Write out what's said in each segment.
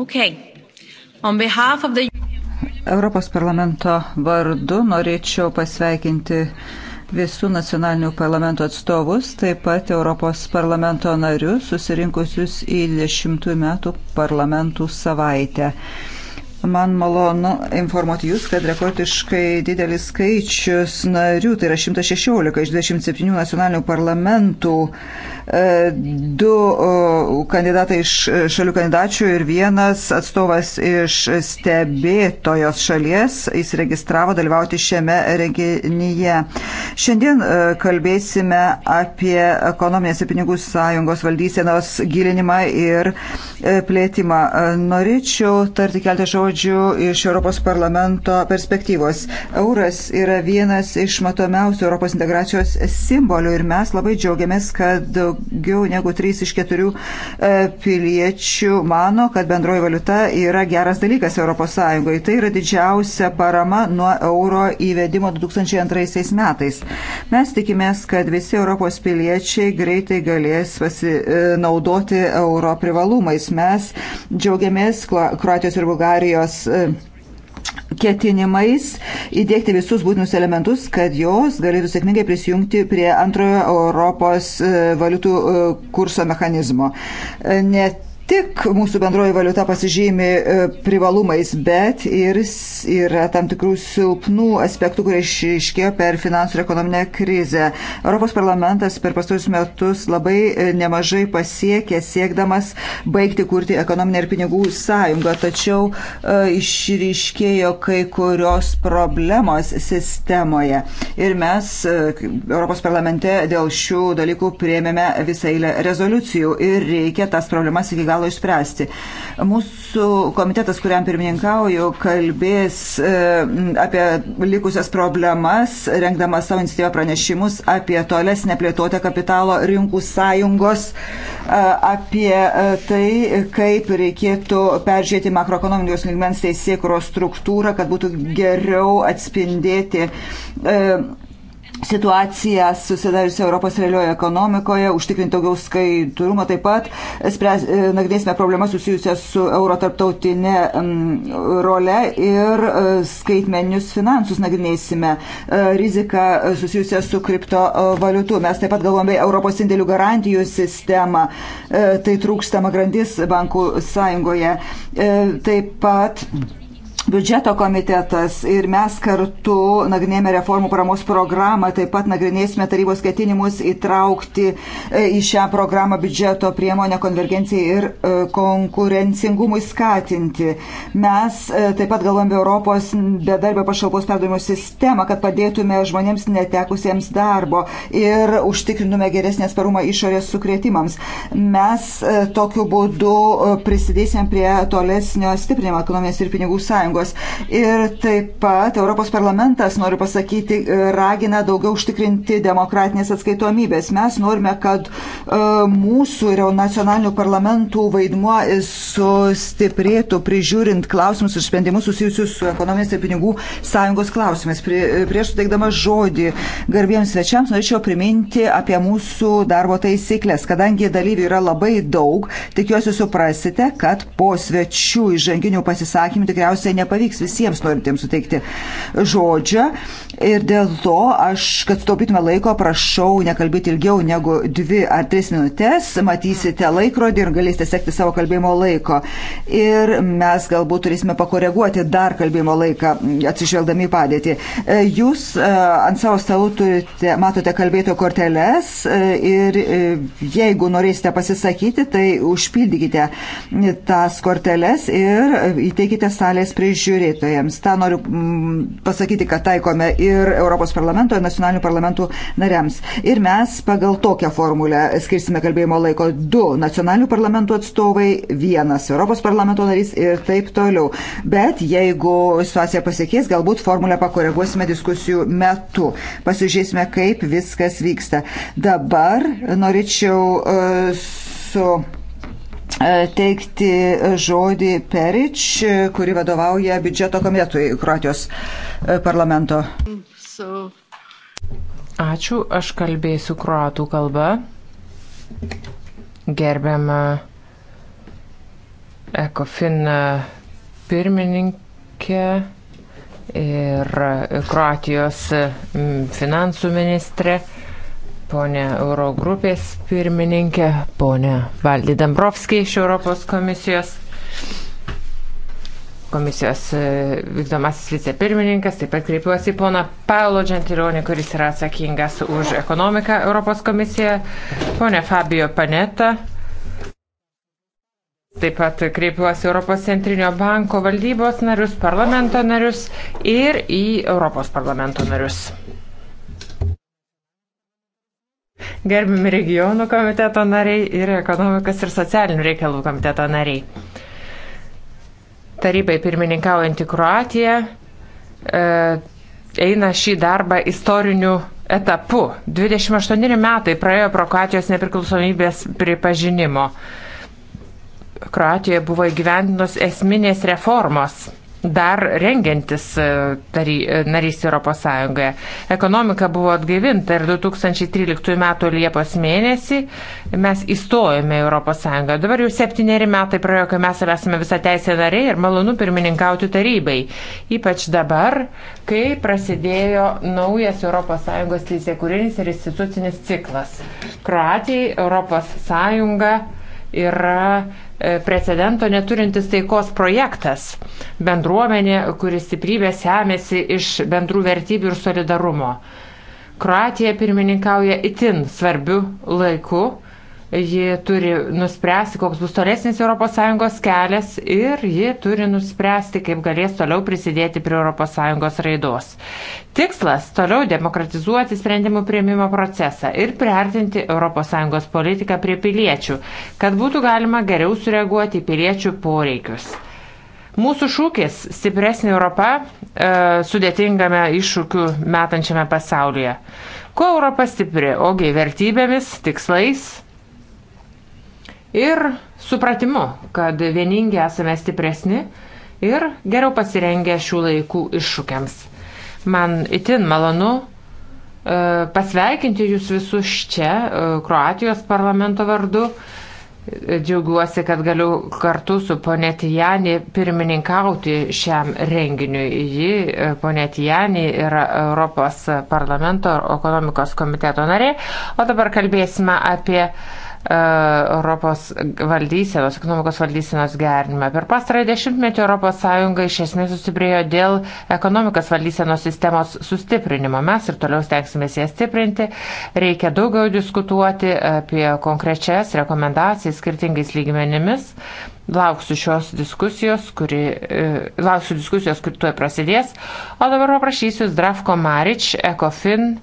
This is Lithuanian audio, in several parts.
Okay. The... Europos parlamento vardu norėčiau pasveikinti visų nacionalinių parlamento atstovus, taip pat Europos parlamento narius, susirinkusius į 10 metų parlamentų savaitę. Man malonu informuoti Jūs, kad rekordiškai didelis skaičius narių, tai yra 116 iš 27 nacionalinių parlamentų, e, du kandidatai iš e, šalių kandidačių ir vienas atstovas iš stebėtojos šalies įsiregistravo dalyvauti šiame renginyje. Šiandien e, kalbėsime apie ekonominės ir pinigų sąjungos valdysenos gilinimą ir plėtimą. Norėčiau tarti keltą žodžių žodžių iš Europos parlamento perspektyvos. Euras yra vienas iš matomiausių Europos integracijos simbolių ir mes labai džiaugiamės, kad daugiau negu 3 iš 4 e, piliečių mano, kad bendroji valiuta yra geras dalykas Europos Sąjungoje. Tai yra didžiausia parama nuo euro įvedimo 2002 metais. Mes tikimės, kad visi Europos piliečiai greitai galės pasinaudoti e, euro privalumais. Mes džiaugiamės Kroatijos ir Bulgarijos Rusijos e, ketinimais įdėkti visus būtinus elementus, kad jos galėtų sėkmingai prisijungti prie antrojo Europos e, valiutų e, kurso mechanizmo. Net tik mūsų bendroji valiuta pasižymi e, privalumais, bet ir yra tam tikrų silpnų aspektų, kurie išryškėjo per finansų ir ekonominę krizę. Europos parlamentas per pastarus metus labai e, nemažai pasiekė, siekdamas baigti kurti ekonominę ir pinigų sąjungą, tačiau e, išryškėjo kai kurios problemos sistemoje. Ir mes Europos parlamente dėl šių dalykų prieimėme visą eilę rezoliucijų ir reikia tas problemas iki galo stalo išspręsti. Mūsų komitetas, kuriam pirmininkauju, kalbės e, apie likusias problemas, rengdamas savo instituto pranešimus apie tolesnę plėtotę kapitalo rinkų sąjungos, e, apie e, tai, kaip reikėtų peržiūrėti makroekonomijos lygmens teisėkuros struktūrą, kad būtų geriau atspindėti situaciją susidariusią Europos realioje ekonomikoje, užtikrinti daugiau skaidrumo, taip pat spręs, e, nagrinėsime problemas susijusias su euro tarptautinė role ir e, skaitmeninius finansus nagrinėsime, e, riziką susijusią su kriptovaliutu. Mes taip pat galvome Europos indėlių garantijų sistemą, tai trūkstama grandis bankų sąjungoje. Taip pat biudžeto komitetas ir mes kartu nagrinėjame reformų paramos programą, taip pat nagrinėsime tarybos ketinimus įtraukti e, į šią programą biudžeto priemonę konvergencijai ir e, konkurencingumui skatinti. Mes e, taip pat galvojame Europos bedarbio pašalpos perdavimo sistemą, kad padėtume žmonėms netekusiems darbo ir užtikrintume geresnį atsparumą išorės sukretimams. Mes tokiu būdu prisidėsime prie tolesnio stiprinimo ekonominės ir pinigų sąjungos ES. Ir taip pat Europos parlamentas, noriu pasakyti, ragina daugiau užtikrinti demokratinės atskaitomybės. Mes norime, kad e, mūsų ir nacionalinių parlamentų vaidmuo sustiprėtų prižiūrint klausimus ir sprendimus susijusius su ekonominės ir pinigų sąjungos klausimais. Prieš suteikdama žodį garbiems svečiams norėčiau priminti apie mūsų darbo taisyklės. Kadangi dalyvių yra labai daug, tikiuosi suprasite, kad po svečių įžanginių pasisakymų tikriausiai nepavyks visiems norintiems suteikti žodžio. Ir dėl to aš, kad staupytume laiko, prašau nekalbėti ilgiau negu dvi ar tris minutės. Matysite laikrodį ir galėsite sekti savo kalbėjimo laiko. Ir mes galbūt turėsime pakoreguoti dar kalbėjimo laiką, atsižvelgdami į padėtį. E, jūs e, ant savo stalų turite, matote kalbėtojo korteles e, ir jeigu norėsite pasisakyti, tai užpildykite tas korteles ir įteikite salės prie prižiūrėtojams. Ta noriu mm, pasakyti, kad taikome ir Europos parlamento, ir nacionalinių parlamentų nariams. Ir mes pagal tokią formulę skirsime kalbėjimo laiko du nacionalinių parlamentų atstovai, vienas Europos parlamento narys ir taip toliau. Bet jeigu situacija pasiekės, galbūt formulę pakoreguosime diskusijų metu. Pasižiūrėsime, kaip viskas vyksta. Dabar norėčiau uh, su E, teikti žodį Perič, kuri vadovauja biudžeto komitetui Kroatijos e, parlamento. Ačiū, aš kalbėsiu kroatų kalba. Gerbiama ECOFIN e, pirmininkė ir Kroatijos finansų ministrė ponė Eurogrupės pirmininkė, ponė Valdį Dambrovskį iš Europos komisijos komisijos e, vykdomasis vicepirmininkas, taip pat kreipiuosi į poną Paolo Gentilonį, kuris yra atsakingas už ekonomiką Europos komisiją, ponę Fabio Panetą. Taip pat kreipiuosi Europos centrinio banko valdybos narius, parlamento narius ir į Europos parlamento narius gerbimi regionų komiteto nariai ir ekonomikos ir socialinių reikalų komiteto nariai. Tarybai pirmininkaujantį Kroatiją e, eina šį darbą istoriniu etapu. 28 metai praėjo pro Kroatijos nepriklausomybės pripažinimo. Kroatijoje buvo įgyvendintos esminės reformos dar rengiantis e, e, narys Europos Sąjungoje. Ekonomika buvo atgaivinta ir 2013 m. Liepos mėnesį mes įstojome Europos Sąjungą. Dabar jau septyneri metai praėjo, kai mes esame visą teisę nariai ir malonu pirmininkauti tarybai. Ypač dabar, kai prasidėjo naujas Europos Sąjungos teisėkūrinis ir institucinis ciklas. Kroatijai Europos Sąjunga yra E, precedento neturintis taikos projektas - bendruomenė, kuris stiprybė semėsi iš bendrų vertybių ir solidarumo. Kroatija pirmininkauja itin svarbiu laiku ji turi nuspręsti, koks bus tolesnis ES kelias ir ji turi nuspręsti, kaip galės toliau prisidėti prie ES raidos. Tikslas - toliau demokratizuoti sprendimų prieimimo procesą ir priartinti ES politiką prie piliečių, kad būtų galima geriau sureaguoti į piliečių poreikius. Mūsų šūkis - stipresnė Europa e, sudėtingame iššūkių metančiame pasaulyje. Kuo Europa stipri? Ogi vertybėmis, tikslais, ir supratimu, kad vieningi esame stipresni ir geriau pasirengę šių laikų iššūkiams. Man itin malonu e, pasveikinti jūs visus čia, e, Kroatijos parlamento vardu. Džiaugiuosi, kad galiu kartu su ponė Tijani pirmininkauti šiam renginiui. Ji, e, ponė Tijani, yra Europos parlamento ekonomikos komiteto narė. O dabar kalbėsime apie uh, E, Europos valdysenos, ekonomikos valdysenos gerinimą. Per pastarąjį dešimtmetį ES iš esmės sustiprėjo dėl ekonomikos valdysenos sistemos sustiprinimo. Mes ir toliau stengsimės ją stiprinti. Reikia daugiau diskutuoti apie konkrečias rekomendacijas skirtingais lygmenimis. Lauksiu šios diskusijos, kuri, e, lauksiu diskusijos, kuri tuoj prasidės. O dabar paprašysiu Zdravko Marič, Ekofin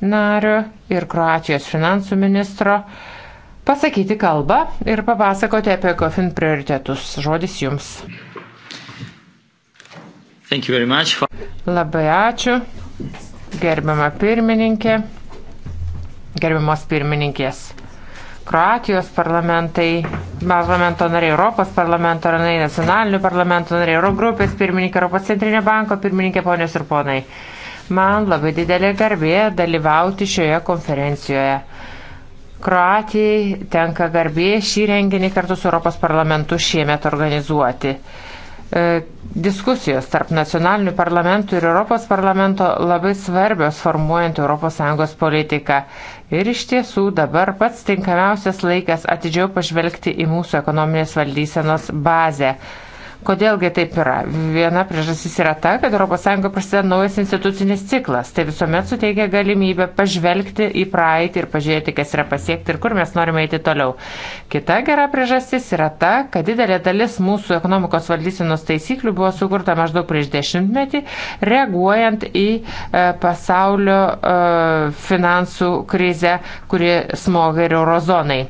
nario ir Kroatijos finansų ministro pasakyti kalbą ir papasakoti apie COFIN prioritetus. Žodis jums. For... Labai ačiū, gerbiama pirmininkė, gerbiamos pirmininkės. Kroatijos parlamentai, parlamento nariai, Europos parlamento nariai, nacionalinių parlamento nariai, Eurogrupės pirmininkė, Europos centrinė banko pirmininkė, ponios ir ponai. Man labai didelė garbė dalyvauti šioje konferencijoje. Kroatijai tenka garbė šį renginį kartu su Europos parlamentu šiemet organizuoti. E, diskusijos tarp nacionalinių parlamentų ir Europos parlamento labai svarbios formuojant ES politiką. Ir iš tiesų dabar pats tinkamiausias laikas atidžiau pažvelgti į mūsų ekonominės valdysenos bazę Kodėlgi taip yra? Viena priežastis yra ta, kad ES prasideda naujas institucinis ciklas. Tai visuomet suteikia galimybę pažvelgti į praeitį ir pažiūrėti, kas yra pasiekti ir kur mes norime eiti toliau. Kita gera priežastis yra ta, kad didelė dalis mūsų ekonomikos valdysenos taisyklių buvo sukurta maždaug prieš dešimtmetį, reaguojant į e, pasaulio e, finansų krizę, kuri smoga ir eurozonai.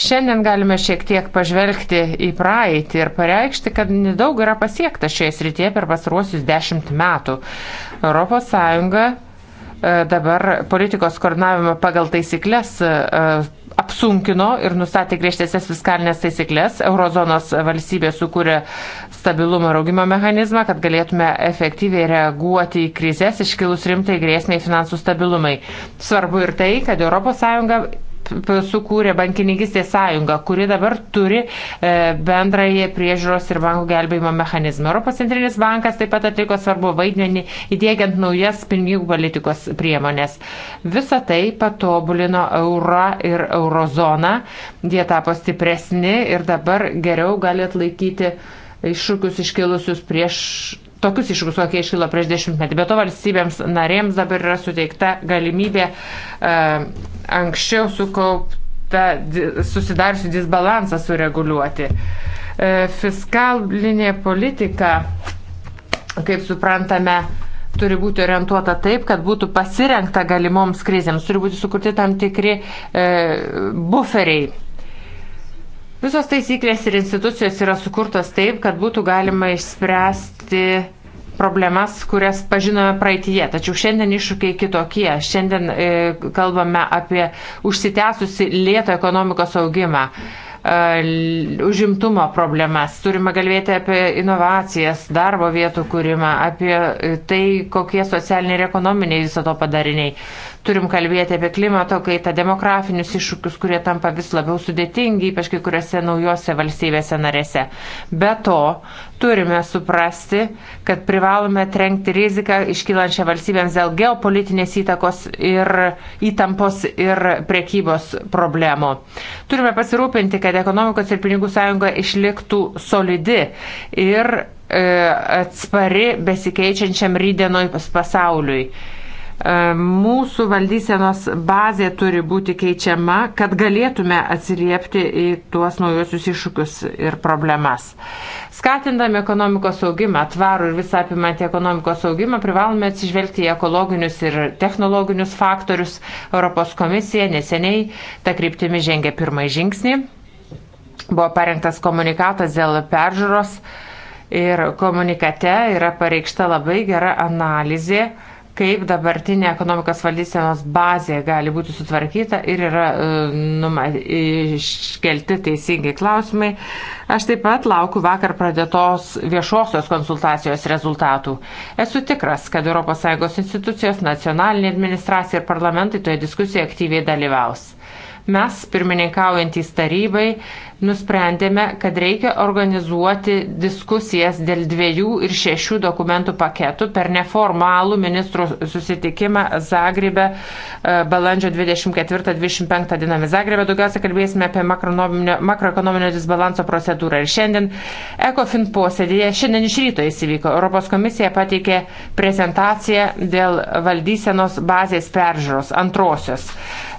Šiandien galime šiek tiek pažvelgti į praeitį ir pareikšti, kad daug yra pasiekta šioje srityje per pastaruosius dešimt metų. ES e, dabar politikos koordinavimą pagal taisyklės e, apsunkino ir nustatė griežtesnės fiskalinės taisyklės. Eurozonos valstybė sukūrė stabilumo ir augimo mechanizmą, kad galėtume efektyviai reaguoti į krizės iškilus rimtai grėsmiai finansų stabilumai. Svarbu ir tai, kad ES sukūrė bankininkistės sąjungą, kuri dabar turi e, bendrąjį priežiūros ir bankų gelbėjimo mechanizmą. Europos centrinis bankas taip pat atliko svarbu vaidmenį įdėgiant naujas pinigų politikos priemonės. Visą tai patobulino eurą ir eurozoną, jie tapo stipresni ir dabar geriau gali atlaikyti iššūkius iškilusius prieš tokius iššūkius, kokie iškilo prieš dešimtmetį. Be to valstybėms narėms dabar yra suteikta galimybė e, anksčiau sukauptą susidariusių disbalansą sureguliuoti. E, fiskalinė politika, kaip suprantame, turi būti orientuota taip, kad būtų pasirenkta galimoms krizėms, turi būti sukurti tam tikri e, buferiai Visos taisyklės ir institucijos yra sukurtos taip, kad būtų galima išspręsti problemas, kurias pažinome praeitie. Tačiau šiandien iššūkiai kitokie. Šiandien e, kalbame apie užsitęsusi lėto ekonomikos augimą, e, užimtumo problemas. Turime kalbėti apie inovacijas, darbo vietų kūrimą, apie e, tai, kokie socialiniai ir ekonominiai viso to padariniai. Turim kalbėti apie klimato kaitą, demografinius iššūkius, kurie tampa vis labiau sudėtingi, ypač kai kuriuose naujose valstybėse narėse. Be to, turime suprasti, kad privalome trenkti riziką iškylančią valstybėms dėl geopolitinės įtakos ir įtampos ir prekybos problemų. Turime pasirūpinti, kad ekonomikos ir pinigų sąjunga išliktų solidi ir e, atspari besikeičiančiam rydienoj pasauliui E, mūsų valdysenos bazė turi būti keičiama, kad galėtume atsiliepti į tuos naujosius iššūkius ir problemas. Skatindami ekonomikos augimą, tvarų ir visą apimantį ekonomikos augimą, privalome atsižvelgti į ekologinius ir technologinius faktorius. Europos komisija neseniai tą kryptimį žengė pirmąjį žingsnį. Buvo parengtas komunikatas dėl peržiūros ir komunikate yra pareikšta labai gera analizė kaip dabartinė ekonomikos valdysenos bazė gali būti sutvarkyta ir yra e, numa, iškelti teisingai klausimai. Aš taip pat laukiu vakar pradėtos viešosios konsultacijos rezultatų. Esu tikras, kad ES institucijos, nacionalinė administracija ir parlamentai toje diskusijoje aktyviai dalyvaus. Mes, pirmininkaujantys tarybai, nusprendėme, kad reikia organizuoti diskusijas dėl dviejų ir šešių dokumentų paketų per neformalų ministrų susitikimą Zagrebe balandžio 24-25 dienomis. Zagrebe daugiausia kalbėsime apie makroekonominio disbalanso procedūrą. Ir šiandien ECOFIN posėdėje, šiandien iš ryto jis įvyko, Europos komisija pateikė prezentaciją dėl valdysenos bazės peržiūros antrosios.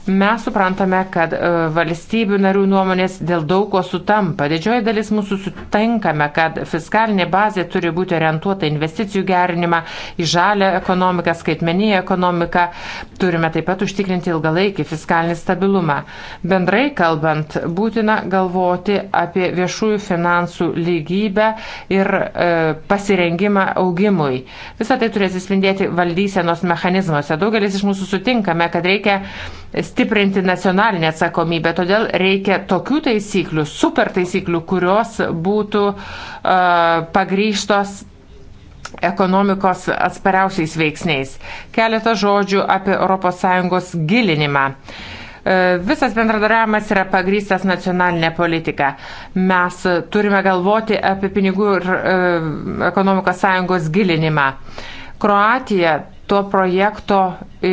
Mes suprantame, kad e, valstybių narių nuomonės dėl daug ko sutampa. Didžioji dalis mūsų sutinkame, kad fiskalinė bazė turi būti orientuota investicijų gerinimą, į žalę ekonomiką, skaitmeninį ekonomiką. Turime taip pat užtikrinti ilgalaikį fiskalinį stabilumą. Bendrai kalbant, būtina galvoti apie viešųjų finansų lygybę ir e, pasirengimą augimui. Visą tai turės įspindėti valdysenos mechanizmuose. Daugelis iš mūsų sutinkame, kad reikia stiprinti nacionalinę atsakomybę. Todėl reikia tokių taisyklių, super taisyklių, kurios būtų uh, e, pagryštos ekonomikos atspariausiais veiksniais. Keletą žodžių apie ES gilinimą. E, visas bendradarbiavimas yra pagrystas nacionalinė politika. Mes turime galvoti apie pinigų ir e, ekonomikos sąjungos gilinimą. Kroatija to projekto e,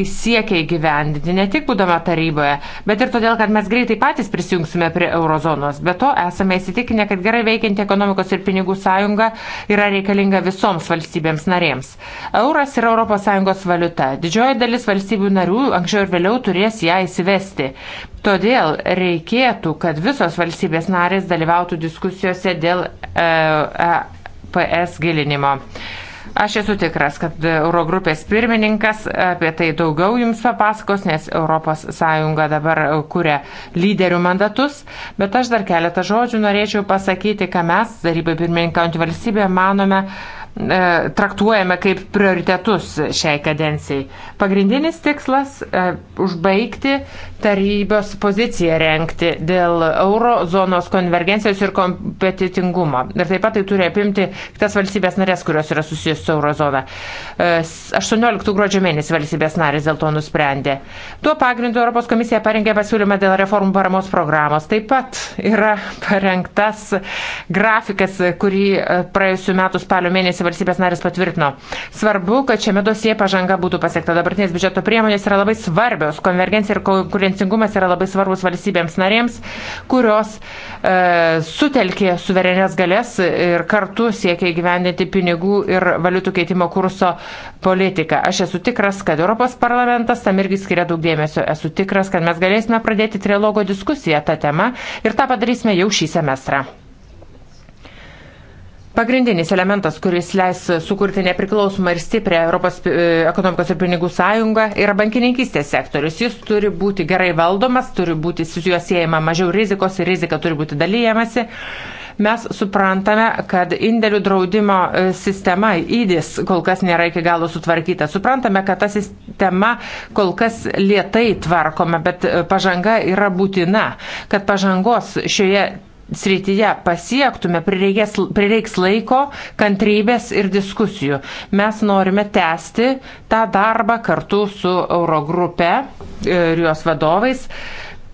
įsiekia įgyvendinti, ne tik būdama taryboje, bet ir todėl, kad mes greitai patys prisijungsime prie eurozonos. Be to, esame įsitikinę, kad gerai veikianti ekonomikos ir pinigų sąjunga yra reikalinga visoms valstybėms narėms. Euras yra ES valiuta. Didžioji dalis valstybių narių anksčiau ir vėliau turės ją įsivesti. Todėl reikėtų, kad visos valstybės narės dalyvautų diskusijose dėl e, EPS gilinimo. E, Aš esu tikras, kad Eurogrupės pirmininkas apie tai daugiau jums papasakos, nes ES dabar kuria lyderių mandatus, bet aš dar keletą žodžių norėčiau pasakyti, ką mes, tarybai pirmininkaujant valstybė, manome, e, traktuojame kaip prioritetus šiai kadencijai. Pagrindinis tikslas e, - užbaigti tarybos poziciją renkti dėl eurozonos konvergencijos ir kompetitingumo. Ir taip pat tai turi apimti kitas valstybės narės, kurios yra susijęs su eurozona. 18 e, gruodžio mėnesį valstybės narės dėl to nusprendė. Tuo pagrindu Europos komisija parengė pasiūlymą dėl reformų paramos programos. Taip pat yra parengtas grafikas, kurį e, praėjusiu metu spalio mėnesį valstybės narės patvirtino. Svarbu, kad šiame dosie pažanga būtų pasiekta dabar dabartinės biudžeto priemonės yra labai svarbios. Konvergencija ir konkurencingumas yra labai svarbus valstybėms narėms, kurios e, sutelkė suverenės galės ir kartu siekia įgyvendinti pinigų ir valiutų keitimo kurso politiką. Aš esu tikras, kad Europos parlamentas tam irgi skiria daug dėmesio. Esu tikras, kad mes galėsime pradėti trilogo diskusiją tą temą ir tą padarysime jau šį semestrą. Pagrindinis elementas, kuris leis sukurti nepriklausomą ir stiprią Europos e, ekonomikos ir pinigų sąjungą, yra bankininkystės sektorius. Jis turi būti gerai valdomas, turi būti su juo siejama mažiau rizikos ir rizika turi būti dalyjamasi mes suprantame, kad indėlių draudimo e, sistema įdis kol kas nėra iki galo sutvarkyta. Suprantame, kad ta sistema kol kas lietai tvarkoma, bet e, pažanga yra būtina, kad pažangos šioje srityje pasiektume, prireikės, prireiks laiko, kantrybės ir diskusijų. Mes norime tęsti tą darbą kartu su Eurogrupe ir jos vadovais.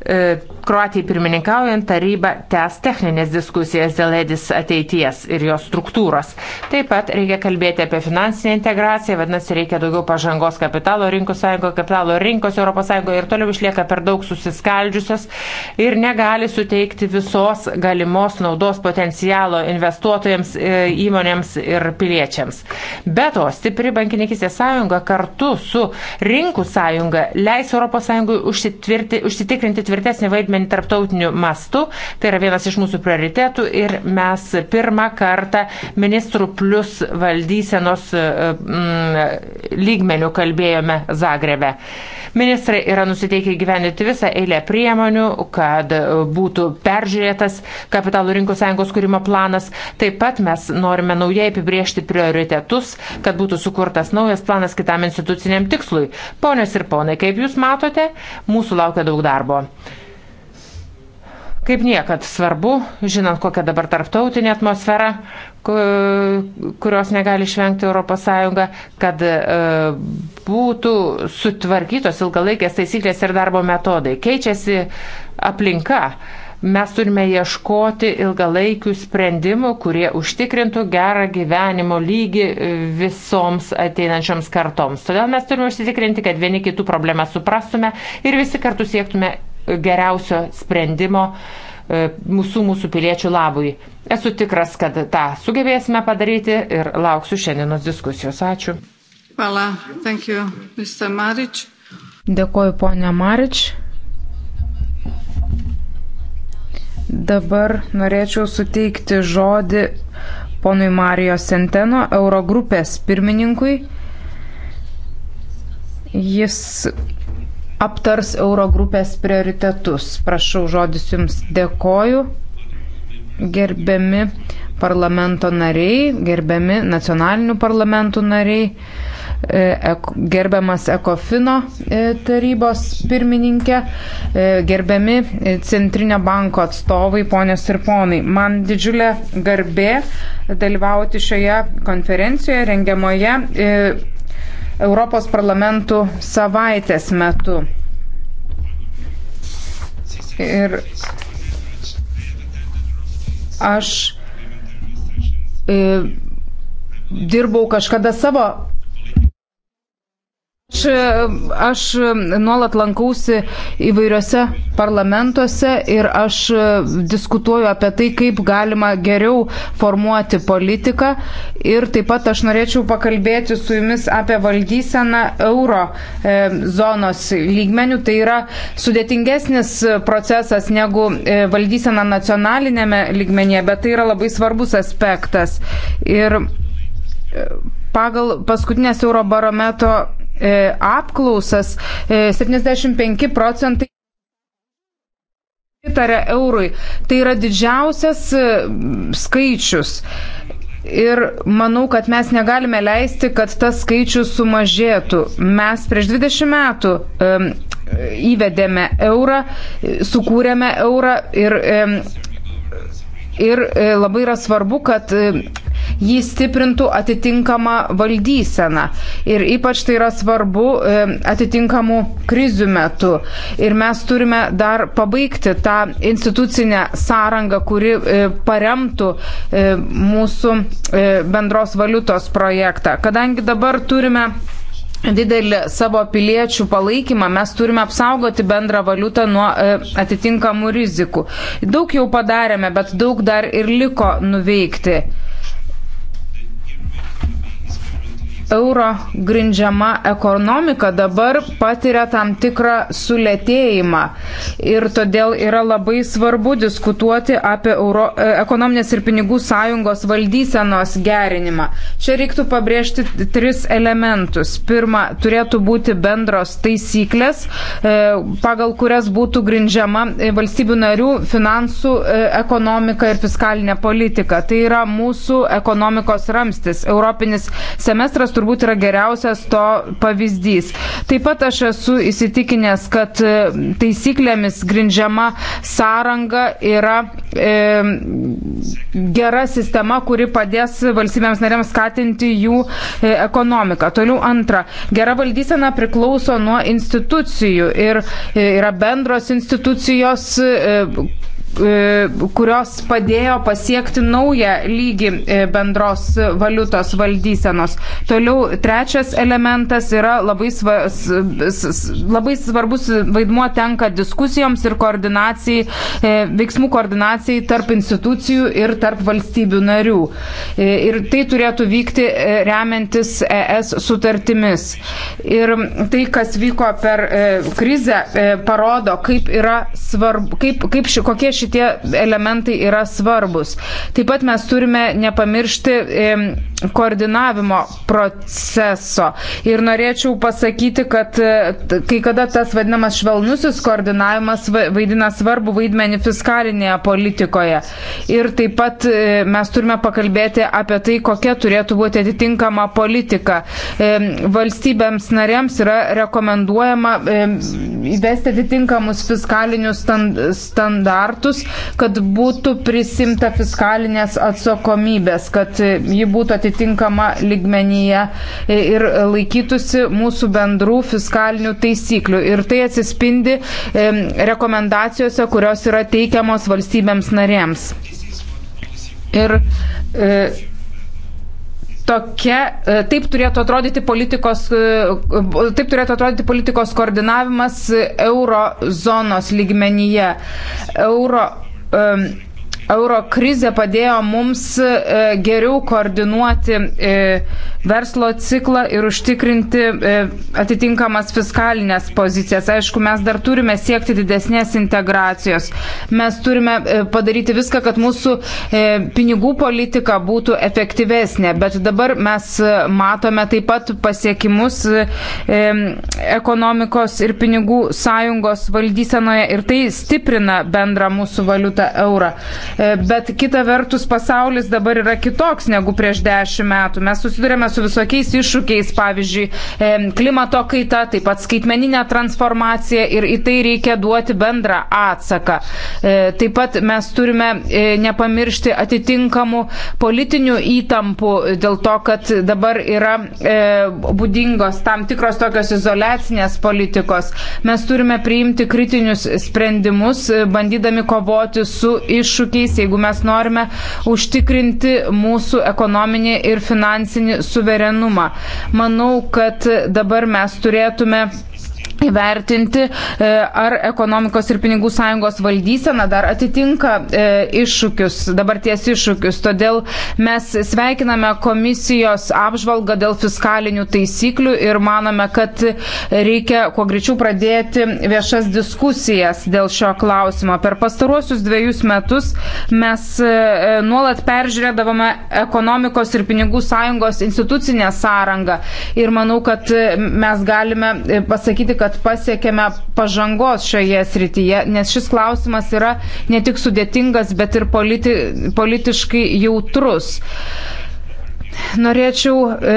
E, Kroatijai pirmininkaujant taryba tęs techninės diskusijas dėl EDIS ateities ir jos struktūros. Taip pat reikia kalbėti apie finansinę integraciją, vadinasi, reikia daugiau pažangos kapitalo rinkų sąjungoje, kapitalo rinkos ES ir toliau išlieka per daug susiskaldžiusios ir negali suteikti visos galimos naudos potencialo investuotojams, e, įmonėms ir piliečiams. Be to, stipri bankininkistės sąjunga kartu su rinkų sąjunga leis ES užsitikrinti tvirtesnį vaidmenį tarptautiniu mastu. Tai yra vienas iš mūsų prioritetų ir mes pirmą kartą ministrų plus valdysenos mm, e, lygmenių kalbėjome Zagrebe. Ministrai yra nusiteikę gyveninti visą eilę priemonių, kad būtų peržiūrėtas kapitalų rinkų sąjungos kūrimo planas. Taip pat mes norime naujai apibriežti prioritetus, kad būtų sukurtas naujas planas kitam instituciniam tikslui. Ponios ir ponai, kaip Jūs matote, mūsų laukia daug darbo kaip niekad svarbu, žinant, kokia dabar tarptautinė atmosfera, kurios negali išvengti ES, kad e, būtų sutvarkytos ilgalaikės taisyklės ir darbo metodai. Keičiasi aplinka. Mes turime ieškoti ilgalaikių sprendimų, kurie užtikrintų gerą gyvenimo lygį e, visoms ateinančioms kartoms. Todėl mes turime užsitikrinti, kad vieni kitų problemą suprastume ir visi kartu siektume geriausio sprendimo e, mūsų mūsų piliečių labui. Esu tikras, kad tą sugebėsime padaryti ir lauksiu šiandienos diskusijos. Ačiū. Voilà. Thank you, Mr. Marič. Dėkoju, ponia Marič. Dabar norėčiau suteikti žodį ponui Marijo Senteno, Eurogrupės pirmininkui. Jis aptars Eurogrupės prioritetus. Prašau, žodis Jums dėkoju. Gerbiami parlamento nariai, gerbiami nacionalinių parlamentų nariai, e, gerbiamas Ekofino e, tarybos pirmininkė, e, gerbiami Centrinio banko atstovai, ponios ir ponai. Man didžiulė garbė dalyvauti šioje konferencijoje rengiamoje Europos parlamentų savaitės metu. Ir aš e, dirbau kažkada savo Aš, aš nuolat lankausi įvairiose parlamentuose ir aš diskutuoju apie tai, kaip galima geriau formuoti politiką. Ir taip pat aš norėčiau pakalbėti su jumis apie valdyseną euro e, zonos lygmenių. Tai yra sudėtingesnis procesas negu e, valdysena nacionalinėme lygmenyje, bet tai yra labai svarbus aspektas. Ir e, pagal paskutinės eurobarometro E, apklausas, 75 e, procentai pritarė eurui. Tai yra didžiausias e, skaičius. Ir manau, kad mes negalime leisti, kad tas skaičius sumažėtų. Mes prieš 20 metų um, įvedėme eurą, sukūrėme eurą ir, um, ir labai yra svarbu, kad um, jį stiprintų atitinkamą valdyseną. Ir ypač tai yra svarbu e, atitinkamų krizių metu. Ir mes turime dar pabaigti tą institucinę sąrangą, kuri e, paremtų e, mūsų bendros valiutos projektą. Kadangi dabar turime didelį savo piliečių palaikymą, mes turime apsaugoti bendrą valiutą nuo e, atitinkamų rizikų. Daug jau padarėme, bet daug dar ir liko nuveikti. euro grindžiama ekonomika dabar patiria tam tikrą sulėtėjimą. Ir todėl yra labai svarbu diskutuoti apie euro, e, ekonominės ir pinigų sąjungos valdysenos gerinimą. Čia reiktų pabrėžti tris elementus. Pirma, turėtų būti bendros taisyklės, e, pagal kurias būtų grindžiama e, valstybių narių finansų ekonomika ir fiskalinė politika. Tai yra mūsų ekonomikos ramstis. Europinis semestras turbūt yra geriausias to pavyzdys. Taip pat aš esu įsitikinęs, kad e, taisyklėmis grindžiama sąranga yra e, gera sistema, kuri padės valstybėms narėms skatinti jų e, ekonomiką. Toliau antra, gera valdysena priklauso nuo institucijų ir e, yra bendros institucijos. E, E, kurios padėjo pasiekti naują lygį e, bendros valiutos valdysenos. Toliau trečias elementas yra labai, sva, labai svarbus vaidmuo tenka diskusijoms ir koordinacijai, e, veiksmų koordinacijai tarp institucijų ir tarp valstybių narių. Ir tai turėtų vykti remiantis ES sutartimis. Ir tai, kas vyko per krizę, parodo, kaip yra svarbu, kaip, kaip ši, kokie šitie elementai yra svarbus. Taip pat mes turime nepamiršti koordinavimo proceso. Ir norėčiau pasakyti, kad e, kai kada tas vadinamas švelnusis koordinavimas vaidina svarbu vaidmenį fiskalinėje politikoje. Ir taip pat e, mes turime pakalbėti apie tai, kokia turėtų būti atitinkama politika. Valstybėms narėms yra rekomenduojama įvesti atitinkamus fiskalinius standartus visus, kad būtų prisimta fiskalinės atsakomybės, kad ji būtų atitinkama ligmenyje ir laikytųsi mūsų bendrų fiskalinių taisyklių. Ir tai atsispindi rekomendacijose, kurios yra teikiamos valstybėms narėms. Ir e, tokia, e, taip turėtų atrodyti politikos, e, e, taip turėtų atrodyti politikos koordinavimas euro zonos lygmenyje. Euro, um, euro krizė padėjo mums e, geriau koordinuoti e, verslo ciklą ir užtikrinti e, atitinkamas fiskalinės pozicijas. Aišku, mes dar turime siekti didesnės integracijos. Mes turime padaryti viską, kad mūsų pinigų politika būtų efektyvesnė. Bet dabar mes matome taip pat pasiekimus ekonomikos ir pinigų sąjungos valdysenoje ir tai stiprina bendrą mūsų valiutą eurą. E, bet kita vertus, pasaulis dabar yra kitoks negu prieš dešimt metų. Mes susidurėme su visokiais iššūkiais, pavyzdžiui, e, klimato kaita, taip pat skaitmeninė transformacija ir į tai reikia duoti bendrą atsaką. E, taip pat mes turime nepamiršti atitinkamų politinių įtampų dėl to, kad dabar yra būdingos tam tikros tokios izolacinės politikos. Mes turime priimti kritinius sprendimus, bandydami kovoti su iššūkiais iššūkiais, jeigu mes norime užtikrinti mūsų ekonominį ir finansinį suverenumą. Manau, kad dabar mes turėtume įvertinti, e, ar ekonomikos ir pinigų sąjungos valdysena dar atitinka e, iššūkius, dabarties iššūkius. Todėl mes sveikiname komisijos apžvalgą dėl fiskalinių taisyklių ir manome, kad reikia kuo greičiau pradėti viešas diskusijas dėl šio klausimo. Per pastaruosius dviejus metus mes e, nuolat peržiūrėdavome ekonomikos ir pinigų sąjungos institucinę sąrangą ir manau, kad mes galime pasakyti, kad kad pasiekėme pažangos šioje srityje, nes šis klausimas yra ne tik sudėtingas, bet ir politi, politiškai jautrus. Norėčiau e,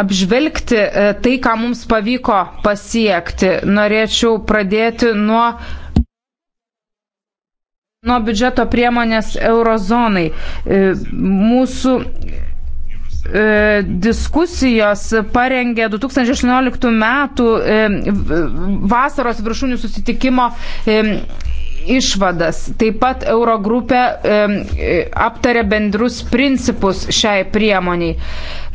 apžvelgti e, tai, ką mums pavyko pasiekti. Norėčiau pradėti nuo nuo biudžeto priemonės eurozonai. E, mūsų E, diskusijos parengė 2018 metų e, vasaros viršūnių susitikimo e, išvadas. Taip pat Eurogrupė e, aptarė bendrus principus šiai priemoniai.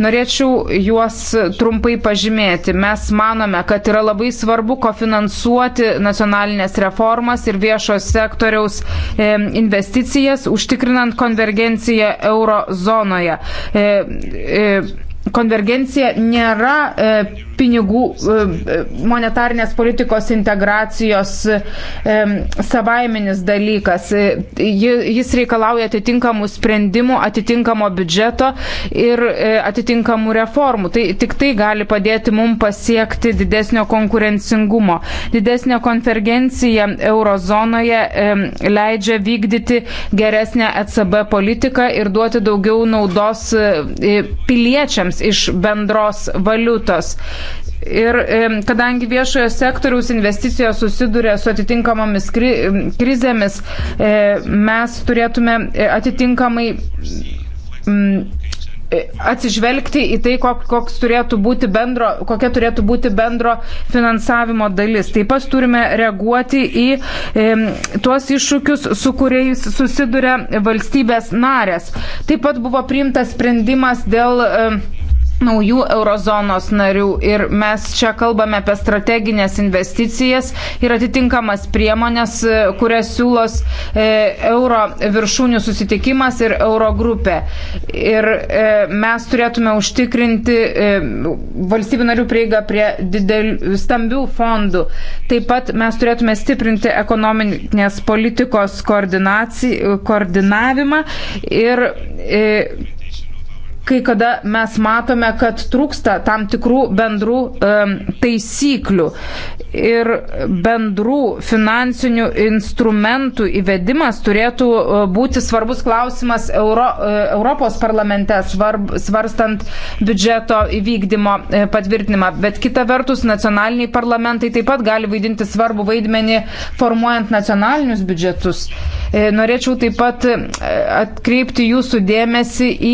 Norėčiau juos trumpai pažymėti. Mes manome, kad yra labai svarbu kofinansuoti nacionalinės reformas ir viešo sektoriaus e, investicijas, užtikrinant konvergenciją eurozonoje. E, e, konvergencija nėra. E, pinigų e, e, monetarnės politikos integracijos e, savaiminis dalykas. Jis reikalauja atitinkamų sprendimų, atitinkamo biudžeto ir atitinkamų reformų. Tai tik tai gali padėti mums pasiekti didesnio konkurencingumo. Didesnė konvergencija eurozonoje leidžia vykdyti geresnę ECB politiką ir duoti daugiau naudos piliečiams iš bendros valiutos. Ir kadangi viešojo sektoriaus investicijos susiduria su atitinkamomis kri krizėmis, e, mes turėtume e, atitinkamai e, atsižvelgti į tai, koks turėtų būti bendro, kokia turėtų būti bendro finansavimo dalis. Taip pat turime reaguoti į e, tuos iššūkius, su kuriais susiduria valstybės narės. Taip pat buvo priimtas sprendimas dėl e, naujų eurozonos narių ir mes čia kalbame apie strateginės investicijas ir atitinkamas priemonės, e, kurias siūlos e, euro viršūnių susitikimas ir euro grupė. Ir e, mes turėtume užtikrinti valstybių narių prieigą prie didelių, stambių fondų. Taip pat mes turėtume stiprinti ekonominės politikos koordinavimą ir kai kada mes matome, kad trūksta tam tikrų bendrų e, taisyklių ir bendrų finansinių instrumentų įvedimas turėtų e, būti svarbus klausimas Euro, e, Europos parlamente svarb, svarstant biudžeto įvykdymo e, patvirtinimą. Bet kita vertus, nacionaliniai parlamentai taip pat gali vaidinti svarbų vaidmenį formuojant nacionalinius biudžetus. Norėčiau taip pat atkreipti jūsų dėmesį į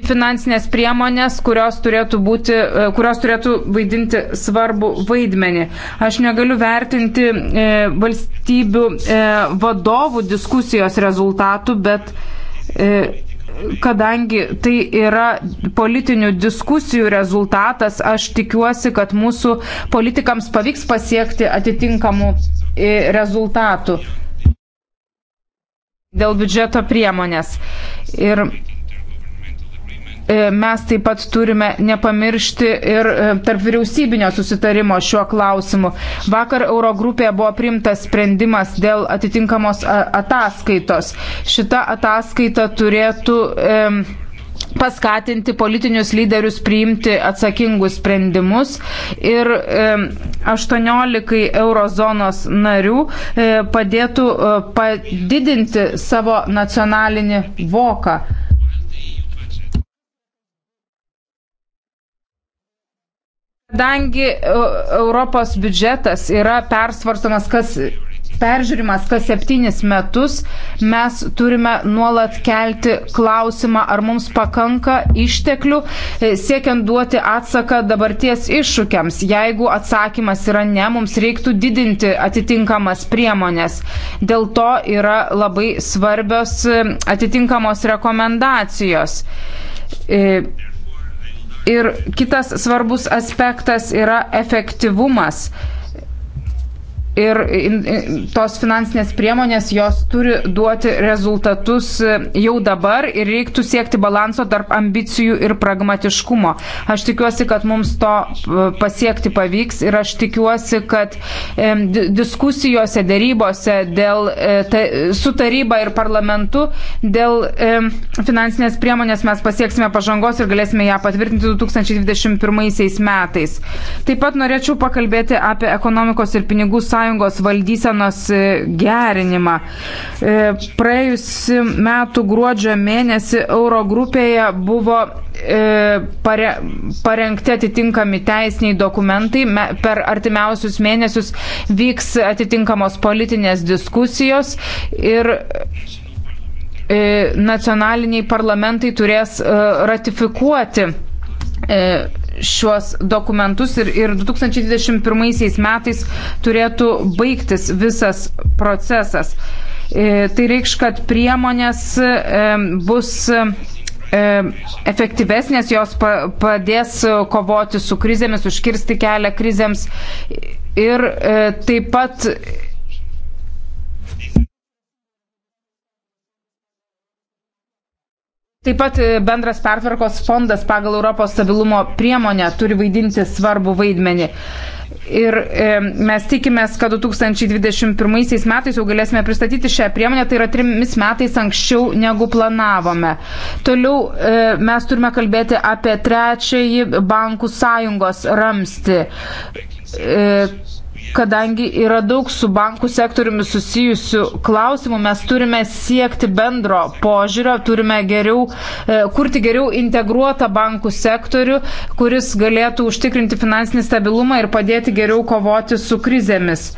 finansinės priemonės, kurios turėtų, būti, e, kurios turėtų vaidinti svarbu vaidmenį. Aš negaliu vertinti e, valstybių e, vadovų diskusijos rezultatų, bet e, kadangi tai yra politinių diskusijų rezultatas, aš tikiuosi, kad mūsų politikams pavyks pasiekti atitinkamų e, rezultatų dėl biudžeto priemonės. Ir E, mes taip pat turime nepamiršti ir e, tarp vyriausybinio susitarimo šiuo klausimu. Vakar Eurogrupėje buvo priimtas sprendimas dėl atitinkamos ataskaitos. Šita ataskaita turėtų e, paskatinti politinius lyderius priimti atsakingus sprendimus ir 18 eurozonos narių padėtų padidinti savo nacionalinį voką. Kadangi e, Europos biudžetas yra persvarstomas kas peržiūrimas kas septynis metus, mes turime nuolat kelti klausimą, ar mums pakanka išteklių, e, siekiant duoti atsaką dabarties iššūkiams. Jeigu atsakymas yra ne, mums reiktų didinti atitinkamas priemonės. Dėl to yra labai svarbios e, atitinkamos rekomendacijos. E, Ir kitas svarbus aspektas yra efektyvumas ir tos finansinės priemonės jos turi duoti rezultatus e, jau dabar ir reiktų siekti balanso tarp ambicijų ir pragmatiškumo. Aš tikiuosi, kad mums to e, pasiekti pavyks ir aš tikiuosi, kad e, diskusijose, dėrybose dėl, tai, su taryba ir parlamentu dėl finansinės priemonės mes pasieksime pažangos ir galėsime ją patvirtinti 2021 metais. Taip pat norėčiau pakalbėti apie ekonomikos ir pinigų sąjungą ES valdysenos e, gerinimą. E, Praėjusi metų gruodžio mėnesį Eurogrupėje buvo e, pare, parengti atitinkami teisiniai dokumentai. Me, per artimiausius mėnesius vyks atitinkamos politinės diskusijos ir nacionaliniai parlamentai turės ratifikuoti šiuos dokumentus ir, ir 2021 metais turėtų baigtis visas procesas. E, tai reikš, kad priemonės e, bus e, efektyvesnės, jos padės kovoti su krizėmis, užkirsti kelią krizėms ir taip pat Taip pat e, bendras pertvarkos fondas pagal Europos stabilumo priemonę turi vaidinti svarbų vaidmenį. Ir e, mes tikimės, kad 2021 metais jau galėsime pristatyti šią priemonę, tai yra trimis metais anksčiau negu planavome. Toliau e, mes turime kalbėti apie trečiąjį bankų sąjungos ramsti. E, kadangi yra daug su bankų sektoriumi susijusių klausimų, mes turime siekti bendro požiūrio, turime geriau, e, kurti geriau integruotą bankų sektorių, kuris galėtų užtikrinti finansinį stabilumą ir padėti geriau kovoti su krizėmis.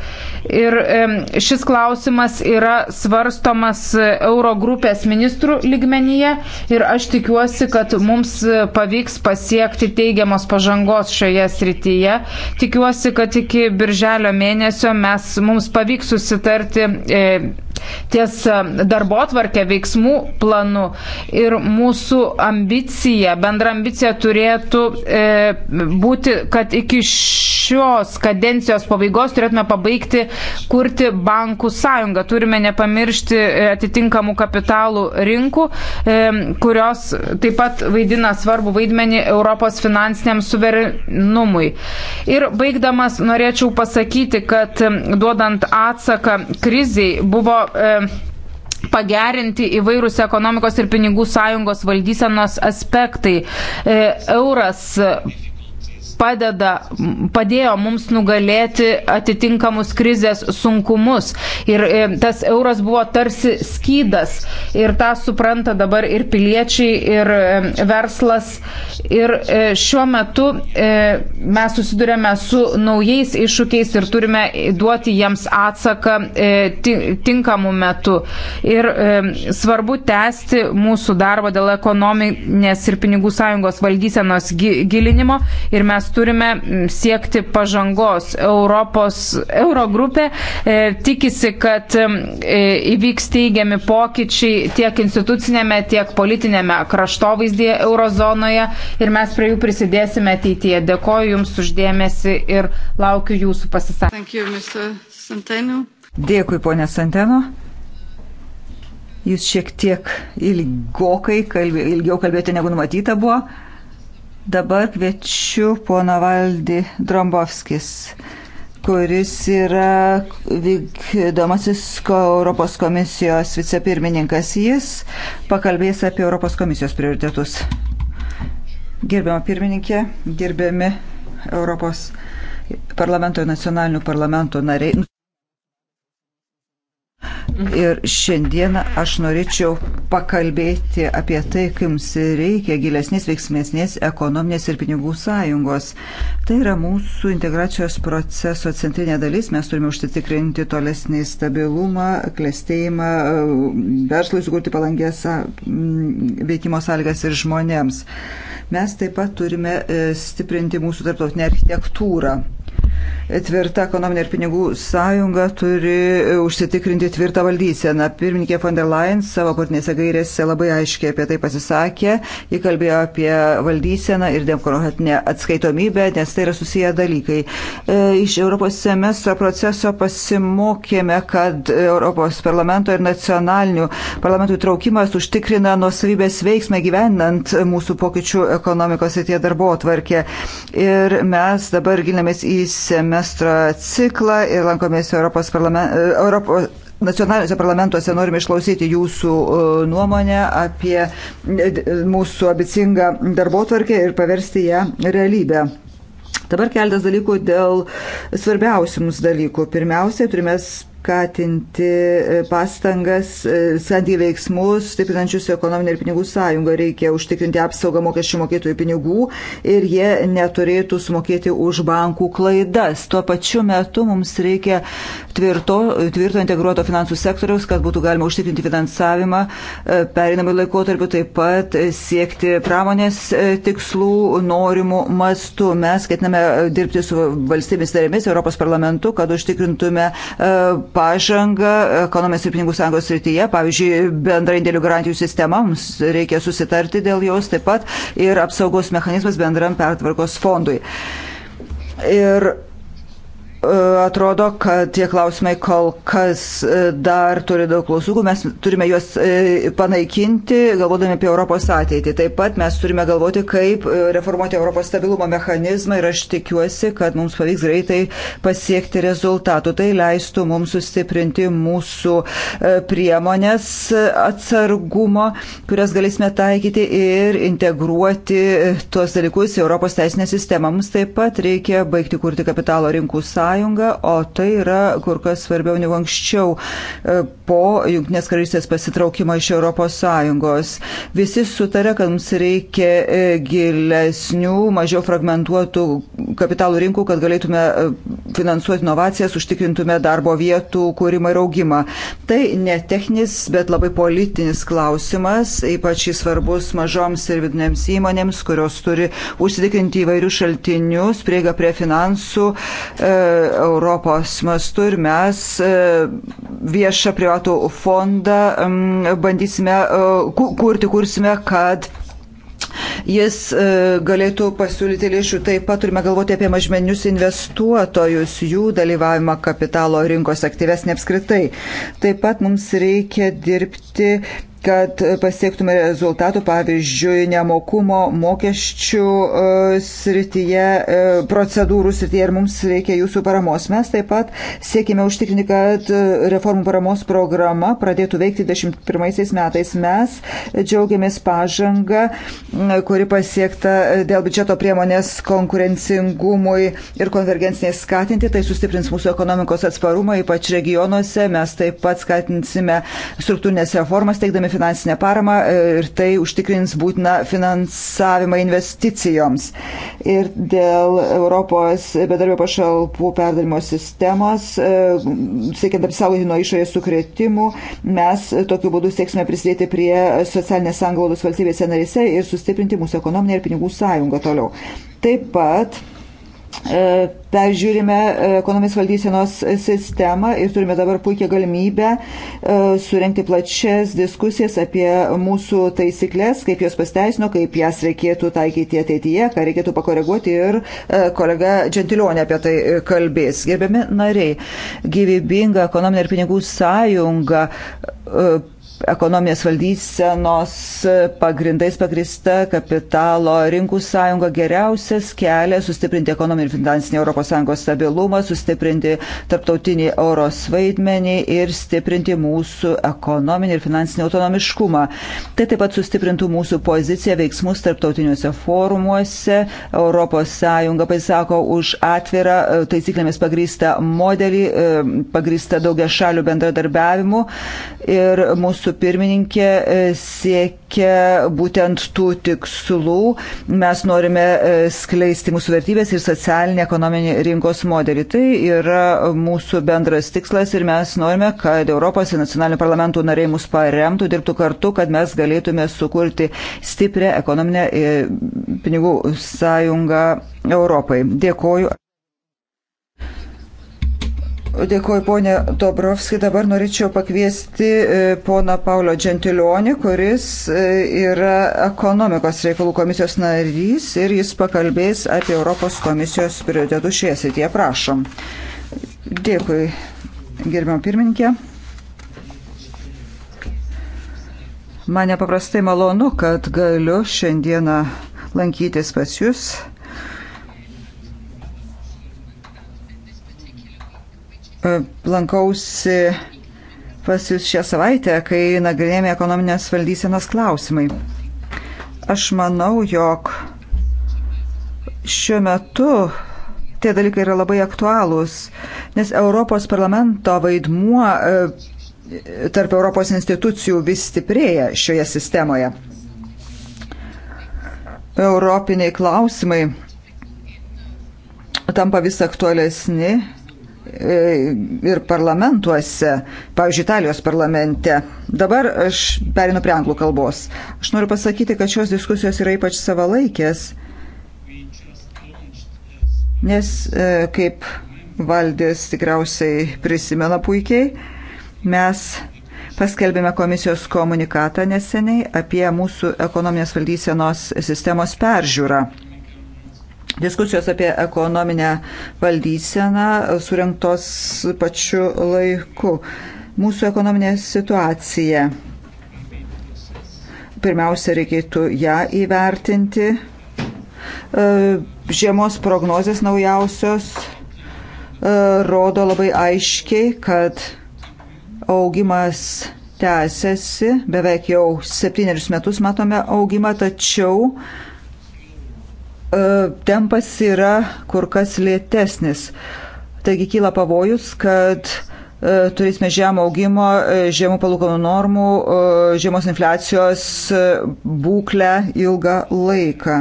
Ir e, šis klausimas yra svarstomas e, Eurogrupės ministrų ligmenyje ir aš tikiuosi, kad mums pavyks pasiekti teigiamos pažangos šioje srityje. Tikiuosi, kad iki birželio birželio mėnesio mes, mums pavyks susitarti e, ties e, darbo atvarkę veiksmų planu ir mūsų ambicija, bendra ambicija turėtų e, būti, kad iki šios kadencijos pabaigos turėtume pabaigti kurti bankų sąjungą. Turime nepamiršti e, atitinkamų kapitalų rinkų, e, kurios taip pat vaidina svarbu vaidmenį Europos finansiniam suverenumui. Ir baigdamas norėčiau pasakyti, pasakyti, kad duodant atsaką kriziai buvo e, pagerinti įvairūs ekonomikos ir pinigų sąjungos valdysenos aspektai. E, euras padeda, padėjo mums nugalėti atitinkamus krizės sunkumus. Ir e, tas euras buvo tarsi skydas. Ir tą supranta dabar ir piliečiai, ir e, verslas. Ir e, šiuo metu mes susidurėme su naujais iššūkiais ir turime duoti jiems atsaką tinkamu metu. Ir svarbu tęsti mūsų darbą dėl ekonominės ir pinigų sąjungos valdysenos gilinimo. Ir mes mes turime mm, siekti pažangos. Europos Eurogrupė e, tikisi, kad mm, e, įvyks teigiami pokyčiai tiek institucinėme, tiek politinėme kraštovaizdėje eurozonoje ir mes prie jų prisidėsime ateityje. Dėkoju Jums uždėmesi ir laukiu Jūsų pasisakymų. Dėkui, ponė Santeno. Jūs šiek tiek ilgokai, kalbė, ilgiau kalbėjote negu numatyta buvo. Dabar kviečiu poną Valdį Drombovskis, kuris yra vykdomasis Europos komisijos vicepirmininkas. Jis pakalbės apie Europos komisijos prioritetus. Gerbiama pirmininkė, gerbiami Europos parlamento ir nacionalinių parlamento nariai. Ir šiandieną aš norėčiau pakalbėti apie tai, kaip mums reikia gilesnės veiksmėsnės ekonominės ir pinigų sąjungos. Tai yra mūsų integracijos proceso centrinė dalis. Mes turime užsitikrinti tolesnį stabilumą, klėstėjimą, verslui sukurti palankės mm, veikimo sąlygas ir žmonėms. Mes taip pat turime e, stiprinti mūsų tarptautinę architektūrą tvirta ekonominė ir pinigų sąjunga turi e, užsitikrinti tvirtą valdyseną. Pirmininkė von der Leyen savo partinėse gairėse labai aiškiai apie tai pasisakė. Ji kalbėjo apie valdyseną ir demokratinę atskaitomybę, nes tai yra susiję dalykai. E, iš Europos semestro proceso pasimokėme, kad Europos parlamento ir nacionalinių parlamentų įtraukimas užtikrina nuosavybės veiksmą gyvenant mūsų pokyčių ekonomikos ir tie darbo atvarkė. Ir mes dabar gilinamės į semestro ciklą ir lankomės Europos parlamento. E, Europos nacionaliniuose parlamentuose norime išklausyti jūsų e, nuomonę apie e, mūsų abicingą darbotvarkę ir paversti ją realybę. Dabar keltas dalykų dėl svarbiausių mums dalykų. Pirmiausia, turime skatinti e, pastangas, e, santykių veiksmus, stiprinančius ekonominę ir pinigų sąjungą. Reikia užtikrinti apsaugą mokesčių mokėtojų pinigų ir jie neturėtų sumokėti už bankų klaidas. Tuo pačiu metu mums reikia tvirto, tvirto integruoto finansų sektoriaus, kad būtų galima užtikrinti finansavimą e, perinamai laikotarpiu, taip pat siekti pramonės tikslų norimų mastų. Mes ketiname dirbti su valstybės narėmis Europos parlamentu, kad užtikrintume pažangą ekonomės ir pinigų sąjungos srityje, pavyzdžiui, bendra indėlių garantijų sistema, mums reikia susitarti dėl jos taip pat ir apsaugos mechanizmas bendram pertvarkos fondui. Ir atrodo, kad tie klausimai kol kas e, dar turi daug klausukų, mes turime juos e, panaikinti, galvodami apie Europos ateitį. Taip pat mes turime galvoti, kaip e, reformuoti Europos stabilumo mechanizmą ir aš tikiuosi, kad mums pavyks greitai pasiekti rezultatų. Tai leistų mums sustiprinti mūsų priemonės atsargumo, kurias galėsime taikyti ir integruoti tuos dalykus į Europos teisinę sistemą. Mums taip pat reikia baigti kurti kapitalo rinkų sąlygą o tai yra kur kas svarbiau negu anksčiau e, po Junktinės karalystės pasitraukimo iš ES. Visi sutarė, kad mums reikia e, gilesnių, mažiau fragmentuotų kapitalų rinkų, kad galėtume e, finansuoti inovacijas, užtikrintume darbo vietų kūrimą ir augimą. Tai ne techninis, bet labai politinis klausimas, ypač jis svarbus mažoms ir vidinėms įmonėms, kurios turi užsitikrinti įvairius šaltinius, prieigą prie finansų. E, Europos mastu ir mes e, viešą privatų fondą bandysime e, kurti, kursime, kad jis e, galėtų pasiūlyti lėšų. Taip pat turime galvoti apie mažmenius investuotojus, jų dalyvavimą kapitalo rinkos aktyvesnį apskritai. Taip pat mums reikia dirbti kad pasiektume rezultatų, pavyzdžiui, nemokumo mokesčių e, srityje, e, procedūrų srityje ir mums reikia jūsų paramos. Mes taip pat siekime užtikrinti, kad e, reformų paramos programa pradėtų veikti 21 metais. Mes džiaugiamės pažanga, kuri pasiekta dėl biudžeto priemonės konkurencingumui ir konvergenciniai skatinti. Tai sustiprins mūsų ekonomikos atsparumą, ypač regionuose. Mes taip pat skatinsime struktūrinės reformas, teikdami finansinę paramą e, ir tai užtikrins būtiną finansavimą investicijoms. Ir dėl Europos bedarbio pašalpų perdalimo sistemos, e, siekiant apsaugoti nuo išorės sukretimų, mes tokiu būdu sieksime prisidėti prie socialinės sanglaudos valstybėse narėse ir sustiprinti mūsų ekonominę ir pinigų sąjungą toliau. Taip pat E, peržiūrime e, ekonomis valdysenos sistemą ir turime dabar puikią galimybę e, surenkti plačias diskusijas apie mūsų taisyklės, kaip jos pasteisino, kaip jas reikėtų taikyti ateityje, ką reikėtų pakoreguoti ir kolega Džentilionė apie tai kalbės. Gerbiami nariai, gyvybinga ekonominė ir pinigų sąjunga ekonominės valdysenos pagrindais pagrista kapitalo rinkų sąjunga geriausias kelias sustiprinti ekonominį ir finansinį ES stabilumą, sustiprinti tarptautinį euros vaidmenį ir stiprinti mūsų ekonominį ir finansinį autonomiškumą. Tai taip pat sustiprintų mūsų poziciją veiksmus tarptautiniuose forumuose. ES pasisako už atvirą e, taisyklėmis pagrįstą modelį, e, pagrįstą daugia šalių bendradarbiavimu ir mūsų mūsų pirmininkė e, siekia būtent tų tikslų. Mes norime e, skleisti mūsų vertybės ir socialinį ekonominį rinkos modelį. Tai yra mūsų bendras tikslas ir mes norime, kad Europos ir nacionalinių parlamentų nariai mus paremtų, dirbtų kartu, kad mes galėtume sukurti stiprią ekonominę e, pinigų sąjungą Europai. Dėkoju. Dėkuoju, ponė Dobrovski. Dabar norėčiau pakviesti e, poną Paulio Džentilionį, kuris e, yra ekonomikos reikalų komisijos narys ir jis pakalbės apie Europos komisijos prioritetų šioje srityje. Prašom. Dėkui, gerbiam pirmininkė. Man nepaprastai malonu, kad galiu šiandieną lankytis pas jūs Lankausi pas jūs šią savaitę, kai nagrinėjame ekonominės valdysenas klausimai. Aš manau, jog šiuo metu tie dalykai yra labai aktualūs, nes Europos parlamento vaidmuo e, tarp Europos institucijų vis stiprėja šioje sistemoje. Europiniai klausimai tampa vis aktualesni ir parlamentuose, pavyzdžiui, Italijos parlamente. Dabar aš perinu prie anglų kalbos. Aš noriu pasakyti, kad šios diskusijos yra ypač savalaikės, nes e, kaip valdės tikriausiai prisimena puikiai, mes paskelbėme komisijos komunikatą neseniai apie mūsų ekonominės valdysenos sistemos peržiūrą. Diskusijos apie ekonominę valdyseną surinktos pačiu laiku. Mūsų ekonominė situacija. Pirmiausia, reikėtų ją įvertinti. E, žiemos prognozės naujausios e, rodo labai aiškiai, kad augimas tęsiasi. Beveik jau septynerius metus matome augimą, tačiau uh, E, tempas yra kur kas lėtesnis. Taigi kyla pavojus, kad e, turėsime žemą augimo, e, žemų palūkanų normų, žemos infliacijos būklę ilgą laiką.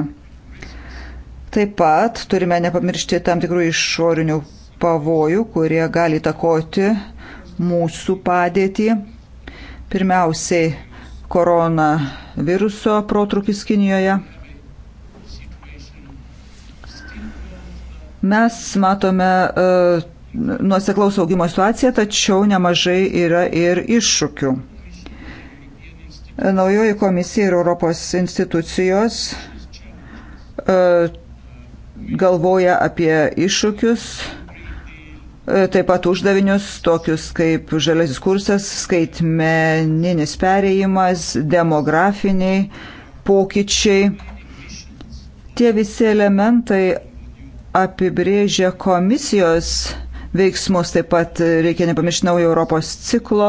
Taip pat turime nepamiršti tam tikrų išorinių pavojų, kurie gali takoti mūsų padėtį. Pirmiausiai koronaviruso protrukis Kinijoje Mes matome e, nuoseklaus augimo situaciją, tačiau nemažai yra ir iššūkių. Naujoji komisija ir Europos institucijos e, galvoja apie iššūkius, e, taip pat uždavinius, tokius kaip žaliasis kursas, skaitmeninis perėjimas, demografiniai pokyčiai. Tie visi elementai apibrėžia komisijos veiksmus, taip pat reikia nepamiršti naujo Europos ciklo.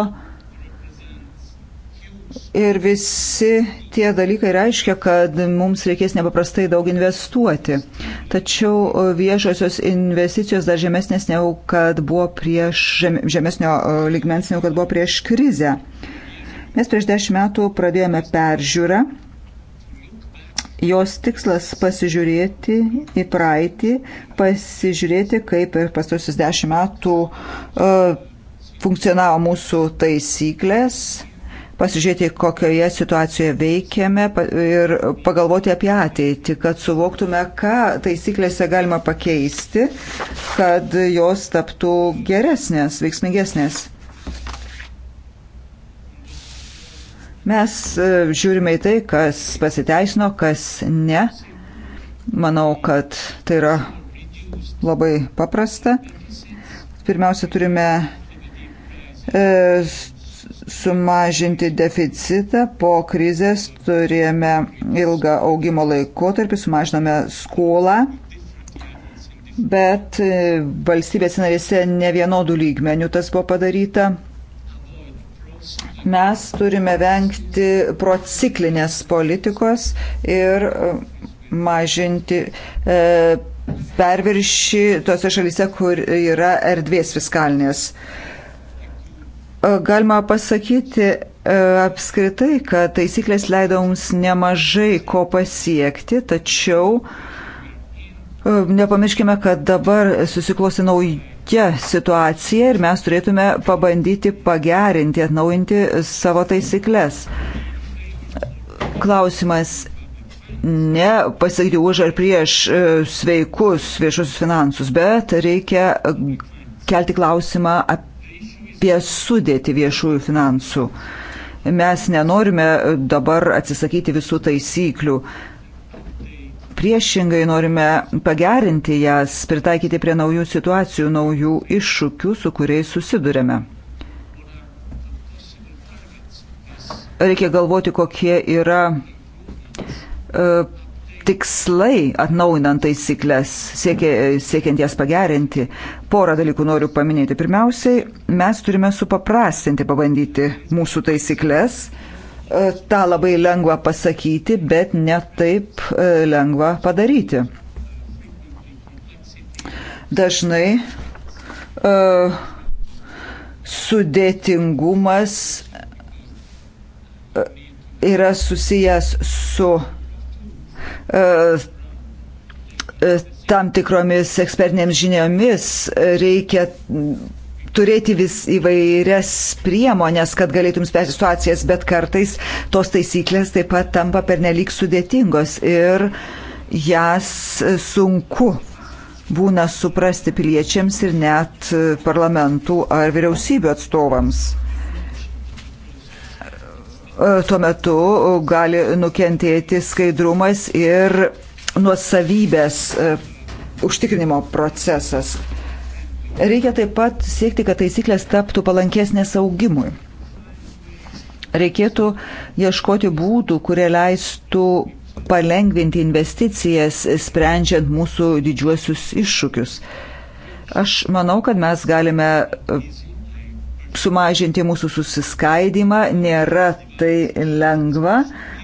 Ir visi tie dalykai reiškia, kad mums reikės nepaprastai daug investuoti. Tačiau viešosios investicijos dar žemesnės negu kad buvo prieš, žemesnio e, ligmens negu kad buvo prieš krizę. Mes prieš dešimt metų pradėjome peržiūrą Jos tikslas pasižiūrėti į praeitį, pasižiūrėti, kaip per pastosius dešimt metų uh, funkcionavo mūsų taisyklės, pasižiūrėti, kokioje situacijoje veikiame ir pagalvoti apie ateitį, kad suvoktume, ką taisyklėse galima pakeisti, kad jos taptų geresnės, veiksmingesnės. Mes e, žiūrime į tai, kas pasiteisino, kas ne. Manau, kad tai yra labai paprasta. Pirmiausia, turime e, sumažinti deficitą. Po krizės turėjome ilgą augimo laikotarpį, sumažinome skolą, bet e, valstybės narėse ne vienodų lygmenių tas buvo padaryta. Mes turime vengti prociklinės politikos ir e, mažinti e, perviršį tose šalyse, kur yra erdvės fiskalinės. E, galima pasakyti e, apskritai, kad taisyklės leido mums nemažai ko pasiekti, tačiau e, nepamirškime, kad dabar susiklosi naujų tokia situacija ir mes turėtume pabandyti pagerinti, atnaujinti savo taisyklės. Klausimas ne pasakyti už ar prieš e, sveikus viešusius finansus, bet reikia kelti klausimą apie sudėti viešųjų finansų. Mes nenorime dabar atsisakyti visų taisyklių Priešingai norime pagerinti jas, pritaikyti prie naujų situacijų, naujų iššūkių, su kuriais susidurėme. Reikia galvoti, kokie yra uh, tikslai atnaujinant taisyklės, siekia, siekiant jas pagerinti. Porą dalykų noriu paminėti. Pirmiausiai, mes turime supaprastinti, pabandyti mūsų taisyklės. Uh, E, tą labai lengva pasakyti, bet netaip e, lengva padaryti. Dažnai uh, sudėtingumas yra susijęs su uh, tam tikromis ekspertinėms žiniomis. Reikia turėti vis įvairias priemonės, kad galėtum spręsti situacijas, bet kartais tos taisyklės taip pat tampa pernelyg sudėtingos ir jas sunku būna suprasti piliečiams ir net parlamentų ar vyriausybių atstovams. E, tuo metu gali nukentėti skaidrumas ir nuosavybės e, užtikrinimo procesas. Reikia taip pat siekti, kad taisyklės taptų palankesnės augimui. Reikėtų ieškoti būdų, kurie leistų palengvinti investicijas, sprendžiant mūsų didžiuosius iššūkius. Aš manau, kad mes galime sumažinti mūsų susiskaidimą. Nėra tai lengva,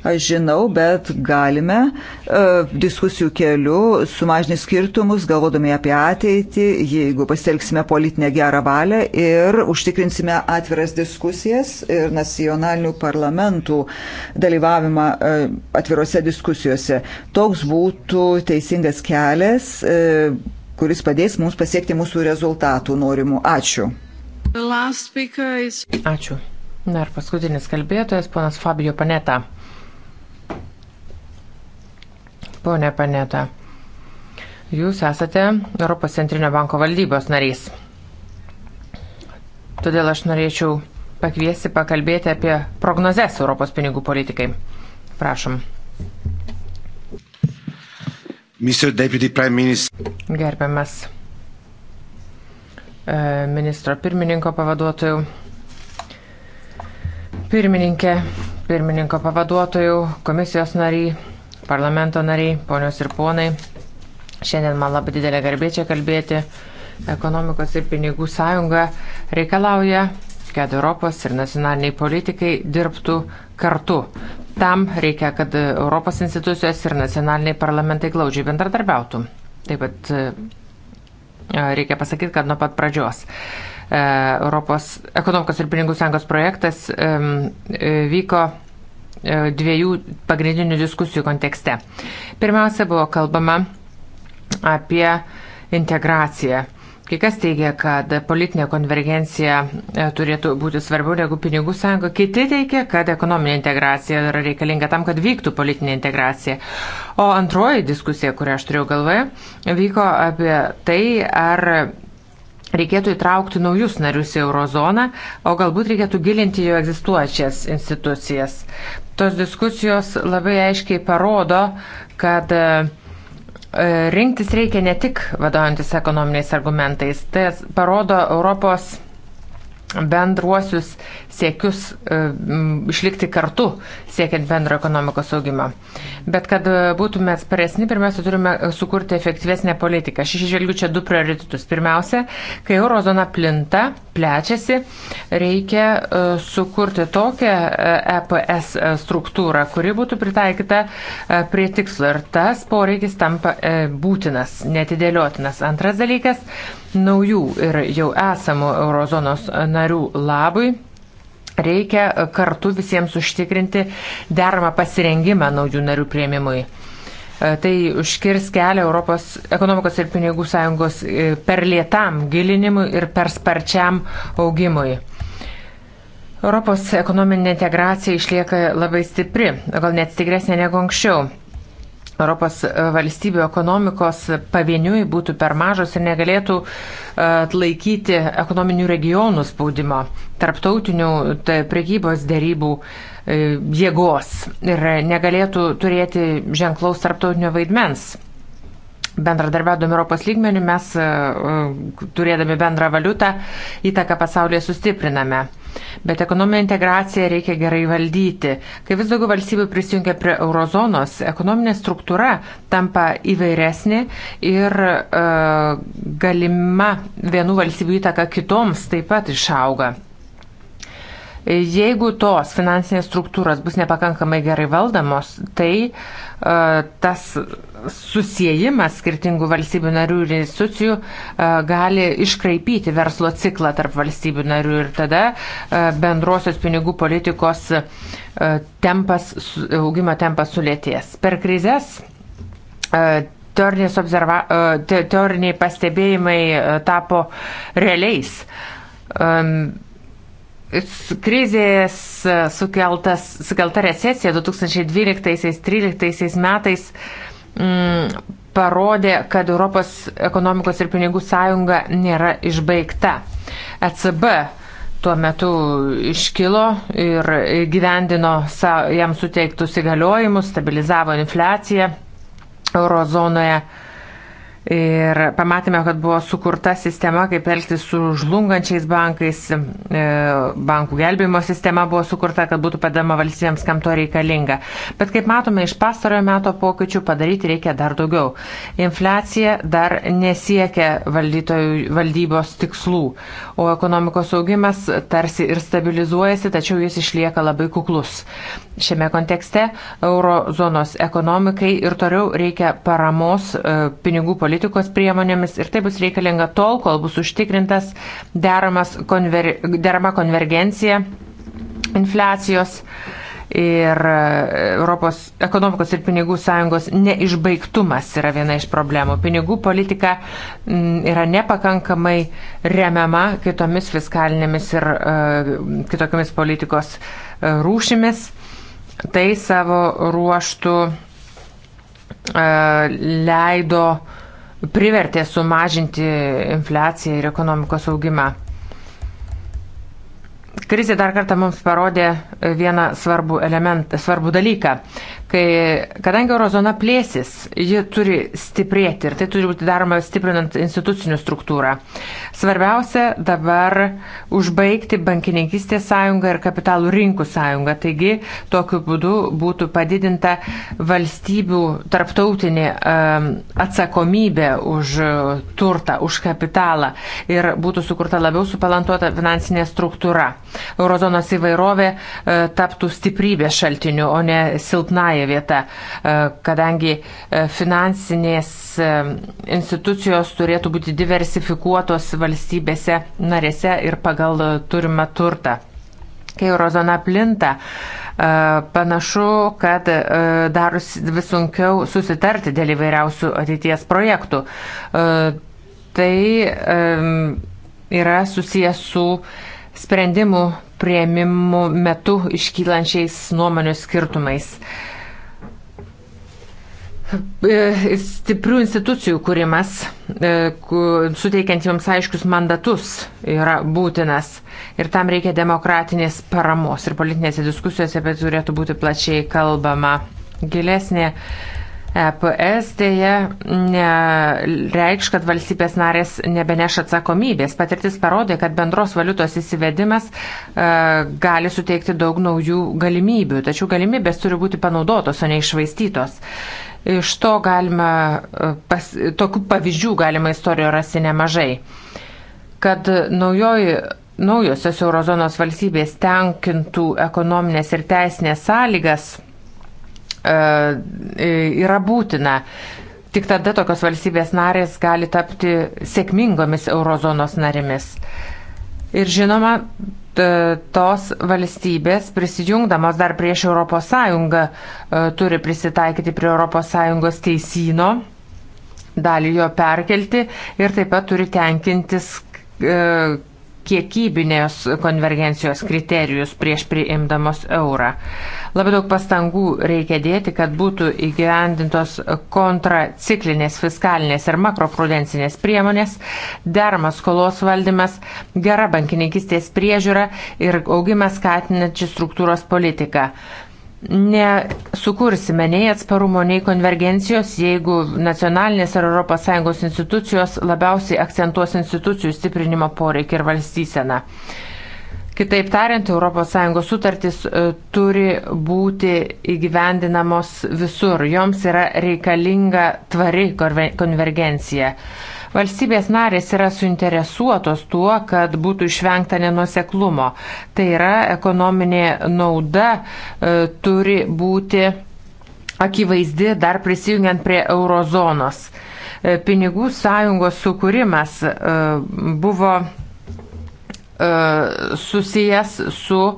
aš žinau, bet galime e, diskusijų keliu sumažinti skirtumus, galvodami apie ateitį, jeigu pasitelksime politinę gerą valią ir užtikrinsime atviras diskusijas ir nacionalinių parlamentų dalyvavimą e, atvirose diskusijose. Toks būtų teisingas kelias e, kuris padės mums pasiekti mūsų rezultatų norimų. Ačiū. Is... Ačiū. Na ir paskutinis kalbėtojas, ponas Fabio Paneta. Pone Paneta, jūs esate Europos Centrinio banko valdybos narys. Todėl aš norėčiau pakviesti pakalbėti apie prognozes Europos pinigų politikai. Prašom. Gerbiamas E, ministro pirmininko pavaduotojų. Pirmininkė, pirmininko pavaduotojų, komisijos nariai, parlamento nariai, ponios ir ponai. Šiandien man labai didelė garbė čia kalbėti. Ekonomikos ir pinigų sąjunga reikalauja, kad Europos ir nacionaliniai politikai dirbtų kartu. Tam reikia, kad Europos institucijos ir nacionaliniai parlamentai glaudžiai bendradarbiautų. Taip pat reikia pasakyti, kad nuo pat pradžios. E, Europos ekonomikos ir pinigų sąjungos projektas e, vyko e, dviejų pagrindinių diskusijų kontekste. Pirmiausia, buvo kalbama apie integraciją Kai kas teigia, kad politinė konvergencija e, turėtų būti svarbiau negu pinigų sąjunga, kiti teigia, kad ekonominė integracija yra reikalinga tam, kad vyktų politinė integracija. O antroji diskusija, kurią aš turėjau galvoje, vyko apie tai, ar reikėtų įtraukti naujus narius į eurozoną, o galbūt reikėtų gilinti jau egzistuojančias institucijas. Tos diskusijos labai aiškiai parodo, kad uh, E, rinktis reikia ne tik vadovantis ekonominiais argumentais. Tai parodo Europos bendruosius siekius e, išlikti kartu, siekiant bendro ekonomikos augimą. Bet kad e, būtume atsparesni, pirmiausia, turime e, sukurti efektyvesnę politiką. Aš išžvelgiu čia du prioritetus. Pirmiausia, kai eurozona plinta, plečiasi, reikia sukurti tokią EPS struktūrą, kuri būtų pritaikyta prie tikslo ir tas poreikis tampa būtinas, netidėliotinas. Antras dalykas - naujų ir jau esamų eurozonos narių labui Reikia kartu visiems užtikrinti deramą pasirengimą naujų narių prieimimui. E, tai užkirs kelią Europos ekonomikos ir pinigų sąjungos e, per lietam gilinimui ir per sparčiam augimui. Europos ekonominė integracija išlieka labai stipri, gal net stipresnė negu anksčiau. Europos valstybių ekonomikos pavieniui būtų per mažos ir negalėtų e, atlaikyti ekonominių regionų spaudimo, tarptautinių tai prekybos dėrybų e, jėgos ir negalėtų turėti ženklaus tarptautinio vaidmens bendradarbiaudami Europos lygmenių mes, e, e, turėdami bendrą valiutą, įtaką pasaulyje sustipriname. Bet ekonominę integraciją reikia gerai valdyti. Kai vis daugiau valstybių prisijungia prie eurozonos, ekonominė struktūra tampa įvairesnė ir e, galima vienų valstybių įtaka kitoms taip pat išauga. Jeigu tos finansinės struktūros bus nepakankamai gerai valdomos, tai uh, tas susijimas skirtingų valstybių narių ir institucijų e, gali iškraipyti verslo ciklą tarp valstybių narių ir tada e, bendrosios pinigų politikos tempas, augimo tempas sulėties. Per krizės observa, teoriniai pastebėjimai tapo realiais krizės e, sukeltas, sukelta recesija 2012-2013 metais mm, parodė, kad Europos ekonomikos ir pinigų sąjunga nėra išbaigta. ECB tuo metu iškilo ir gyvendino jam suteiktus įgaliojimus, stabilizavo infliaciją eurozonoje. Ir pamatėme, kad buvo sukurta sistema, kaip elgtis su žlungančiais bankais, e, bankų gelbėjimo sistema buvo sukurta, kad būtų padama valstybėms, kam to reikalinga. Bet kaip matome, iš pastarojo meto pokyčių padaryti reikia dar daugiau. Inflecija dar nesiekia valdytojų, valdybos tikslų, o ekonomikos augimas tarsi ir stabilizuojasi, tačiau jis išlieka labai kuklus. Šiame kontekste eurozonos ekonomikai ir toliau reikia paramos e, pinigų politikos politikos priemonėmis ir tai bus reikalinga tol, kol bus užtikrintas konver, derama konvergencija infliacijos ir e, Europos ekonomikos ir pinigų sąjungos neišbaigtumas yra viena iš problemų. Pinigų politika yra nepakankamai remiama kitomis fiskalinėmis ir uh, e, kitokiamis politikos e, rūšimis. Tai savo ruoštų uh, leido uh, privertė sumažinti infliaciją ir ekonomikos augimą. Krizė dar kartą mums parodė vieną svarbų, element, svarbų dalyką kai, kadangi eurozona plėsis, ji turi stiprėti ir tai turi būti daroma stiprinant institucinių struktūrą. Svarbiausia dabar užbaigti bankininkistės sąjungą ir kapitalų rinkų sąjungą. Taigi tokiu būdu būtų padidinta valstybių tarptautinė atsakomybė už turtą, už kapitalą ir būtų sukurta labiau supalantuota finansinė struktūra. Eurozonos įvairovė e, taptų stiprybės šaltiniu, o ne silpnai silpnoji vieta, e, kadangi e, finansinės e, institucijos turėtų būti diversifikuotos valstybėse narėse ir pagal turimą turtą. Kai eurozona plinta, panašu, kad darus vis sunkiau susitarti dėl įvairiausių ateities projektų. Tai yra susijęs su sprendimų prieimimų metu iškylančiais nuomonių skirtumais. Uh, E, stiprių institucijų kūrimas, e, suteikiant joms aiškius mandatus, yra būtinas ir tam reikia demokratinės paramos ir politinėse diskusijose apie tai turėtų būti plačiai kalbama. Gilesnė EPS dėja reikš, kad valstybės narės nebeneš atsakomybės. Patirtis parodė, kad bendros valiutos įsivedimas e, gali suteikti daug naujų galimybių, tačiau galimybės turi būti panaudotos, o ne išvaistytos. Iš to galima, e, pas, tokių pavyzdžių galima istorijoje rasti nemažai, kad naujoji naujosios eurozonos valstybės tenkintų ekonominės ir teisinės sąlygas e, e yra būtina. Tik tada tokios valstybės narės gali tapti sėkmingomis eurozonos narėmis. Ir žinoma, E, tos valstybės prisijungdamos dar prieš ES e, turi prisitaikyti prie ES teisino, dalį jo perkelti ir taip pat turi tenkintis e, kiekybinės konvergencijos kriterijus prieš priimdamos eurą. Labai daug pastangų reikia dėti, kad būtų įgyvendintos kontraciklinės, fiskalinės ir makroprudencinės priemonės, dermas skolos valdymas, gera bankininkistės priežiūra ir augimas skatinančių struktūros politika nesukursime nei atsparumo, nei konvergencijos, jeigu nacionalinės ar ES institucijos labiausiai akcentuos institucijų stiprinimo poreikį ir valstyseną. Kitaip tariant, ES sutartys e, turi būti įgyvendinamos visur, joms yra reikalinga tvari konvergencija. Konver Valstybės narės yra suinteresuotos tuo, kad būtų išvengta nenuseklumo. Tai yra ekonominė nauda e, turi būti akivaizdi dar prisijungiant prie eurozonos. E, pinigų sąjungos sukūrimas e, buvo e, susijęs su e,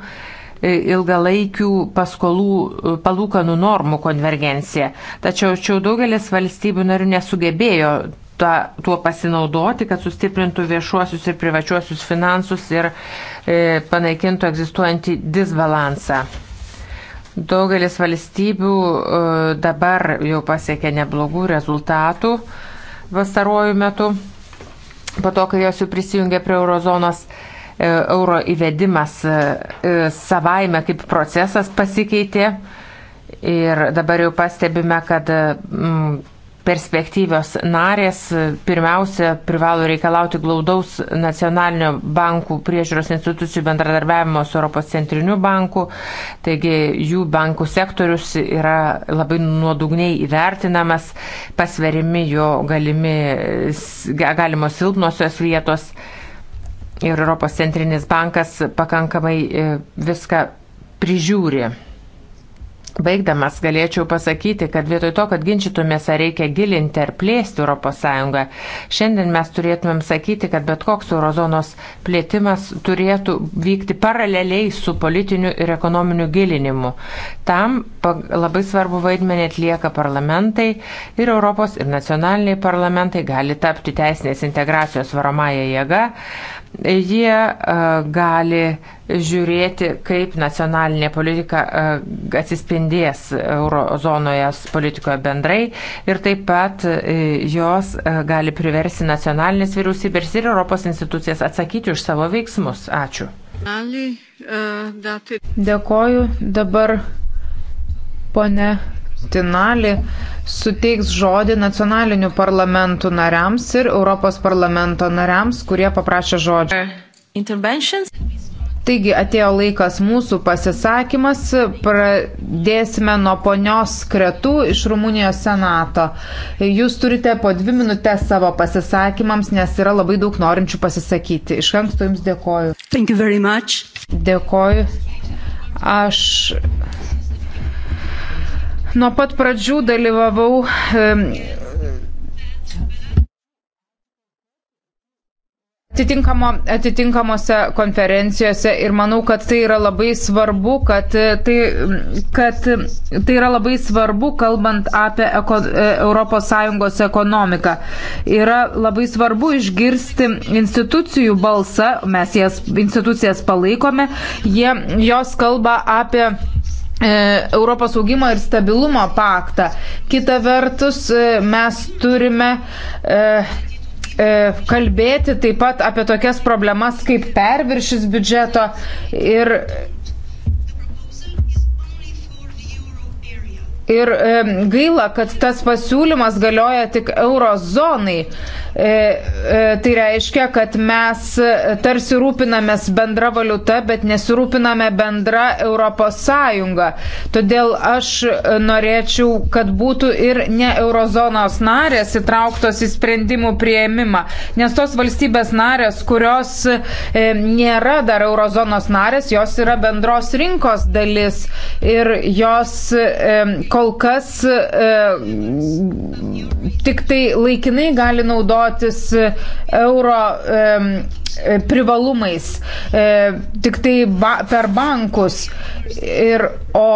ilgalaikių paskolų e, palūkanų normų konvergencija. Tačiau čia daugelis valstybių narių nesugebėjo ta, tuo pasinaudoti, kad sustiprintų viešuosius ir privačiuosius finansus ir e, panaikintų egzistuojantį disbalansą. Daugelis valstybių e, dabar jau pasiekė neblogų rezultatų vasarojų metu, po to, kai jos jau prisijungė prie eurozonos. E, euro įvedimas e, e savaime kaip procesas pasikeitė ir dabar jau pastebime, kad mm, perspektyvios narės pirmiausia privalo reikalauti glaudaus nacionalinio bankų priežiūros institucijų bendradarbiavimo su Europos centriniu banku, taigi jų bankų sektorius yra labai nuodugniai įvertinamas, pasverimi jo galimi, galimos silpnosios vietos ir Europos centrinis bankas pakankamai e, viską prižiūri. Baigdamas galėčiau pasakyti, kad vietoj to, kad ginčytumės, ar reikia gilinti ar plėsti ES, šiandien mes turėtumėm sakyti, kad bet koks eurozonos plėtimas turėtų vykti paraleliai su politiniu ir ekonominiu gilinimu. Tam labai svarbu vaidmenį atlieka parlamentai ir Europos ir nacionaliniai parlamentai gali tapti teisinės integracijos varomąją jėgą. Jie e, gali žiūrėti, kaip nacionalinė politika e, atsispindės eurozonoje politikoje bendrai ir taip pat e, jos gali priversi nacionalinės vyriausybės ir Europos institucijas atsakyti už savo veiksmus. Ačiū. Dėkoju. Dabar pone Tinali suteiks žodį nacionalinių parlamentų nariams ir Europos parlamento nariams, kurie paprašė žodžio. Taigi atėjo laikas mūsų pasisakymas. Pradėsime nuo ponios Kretų iš Rumunijos senato. Jūs turite po dvi minutės savo pasisakymams, nes yra labai daug norinčių pasisakyti. Iš anksto Jums dėkoju. Dėkoju. Aš Nuo pat pradžių dalyvavau. Atitinkamo, atitinkamose konferencijose ir manau, kad tai yra labai svarbu, kad e, tai, kad e, tai yra labai svarbu, kalbant apie eko, ES ekonomiką. Yra labai svarbu išgirsti institucijų balsą, mes jas institucijas palaikome, jie, jos kalba apie E, Europos augimo ir stabilumo paktą. Kita vertus, e, mes turime e, kalbėti taip pat apie tokias problemas kaip perviršis biudžeto ir Ir e, gaila, kad tas pasiūlymas galioja tik eurozonai. E, e, tai reiškia, kad mes e, tarsi rūpinamės bendra valiuta, bet nesirūpiname bendra Europos Sąjunga. Todėl aš e, norėčiau, kad būtų ir ne eurozonos narės įtrauktos į sprendimų prieimimą. Nes tos valstybės narės, kurios e, nėra dar eurozonos narės, jos yra bendros rinkos dalis. Ir jos e, kol kas e, tik tai laikinai gali naudotis euro e, e privalumais, e, tik tai ba, per bankus. Ir, o,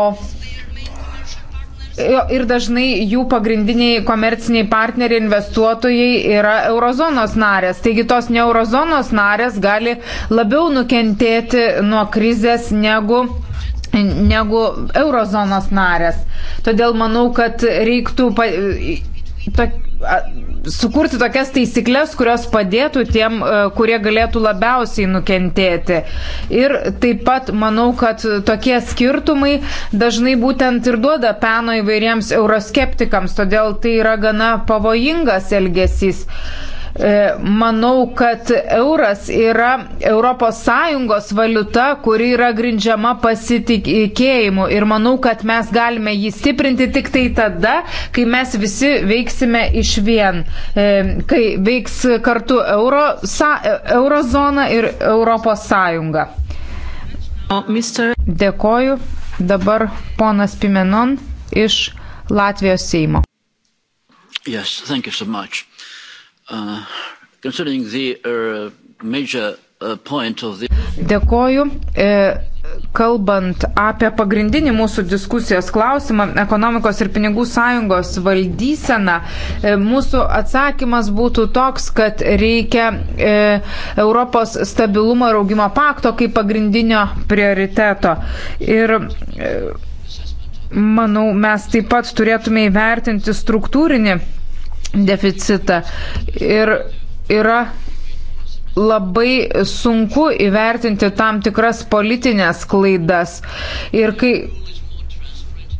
Ir dažnai jų pagrindiniai komerciniai partneriai investuotojai yra eurozonos narės. Taigi tos ne eurozonos narės gali labiau nukentėti nuo krizės negu negu eurozonos narės. Todėl manau, kad reiktų pa, to, a, sukurti tokias taisyklės, kurios padėtų tiem, e, kurie galėtų labiausiai nukentėti. Ir taip pat manau, kad tokie skirtumai dažnai būtent ir duoda peno įvairiems euroskeptikams, todėl tai yra gana pavojingas elgesys. E, manau, kad euras yra ES valiuta, kuri yra grindžiama pasitikėjimu ir manau, kad mes galime jį stiprinti tik tai tada, kai mes visi veiksime iš vien, e, kai veiks kartu euro, sa, e, eurozona ir ES. Uh, Dėkoju. Dabar ponas Pimenon iš Latvijos Seimo. Yes, thank you so much. Uh, Uh, the, uh, major, uh, the... Dėkoju. E, kalbant apie pagrindinį mūsų diskusijos klausimą - ekonomikos ir pinigų sąjungos valdyseną, e, mūsų atsakymas būtų toks, kad reikia e, Europos stabilumo ir augimo pakto kaip pagrindinio prioriteto. Ir e, manau, mes taip pat turėtume įvertinti struktūrinį deficitą. Ir yra labai sunku įvertinti tam tikras politinės klaidas. Ir kai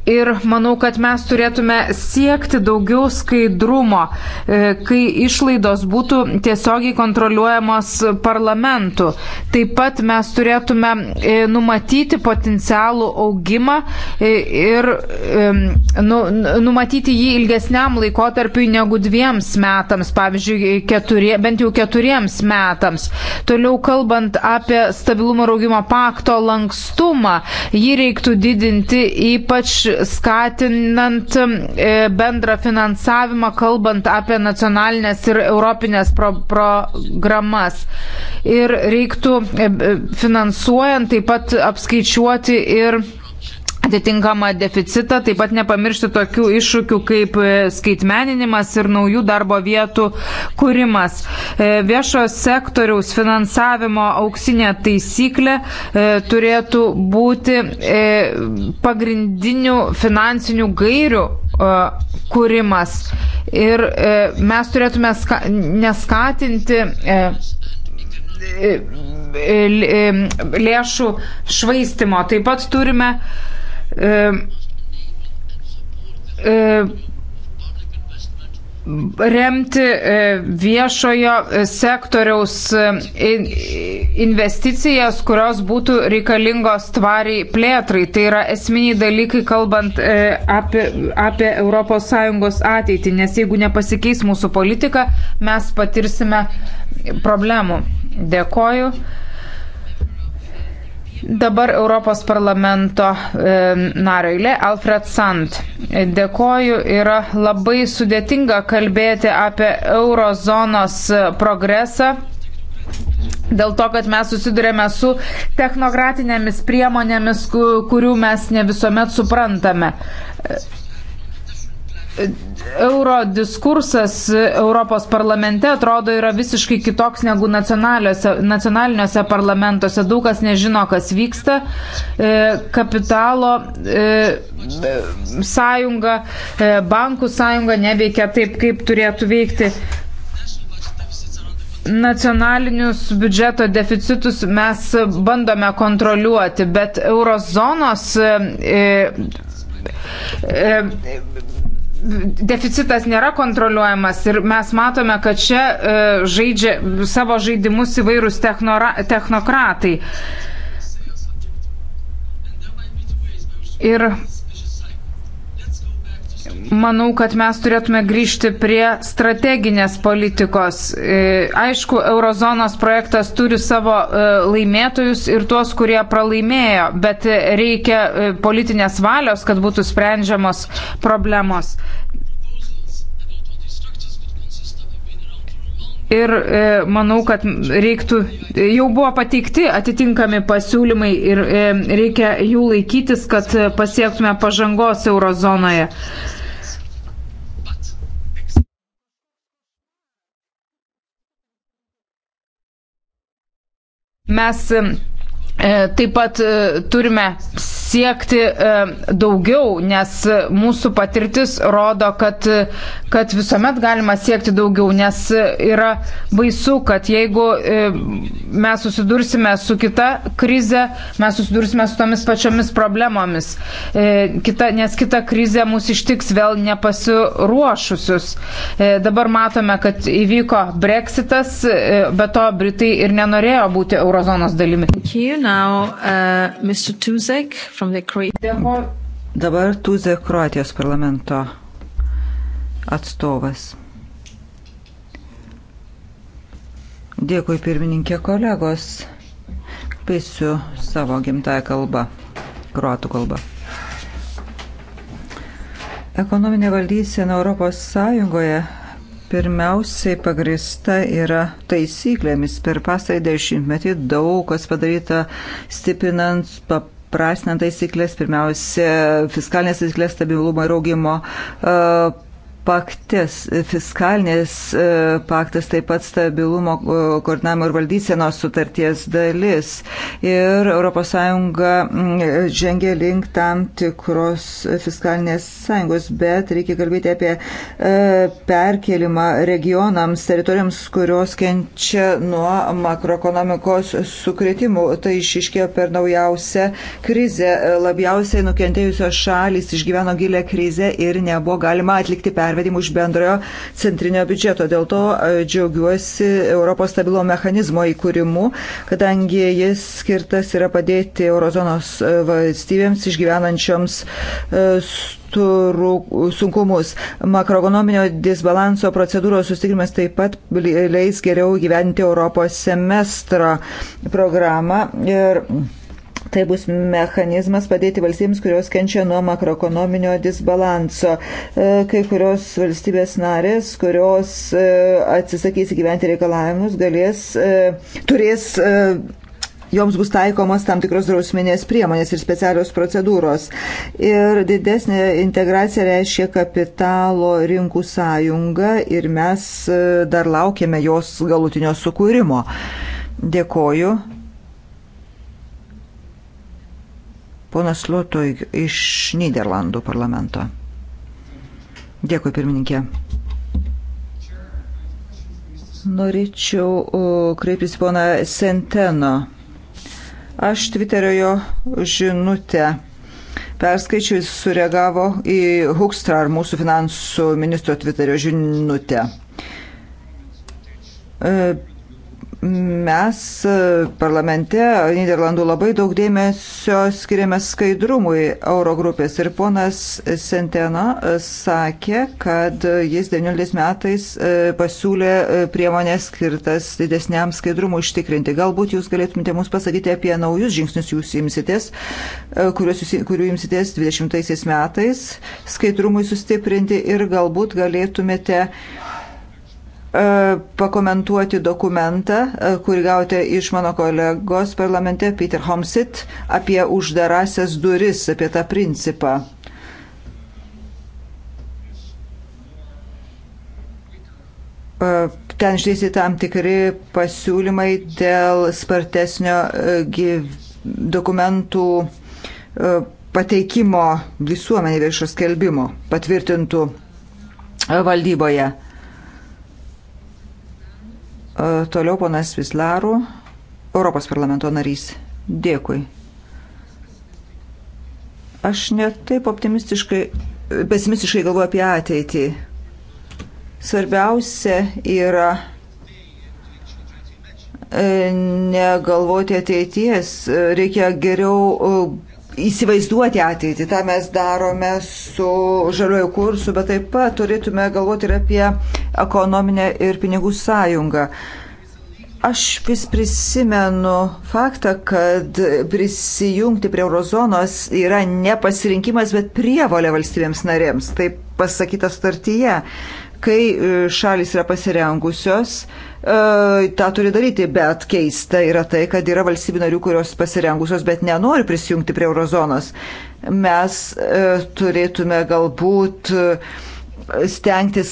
Ir manau, kad mes turėtume siekti daugiau skaidrumo, e, kai išlaidos būtų tiesiogiai kontroliuojamos parlamentu. Taip pat mes turėtume e, numatyti potencialų augimą e, ir nu, numatyti jį ilgesniam laikotarpiui negu dviems metams, pavyzdžiui, keturie, bent jau keturiems metams. Toliau kalbant apie stabilumo ir augimo pakto lankstumą, jį reiktų didinti ypač skatinant e, bendrą finansavimą, kalbant apie nacionalinės ir europinės pro programas. Ir reiktų e, e, finansuojant taip pat apskaičiuoti ir atitinkamą deficitą, taip pat nepamiršti tokių iššūkių kaip e, skaitmeninimas ir naujų darbo vietų kūrimas. E, viešo sektoriaus finansavimo auksinė taisyklė e, turėtų būti pagrindinių finansinių gairių kūrimas. Ir mes turėtume ska neskatinti lėšų švaistimo. Taip pat turime e, e, remti viešojo sektoriaus e, investicijas, kurios būtų reikalingos tvariai plėtrai. Tai yra esminiai dalykai, kalbant e, apie, apie ES ateitį, nes jeigu nepasikeis mūsų politika, mes patirsime problemų. Dėkoju. Dabar Europos parlamento e, nario eilė Alfred Sant. Dėkoju, yra labai sudėtinga kalbėti apie eurozonos progresą. Dėl to, kad mes susidurėme su technokratinėmis priemonėmis, kurių mes ne visuomet suprantame euro diskursas Europos parlamente atrodo yra visiškai kitoks negu nacionaliniuose parlamentuose. Daug kas nežino, kas vyksta. E, kapitalo e, sąjunga, e, bankų sąjunga neveikia taip, kaip turėtų veikti nacionalinius biudžeto deficitus mes bandome kontroliuoti, bet eurozonos e, e, deficitas nėra kontroliuojamas ir mes matome, kad čia e, žaidžia savo žaidimus įvairūs technora, technokratai. Ir Manau, kad mes turėtume grįžti prie strateginės politikos. E, aišku, eurozonos projektas turi savo e, laimėtojus ir tuos, kurie pralaimėjo, bet reikia e, politinės valios, kad būtų sprendžiamos problemos. Ir e, manau, kad reiktų, e, jau buvo pateikti atitinkami pasiūlymai ir e, reikia jų laikytis, kad e, pasiektume pažangos eurozonoje. Mes e, e taip pat e, turime siekti e, daugiau, nes mūsų patirtis rodo, kad, kad visuomet galima siekti daugiau, nes yra baisu, kad jeigu e, mes susidursime su kita krize, mes susidursime su tomis pačiomis problemomis, e, kita, nes kita krize mus ištiks vėl nepasiruošusius. Dabar matome, kad įvyko breksitas, bet to Britai ir nenorėjo būti eurozonos dalimi. Now, uh, Mr. Tuzek Dabar Tuzė Kroatijos parlamento atstovas. Dėkui pirmininkė kolegos. Pisiu savo gimtąją kalbą, kruatų kalbą. Ekonominė valdysena Europos Sąjungoje pirmiausiai pagrista yra taisyklėmis. Per pastarąjį dešimtmetį daug kas padaryta stiprinant, supaprastinant taisyklės, pirmiausia, fiskalinės taisyklės stabilumo ir augimo e, paktis, fiskalinės e, paktas taip pat stabilumo e, koordinavimo ir valdysenos sutarties dalis. Ir ES mm, žengia link tam tikros fiskalinės sąjungos, bet reikia kalbėti apie e, perkelimą regionams, teritorijoms, kurios kenčia nuo makroekonomikos sukretimų. Tai išiškėjo per naujausią krizę. Labiausiai nukentėjusios šalys išgyveno gilę krizę ir nebuvo galima atlikti perversmą pervedimų iš bendrojo centrinio biudžeto. Dėl to e, džiaugiuosi Europos stabilo mechanizmo įkūrimu, kadangi jis skirtas yra padėti eurozonos e, valstybėms išgyvenančioms e, sunkumus. Makroekonominio disbalanso procedūros sustikrimas taip pat leis geriau gyventi Europos semestro programą. Ir Tai bus mechanizmas padėti valstybėms, kurios kenčia nuo makroekonominio disbalanso. E, kai kurios valstybės narės, kurios e, atsisakys įgyventi reikalavimus, galės, e, turės joms bus taikomos tam tikros drausminės priemonės ir specialios procedūros. Ir didesnė integracija reiškia kapitalo rinkų sąjunga ir mes dar laukiame jos galutinio sukūrimo. Dėkoju. Ponas Lotoj iš Niderlandų parlamento. Dėkui, pirmininkė. Norėčiau kreiptis poną Senteno. Aš Twitterio jo žinutę perskaičiau, jis sureagavo į Hukstra ar mūsų finansų ministro Twitterio žinutę. E, Mes e, parlamente Niderlandų labai daug dėmesio skiriame skaidrumui Eurogrupės ir ponas Sentena e, sakė, kad jis 19 metais e, pasiūlė priemonės skirtas didesniam skaidrumui užtikrinti. Galbūt jūs galėtumėte mums pasakyti apie naujus žingsnius jūs imsitės, jūs, kurių imsitės 20 metais skaidrumui sustiprinti ir galbūt galėtumėte E, pakomentuoti dokumentą, e, kurį gauti iš mano kolegos parlamente Peter Homsit apie uždarasias duris, apie tą principą. E, ten išdėsi tam tikri pasiūlymai dėl spartesnio dokumentų pateikimo visuomenė viešo skelbimo patvirtintų valdyboje. E, toliau ponas Vislarų, Europos parlamento narys. Dėkui. Aš netaip optimistiškai, pesimistiškai galvoju apie ateitį. Svarbiausia yra e, negalvoti ateities, reikia geriau įsivaizduoti ateitį. Ta mes darome su žaliuoju kursu, bet taip pat turėtume galvoti ir apie ekonominę ir pinigų sąjungą. Aš vis prisimenu faktą, kad prisijungti prie eurozonos yra ne pasirinkimas, bet prievalė valstybėms narėms. Taip pasakyta startyje. Kai e, šalis yra pasirengusios, e, tą turi daryti, bet keista yra tai, kad yra valstybių narių, kurios pasirengusios, bet nenori prisijungti prie eurozonos. Mes e, turėtume galbūt stengtis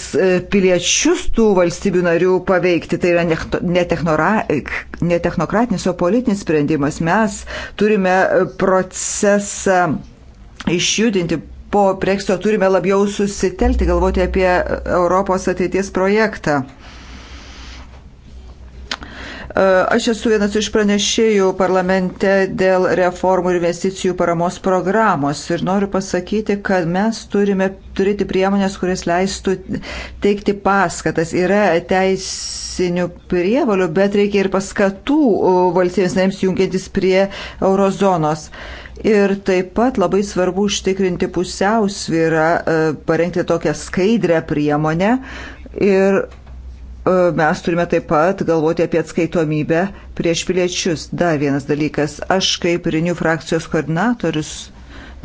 piliečius tų valstybių narių paveikti. Tai yra ne technokratinis, o politinis sprendimas. Mes turime procesą išjudinti po Brexito turime labiau susitelti, galvoti apie e, Europos ateities projektą. E, aš esu vienas iš pranešėjų parlamente dėl reformų ir investicijų paramos programos ir noriu pasakyti, kad mes turime turėti priemonės, kuris leistų teikti paskatas. Yra teisinių prievalių, bet reikia ir paskatų valstybės naims jungiantis prie eurozonos. Uh, Ir taip pat labai svarbu užtikrinti pusiausvyrą, e, parengti tokią skaidrę priemonę ir e, mes turime taip pat galvoti apie atskaitomybę prieš piliečius. Dar vienas dalykas. Aš kaip Rinių frakcijos koordinatorius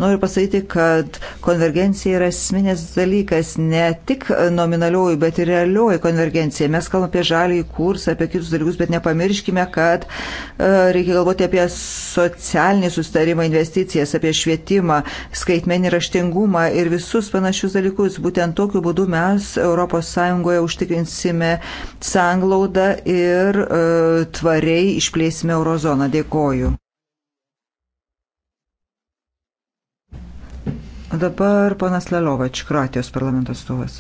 Noriu pasakyti, kad konvergencija yra esminės dalykas, ne tik nominalioji, bet ir realioji konvergencija. Mes kalbame apie žalį kursą, apie kitus dalykus, bet nepamirškime, kad e, reikia galvoti apie socialinį sustarimą, investicijas, apie švietimą, skaitmenį raštingumą ir visus panašius dalykus. Būtent tokiu būdu mes ES užtikrinsime sanglaudą ir e, tvariai išplėsime eurozoną. Dėkoju. Dabar panas Lelovač, Kroatijos parlamento atstovas.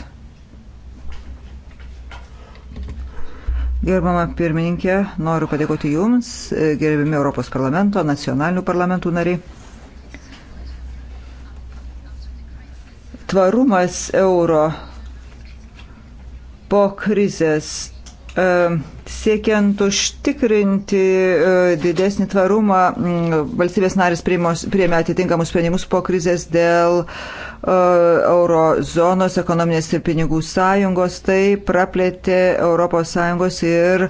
Gerbama pirmininkė, noriu padėkoti Jums, gerbimi Europos parlamento, nacionalinių parlamentų nariai. Tvarumas euro po krizės E, siekiant užtikrinti e, didesnį tvarumą, valstybės narės priėmė atitinkamus sprendimus po krizės dėl e, eurozonos ekonominės ir pinigų sąjungos, tai praplėtė ES ir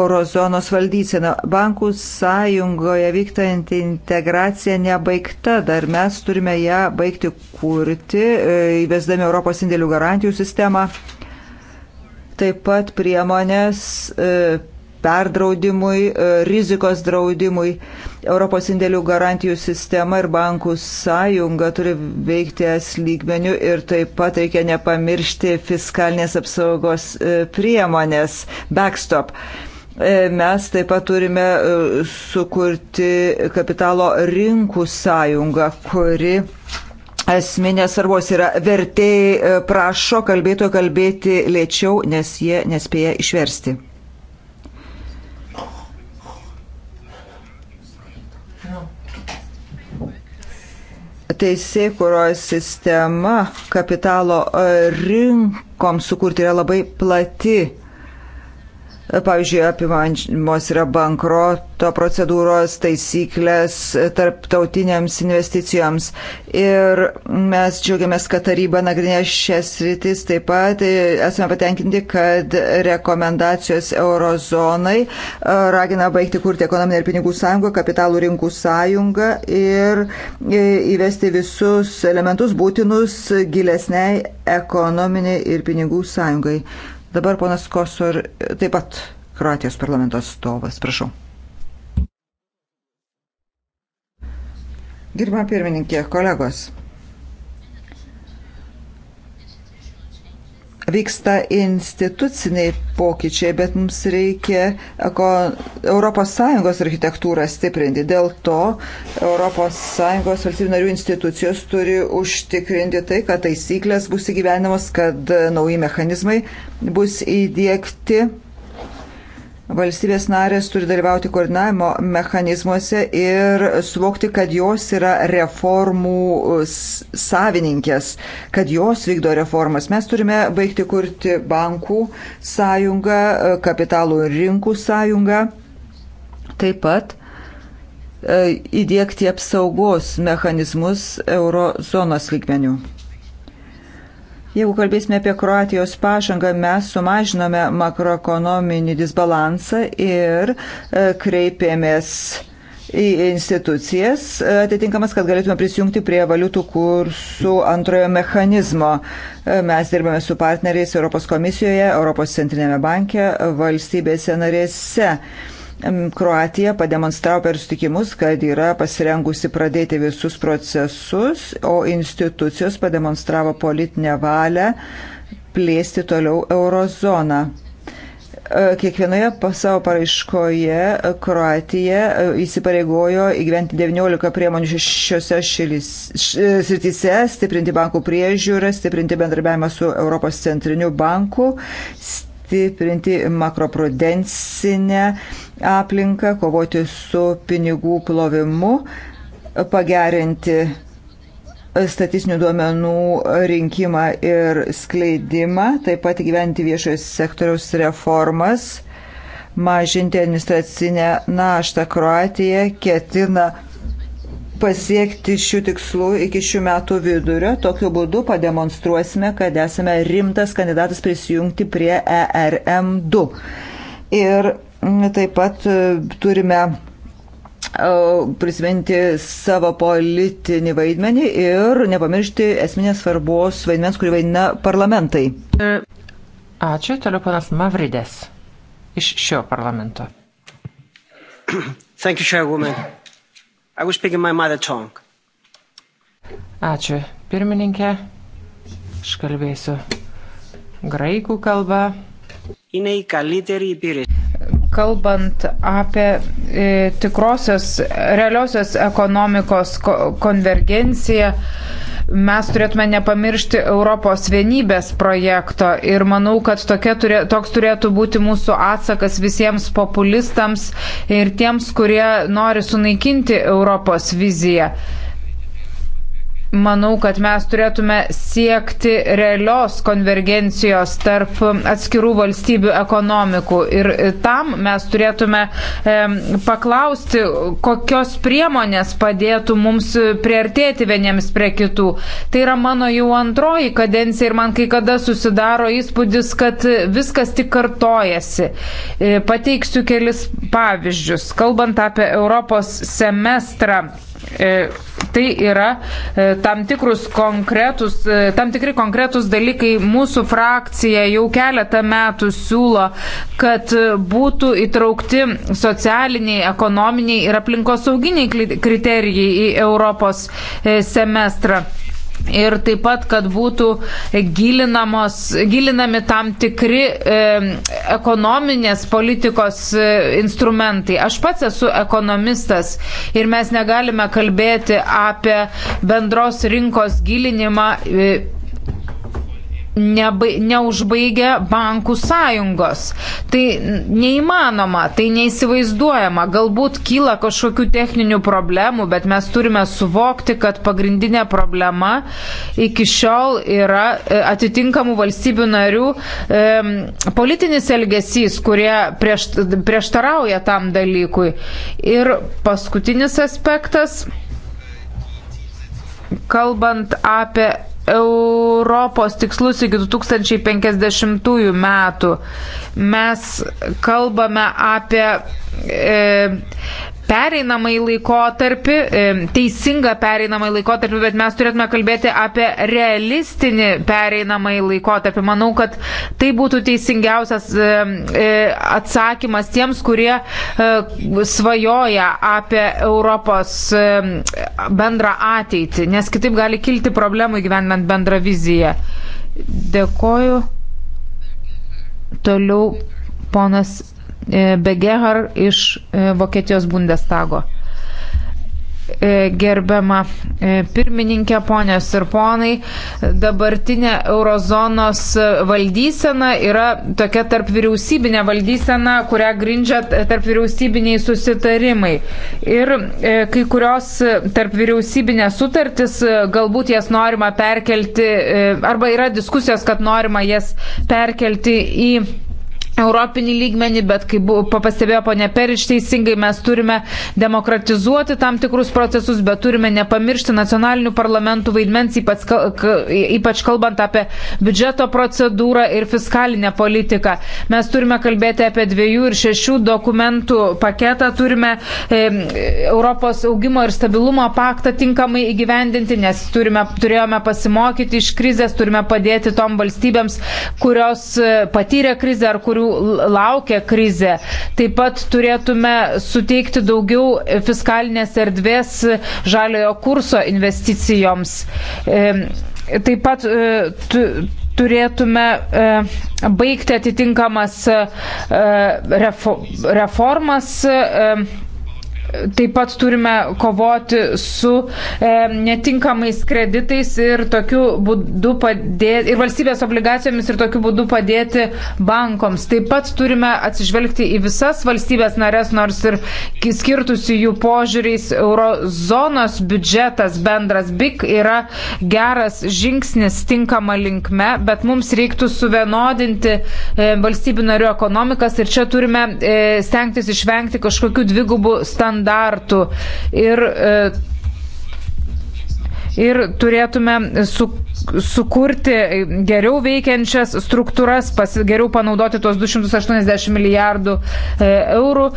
eurozonos valdysena. Bankų sąjungoje vyktanti integracija nebaigta, dar mes turime ją baigti kurti, įvesdami Europos indėlių garantijų sistemą taip pat priemonės e, perdraudimui, e, rizikos draudimui. Europos indėlių garantijų sistema ir bankų sąjunga turi veikti es lygmenių ir taip pat reikia nepamiršti fiskalinės apsaugos e, priemonės backstop. Mes taip pat turime sukurti kapitalo rinkų sąjungą, kuri esminės svarbos yra. Vertėjai e, prašo kalbėtojo kalbėti lėčiau, nes jie nespėja išversti. Teisėkuros sistema kapitalo e, rinkoms sukurti yra labai plati pavyzdžiui, apimančios yra bankroto procedūros, taisyklės tarptautiniams investicijoms. Ir mes džiaugiamės, kad taryba nagrinė šias rytis taip pat. E, esame patenkinti, kad rekomendacijos eurozonai e, ragina baigti kurti ekonominę ir pinigų sąjungą, kapitalų rinkų sąjungą ir e, įvesti visus elementus būtinus gilesniai ekonominiai ir pinigų sąjungai. Dabar ponas Kosor, taip pat Kroatijos parlamento atstovas, prašau. Gerbama pirmininkė, kolegos. vyksta instituciniai pokyčiai, bet mums reikia ES architektūrą stiprinti. Dėl to ES valstybių narių institucijos turi užtikrinti tai, kad taisyklės bus įgyvenamos, kad nauji mechanizmai bus įdėkti Valstybės narės turi dalyvauti koordinavimo mechanizmuose ir suvokti, kad jos yra reformų savininkės, kad jos vykdo reformas. Mes turime baigti kurti bankų sąjungą, kapitalų rinkų sąjungą. Taip pat e, įdėkti apsaugos mechanizmus eurozonos lygmenių. Jeigu kalbėsime apie Kroatijos pažangą, mes sumažinome makroekonominį disbalansą ir e, kreipėmės į institucijas e, atitinkamas, kad galėtume prisijungti prie valiutų kursų antrojo mechanizmo. E, mes dirbame su partneriais Europos komisijoje, Europos centrinėme banke, valstybėse narėse. Kroatija pademonstravo per sutikimus, kad yra pasirengusi pradėti visus procesus, o institucijos pademonstravo politinę valią plėsti toliau eurozoną e, kiekvienoje savo paraiškoje e, Kroatija e, įsipareigojo įgyventi 19 priemonių šešiose srityse, stiprinti bankų priežiūrą, stiprinti bendrabiavimą su Europos centriniu banku, stiprinti makroprudencinę aplinką, kovoti su pinigų plovimu, pagerinti statistinių duomenų rinkimą ir skleidimą, taip pat gyventi viešojo sektoriaus reformas, mažinti administracinę naštą. Kroatija ketina pasiekti šių tikslų iki šių metų vidurio. Tokiu būdu pademonstruosime, kad esame rimtas kandidatas prisijungti prie ERM2. Ir Taip pat e, turime e, prisiminti savo politinį vaidmenį ir nepamiršti esminės svarbos vaidmens, kurį vaidina parlamentai. Ačiū, toliau panas Mavridės iš šio parlamento. Thank you, Chairwoman. I was speaking my mother tongue. Ačiū, pirmininkė. Aš kalbėsiu graikų kalbą. Είναι η καλύτερη υπηρεσία kalbant apie e, tikrosios, realiosios ekonomikos konvergenciją, mes turėtume nepamiršti Europos vienybės projekto ir manau, kad turė, toks turėtų būti mūsų atsakas visiems populistams ir tiems, kurie nori sunaikinti Europos viziją manau, kad mes turėtume siekti realios konvergencijos tarp atskirų valstybių ekonomikų. Ir tam mes turėtume e, paklausti, kokios priemonės padėtų mums priartėti vieniems prie kitų. Tai yra mano jau antroji kadencija ir man kai kada susidaro įspūdis, kad viskas tik kartojasi. E, pateiksiu kelis pavyzdžius. Kalbant apie Europos semestrą. E, tai yra e, tam, konkretus, e, tam tikri konkretus dalykai. Mūsų frakcija jau keletą metų siūlo, kad būtų įtraukti socialiniai, ekonominiai ir aplinkosauginiai kriterijai į Europos semestrą. Ir taip pat, kad būtų gilinami tam tikri e, ekonominės politikos e, instrumentai. Aš pats esu ekonomistas ir mes negalime kalbėti apie bendros rinkos gilinimą. E, nebai, neužbaigia bankų sąjungos. Tai neįmanoma, tai neįsivaizduojama. Galbūt kyla kažkokių techninių problemų, bet mes turime suvokti, kad pagrindinė problema iki šiol yra e, atitinkamų valstybių narių e, politinis elgesys, kurie prieš, prieštarauja tam dalykui. Ir paskutinis aspektas, kalbant apie Europos tikslus iki 2050 metų. Mes kalbame apie e, pereinamai laikotarpį, e, teisingą pereinamai laikotarpį, bet mes turėtume kalbėti apie realistinį pereinamai laikotarpį. Manau, kad tai būtų teisingiausias e, e, atsakymas tiems, kurie svajoja apie Europos bendrą ateitį, nes kitaip gali kilti problemų įgyvendinant bendrą viziją. Dėkoju. Toliau ponas E, Begehar iš e, Vokietijos Bundestago. E, gerbiama pirmininkė, ponios ir ponai, dabartinė eurozonos valdysena yra tokia tarp vyriausybinė valdysena, kurią grindžia tarp vyriausybiniai susitarimai. Ir kai kurios tarp vyriausybinės sutartis, galbūt jas norima perkelti, arba yra diskusijos, kad norima jas perkelti į europinį lygmenį, bet kaip pastebėjo ponė Periš teisingai, mes turime demokratizuoti tam tikrus procesus, bet turime nepamiršti nacionalinių parlamentų vaidmens, ypač, ypač kalbant apie biudžeto procedūrą ir fiskalinę politiką. Mes turime kalbėti apie dviejų ir šešių dokumentų paketą, turime e, Europos augimo ir stabilumo paktą tinkamai įgyvendinti, nes turime, turėjome pasimokyti iš krizės, turime padėti tom valstybėms, kurios e, patyrė krizę ar kurių laukia krize. Taip pat turėtume suteikti daugiau fiskalinės erdvės žaliojo kurso investicijoms. E, taip pat e, turėtume e, baigti atitinkamas reformas Taip pat turime kovoti su e, netinkamais kreditais ir, padėti, ir valstybės obligacijomis ir tokiu būdu padėti bankoms. Taip pat turime atsižvelgti į visas valstybės narės, nors ir skirtusi jų požiūriais eurozonos biudžetas bendras BIC yra geras žingsnis tinkama linkme, bet mums reiktų suvienodinti e, valstybių narių ekonomikas ir čia turime e, stengtis išvengti kažkokių dvigubų standartų standartų. Ir, e, ir turėtume su, sukurti geriau veikiančias struktūras, pas, geriau panaudoti tuos 280 milijardų e, eurų.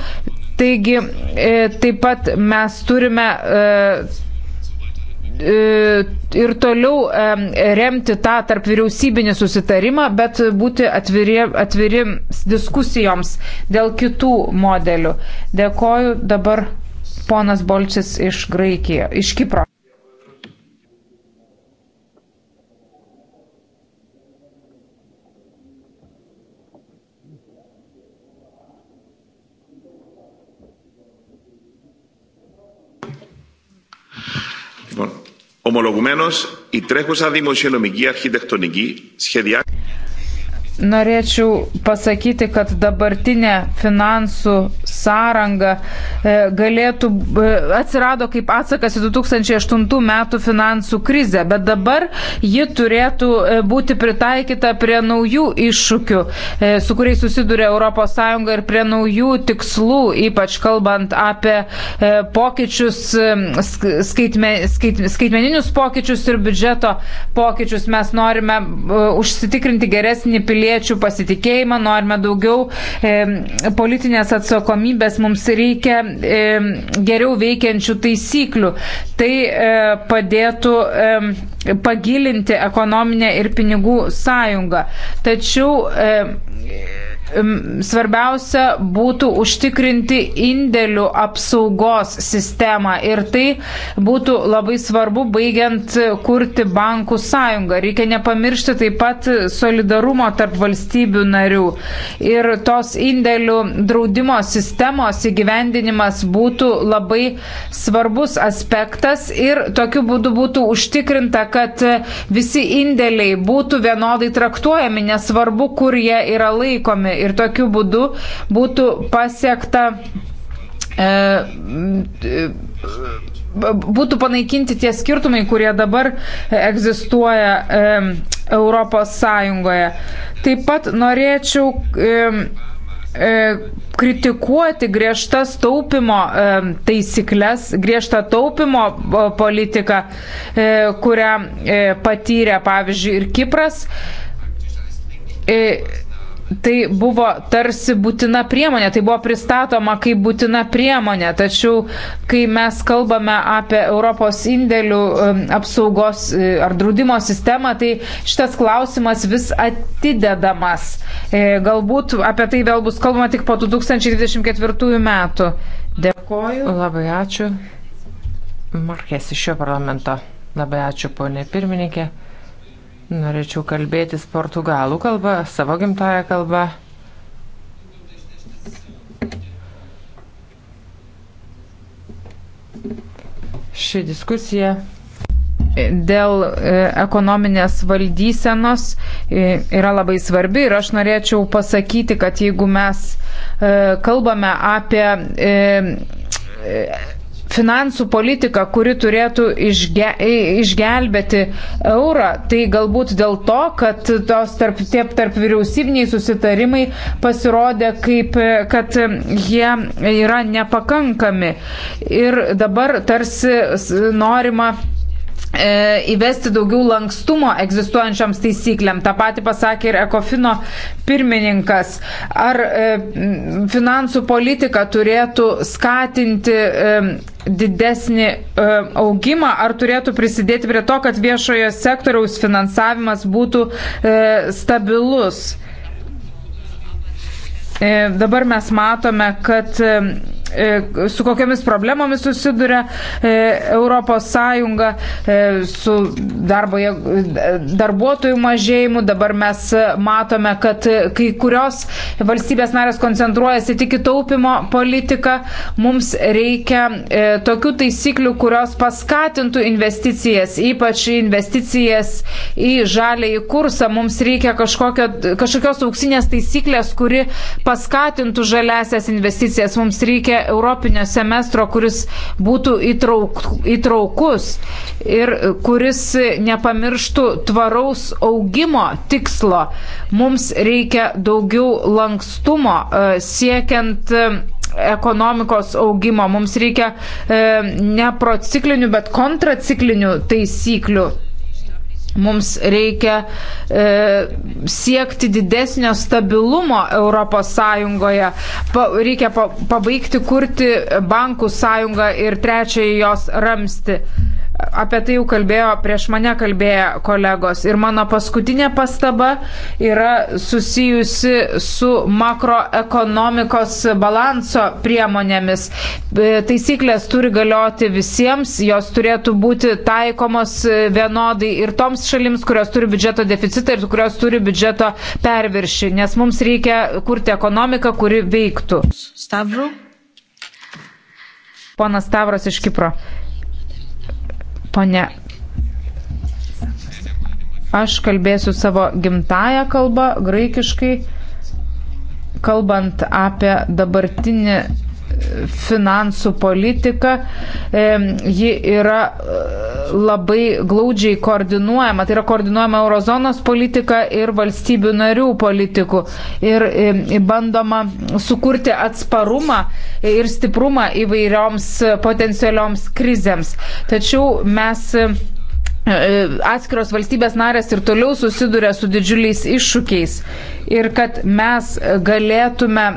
Taigi e, taip pat mes turime e, E, ir toliau e, remti tą tarp vyriausybinį susitarimą, bet būti atviri, atviri diskusijoms dėl kitų modelių. Dėkoju dabar ponas Bolčis iš Graikijo, iš Kipro. Ομολογουμένως, η τρέχουσα δημοσιονομική αρχιτεκτονική σχεδιάζει Norėčiau pasakyti, kad dabartinė finansų sąranga e, galėtų e, atsirado kaip atsakas į 2008 metų finansų krizę, bet dabar ji turėtų e, būti pritaikyta prie naujų iššūkių, su kuriais susiduria ES ir prie naujų tikslų, ypač kalbant apie pokyčius, skaitme, skait, skaitmeninius pokyčius ir biudžeto pokyčius. Mes norime užsitikrinti geresnį piliečių piliečių pasitikėjimą, norime daugiau e, politinės atsakomybės, mums reikia e, geriau veikiančių taisyklių. Tai e, padėtų e, pagilinti ekonominę ir pinigų sąjungą. Tačiau e, svarbiausia būtų užtikrinti indėlių apsaugos sistemą ir tai būtų labai svarbu baigiant kurti bankų sąjungą. Reikia nepamiršti taip pat solidarumo tarp valstybių narių ir tos indėlių draudimo sistemos įgyvendinimas būtų labai svarbus aspektas ir tokiu būdu būtų užtikrinta, kad visi indėliai būtų vienodai traktuojami, nesvarbu, kur jie yra laikomi ir tokiu būdu būtų pasiekta. E, e, būtų panaikinti tie skirtumai, kurie dabar egzistuoja e, Europos Sąjungoje. Taip pat norėčiau e, e, kritikuoti griežtas taupimo e, taisyklės, griežtą taupimo e, politiką, e, kurią e, patyrė, pavyzdžiui, ir Kipras. E, tai buvo tarsi būtina priemonė, tai buvo pristatoma kaip būtina priemonė, tačiau kai mes kalbame apie Europos indėlių um, apsaugos e, ar draudimo sistemą, tai šitas klausimas vis atidedamas. E, galbūt apie tai vėl bus kalbama tik po 2024 metų. Dėkoju. Labai ačiū. Markės iš šio parlamento. Labai ačiū, ponė pirmininkė. Norėčiau kalbėtis portugalų kalbą, savo gimtają kalbą. Ši diskusija dėl e, ekonominės valdysenos e, yra labai svarbi ir aš norėčiau pasakyti, kad jeigu mes e, kalbame apie finansų politika, kuri turėtų išge, išgelbėti eurą, tai galbūt dėl to, kad tos tarp, tie tarp vyriausybiniai susitarimai pasirodė, kaip, kad jie yra nepakankami. Ir dabar tarsi norima E, įvesti daugiau lankstumo egzistuojančioms taisyklėm. Ta pati pasakė ir Ekofino pirmininkas. Ar e, finansų politika turėtų skatinti e, didesnį e, augimą, ar turėtų prisidėti prie to, kad viešojo sektoriaus finansavimas būtų e, stabilus? E, dabar mes matome, kad e, E, su kokiamis problemomis susiduria e, Europos Sąjunga, e, su darbo, darbuotojų mažėjimu. Dabar mes matome, kad kai kurios valstybės narės koncentruojasi tik į taupimo politiką. Mums reikia tokių taisyklių, kurios paskatintų investicijas, ypač investicijas į žalį į kursą. Mums reikia kažkokio, kažkokios auksinės taisyklės, kuri paskatintų žaliasias investicijas. Mums reikia Europinio semestro, kuris būtų įtrauk, įtraukus ir kuris nepamirštų tvaraus augimo tikslo. Mums reikia daugiau lankstumo e, siekiant e, ekonomikos augimo. Mums reikia e, ne prociklinių, bet kontraciklinių taisyklių. Mums reikia e, siekti didesnio stabilumo ES, pa, reikia pa, pabaigti kurti bankų sąjungą ir trečiąjį jos ramsti. Apie tai jau kalbėjo, prieš mane kalbėjo kolegos. Ir mano paskutinė pastaba yra susijusi su makroekonomikos balanso priemonėmis. E, taisyklės turi galioti visiems, jos turėtų būti taikomos e, vienodai ir toms šalims, kurios turi biudžeto deficitą ir kurios turi biudžeto perviršį, nes mums reikia kurti ekonomiką, kuri veiktų. Stavro. Ponas Stavros iš Kipro. Pone. Aš kalbėsiu savo gimtają kalbą, graikiškai, kalbant apie dabartinį finansų politika, e, ji yra e, labai glaudžiai koordinuojama. Tai yra koordinuojama eurozonos politika ir valstybių narių politikų. Ir e, bandoma sukurti atsparumą ir stiprumą įvairioms potencialioms krizėms. Tačiau mes atskiros valstybės narės ir toliau susiduria su didžiuliais iššūkiais ir kad mes galėtume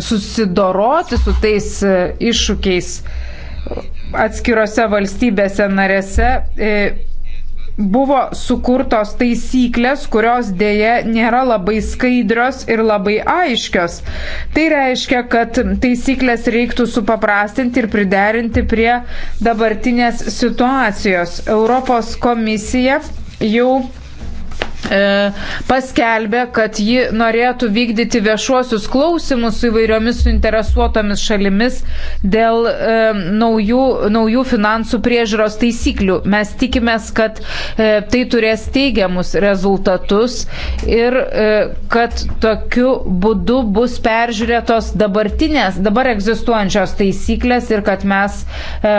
susidoroti su tais e, iššūkiais atskirose valstybėse narėse e, buvo sukurtos taisyklės, kurios dėje nėra labai skaidrios ir labai aiškios. Tai reiškia, kad taisyklės reiktų supaprastinti ir priderinti prie dabartinės situacijos. Europos komisija jau E, paskelbė, kad ji norėtų vykdyti viešuosius klausimus su įvairiomis suinteresuotomis šalimis dėl e, naujų, naujų finansų priežiūros taisyklių. Mes tikimės, kad e, tai turės teigiamus rezultatus ir e, kad tokiu būdu bus peržiūrėtos dabartinės, dabar egzistuojančios taisyklės ir kad mes e,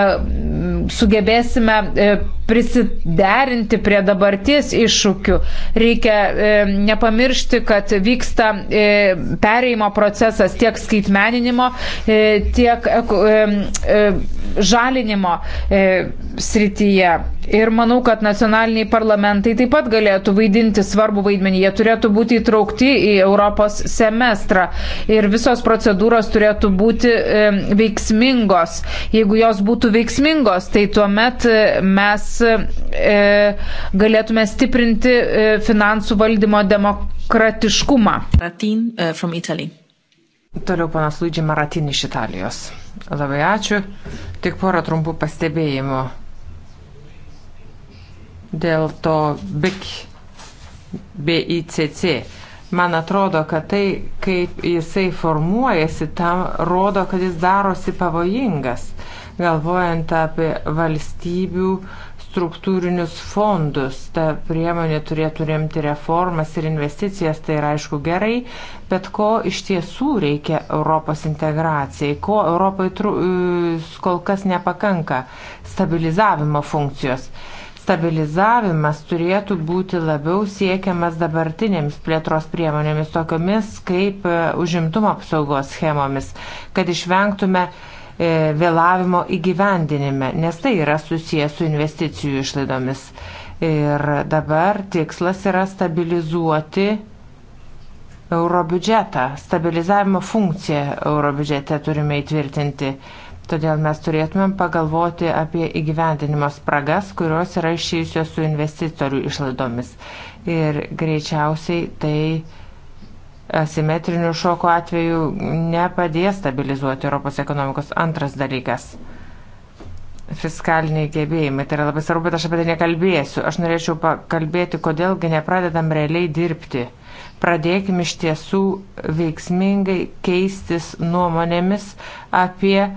sugebėsime e, prisiderinti prie dabarties iššūkių. Reikia e, nepamiršti, kad vyksta e, pereimo procesas tiek skaitmeninimo, e, tiek e, e, žalinimo e, srityje. Ir manau, kad nacionaliniai parlamentai taip pat galėtų vaidinti svarbų vaidmenį. Jie turėtų būti įtraukti į Europos semestrą. Ir visos procedūros turėtų būti e, veiksmingos. Jeigu jos būtų veiksmingos, tai tuomet e, mes e, galėtume stiprinti e, finansų valdymo demokratiškumą. Ratin, uh, Toliau panas Luidži Maratin iš Italijos. Labai ačiū. Tik porą trumpų pastebėjimų. Dėl to BIC, BICC. Man atrodo, kad tai, kaip jisai formuojasi, tam rodo, kad jis darosi pavojingas, galvojant apie valstybių struktūrinius fondus. Ta priemonė turėtų remti reformas ir investicijas, tai yra aišku gerai, bet ko iš tiesų reikia Europos integracijai, ko Europai tru, e, kol kas nepakanka - stabilizavimo funkcijos. Stabilizavimas turėtų būti labiau siekiamas dabartinėms plėtros priemonėmis, tokiomis kaip e, užimtumo apsaugos schemomis, kad išvengtume uh, E, vėlavimo įgyvendinime, nes tai yra susijęs su investicijų išlaidomis. Ir dabar tikslas yra stabilizuoti euro biudžetą. Stabilizavimo funkciją euro biudžete turime įtvirtinti. Todėl mes turėtumėm pagalvoti apie įgyvendinimo spragas, kurios yra išėjusios su investitorių išlaidomis. Ir greičiausiai tai asimetrinių šoko atveju nepadės stabilizuoti Europos ekonomikos. Antras dalykas - fiskaliniai gebėjimai. Tai yra labai svarbu, bet aš apie tai nekalbėsiu. Aš norėčiau pakalbėti, kodėlgi nepradedam realiai dirbti. Pradėkim iš tiesų veiksmingai keistis nuomonėmis apie uh,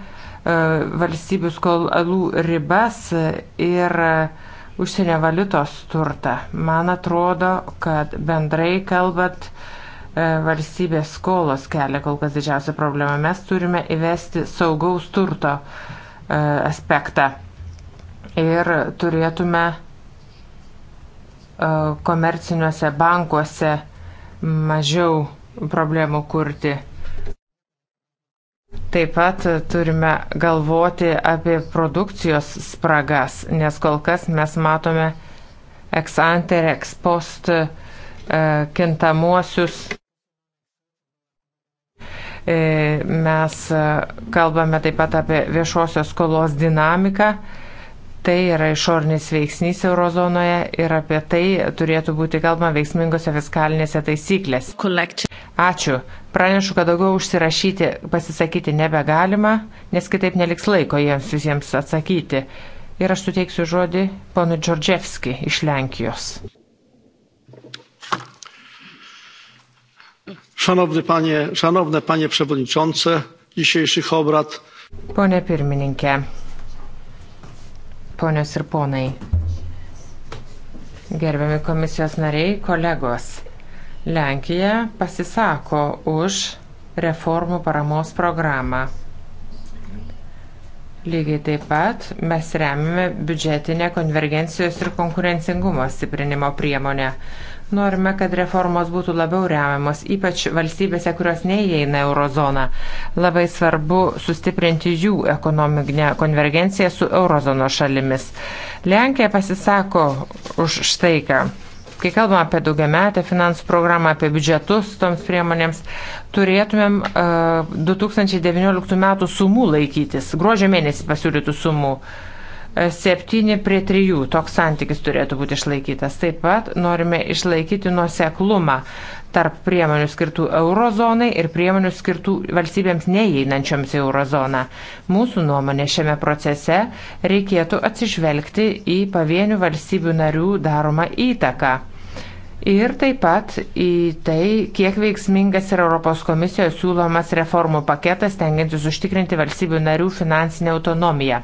valstybių skolų ribas ir uh, užsienio valiutos turtą. Man atrodo, kad bendrai kalbant, uh, E, valstybės skolos kelia kol kas didžiausią problemą. Mes turime įvesti saugaus turto e, aspektą ir turėtume e, komerciniuose bankuose mažiau problemų kurti. Taip pat turime galvoti apie produkcijos spragas, nes kol kas mes matome ex ante ir ex post kintamuosius E, mes e, kalbame taip pat apie viešosios skolos dinamiką. Tai yra išornis veiksnys eurozonoje ir apie tai turėtų būti kalbama veiksmingose fiskalinėse taisyklės. Ačiū. Pranešu, kad daugiau užsirašyti, pasisakyti nebegalima, nes kitaip neliks laiko jiems visiems atsakyti. Ir aš suteiksiu žodį ponui Džordževski iš Lenkijos. Šanovne panie przewodniczące dzisiejszych obrad. Pone pirmininkė, ponios ir ponai, gerbiami komisijos nariai, kolegos, Lenkija pasisako už reformų paramos programą. Lygiai taip pat mes remiame biudžetinę konvergencijos ir konkurencingumo stiprinimo priemonę, Norime, kad reformos būtų labiau remiamos, ypač valstybėse, kurios neįeina eurozoną. Labai svarbu sustiprinti jų ekonominę konvergenciją su eurozono šalimis. Lenkija pasisako už štai ką. Kai kalbame apie daugiametę finansų programą, apie biudžetus toms priemonėms, turėtumėm e, uh, 2019 metų sumų laikytis, gruodžio mėnesį pasiūlytų sumų. Uh, 7 prie 3 toks santykis turėtų būti išlaikytas. Taip pat norime išlaikyti nuoseklumą tarp priemonių skirtų eurozonai ir priemonių skirtų valstybėms neįeinančioms į eurozoną. Mūsų nuomonė šiame procese reikėtų atsižvelgti į pavienių valstybių narių daromą įtaką. Ir taip pat į tai, kiek veiksmingas yra Europos komisijos siūlomas reformų paketas, tengiantis užtikrinti valstybių narių finansinę autonomiją.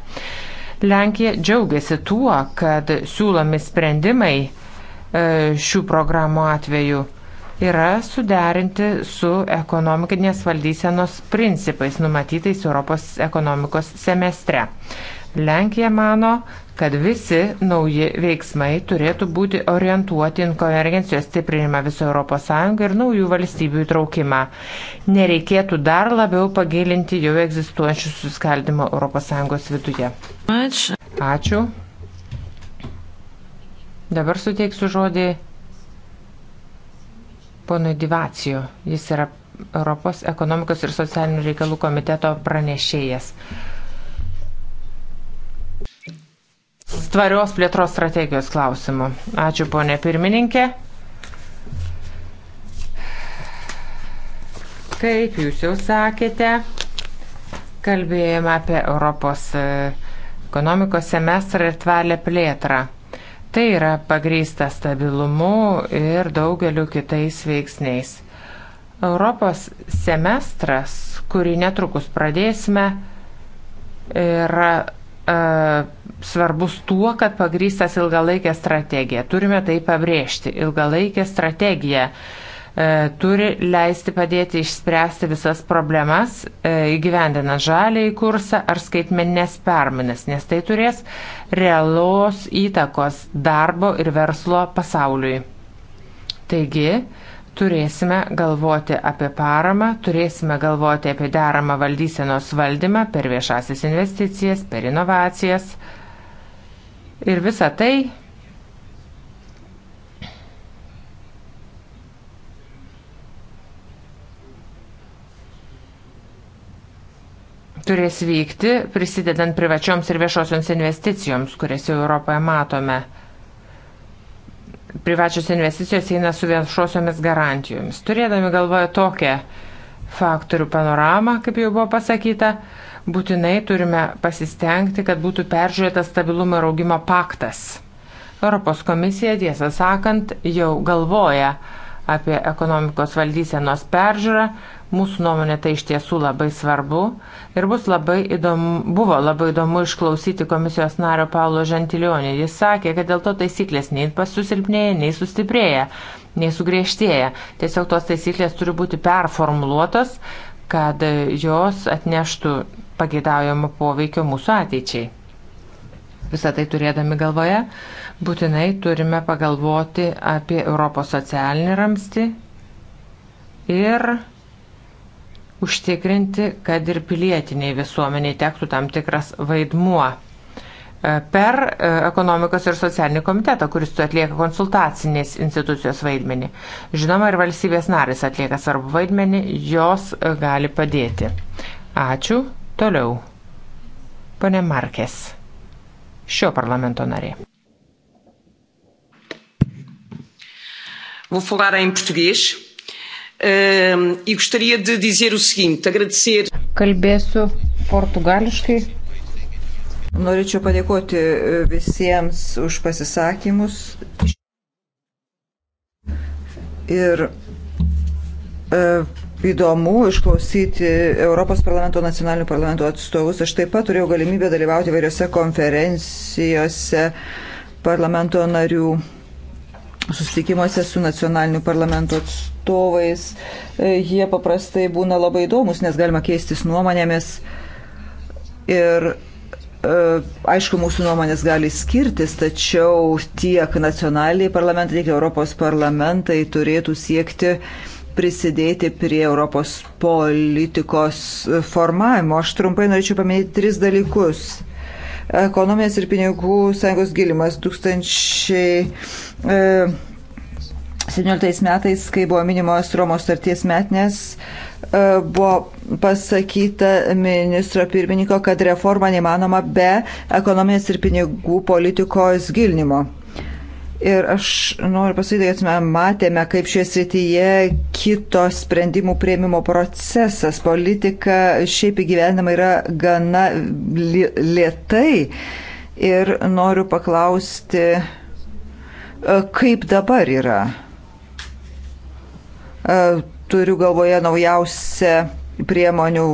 Lenkija džiaugiasi tuo, kad siūlomi sprendimai e, šių programų atveju yra suderinti su ekonomikinės valdysenos principais numatytais Europos ekonomikos semestre. Lenkija mano, kad visi nauji veiksmai turėtų būti orientuoti į konvergencijos stiprinimą viso ES ir naujų valstybių įtraukimą. Nereikėtų dar labiau pagilinti jau egzistuojančių suskaldimo ES viduje. Ačiū. Ačiū. Dabar suteiksiu žodį ponui Divacijo. Jis yra Europos ekonomikos ir socialinių reikalų komiteto pranešėjas. tvarios plėtros strategijos klausimų. Ačiū, ponė pirmininkė. Kaip jūs jau sakėte, kalbėjome apie Europos e, ekonomikos semestrą ir tvalę plėtrą. Tai yra pagrįsta stabilumu ir daugeliu kitais veiksniais. Europos semestras, kurį netrukus pradėsime, yra e, svarbus tuo, kad pagrystas ilgalaikė strategija. Turime tai pabrėžti. Ilgalaikė strategija e, turi leisti padėti išspręsti visas problemas, e, įgyvendina žalį į kursą ar skaitmeninės permanas, nes tai turės realos įtakos darbo ir verslo pasauliui. Taigi, turėsime galvoti apie paramą, turėsime galvoti apie deramą valdysenos valdymą per viešasis investicijas, per inovacijas. Ir visa tai turės vykti, prisidedant privačioms ir viešosioms investicijoms, kurias jau Europoje matome. Privačios investicijos eina su viešosiomis garantijomis. Turėdami galvoje tokią faktorių panoramą, kaip jau buvo pasakyta, būtinai turime pasistengti, kad būtų peržiūrėtas stabilumo ir augimo paktas. Europos komisija, tiesą sakant, jau galvoja apie ekonomikos valdysenos peržiūrą. Mūsų nuomonė tai iš tiesų labai svarbu ir bus labai įdomu, buvo labai įdomu išklausyti komisijos nario Paulo Žantilionį. Jis sakė, kad dėl to taisyklės nei pasusilpnėja, nei sustiprėja, nei sugriežtėja. Tiesiog tos taisyklės turi būti performuluotos, kad jos atneštų pageidaujamo poveikio mūsų ateičiai. Visą tai turėdami galvoje, būtinai turime pagalvoti apie Europos socialinį ramstį ir užtikrinti, kad ir pilietiniai visuomeniai tektų tam tikras vaidmuo e, per e, ekonomikos ir socialinį komitetą, kuris atlieka konsultacinės institucijos vaidmenį. Žinoma, ir valstybės narys atlieka svarbu vaidmenį, jos e, gali padėti. Ačiū. Toliau. Pane Markės, šio parlamento narė. Vou falar em português uh, e gostaria de dizer o seguinte: agradecer. Kalbėsiu portugališkai. Norėčiau padėkoti e, visiems už pasisakymus. Ir uh, įdomu išklausyti Europos parlamento, nacionalinių parlamento atstovus. Aš taip pat turėjau galimybę dalyvauti vairiose konferencijose parlamento narių susitikimuose su nacionaliniu parlamento atstovais. E, jie paprastai būna labai įdomus, nes galima keistis nuomonėmis. Ir e, aišku, mūsų nuomonės gali skirtis, tačiau tiek nacionaliniai parlamentai, tiek Europos parlamentai turėtų siekti prisidėti prie Europos politikos formavimo. Aš trumpai norėčiau paminėti tris dalykus ekonominės ir pinigų sąjungos gilimas 2017 e, metais, kai buvo minimos Romos starties metnės, e, buvo pasakyta ministro pirmininko, kad reforma neįmanoma be ekonominės ir pinigų politikos gilinimo. Ir aš noriu pasakyti, kad mes matėme, kaip šioje srityje kito sprendimų prieimimo procesas, politika šiaip įgyvenama yra gana lietai. Ir noriu paklausti, e, kaip dabar yra. E, turiu galvoje naujausią priemonių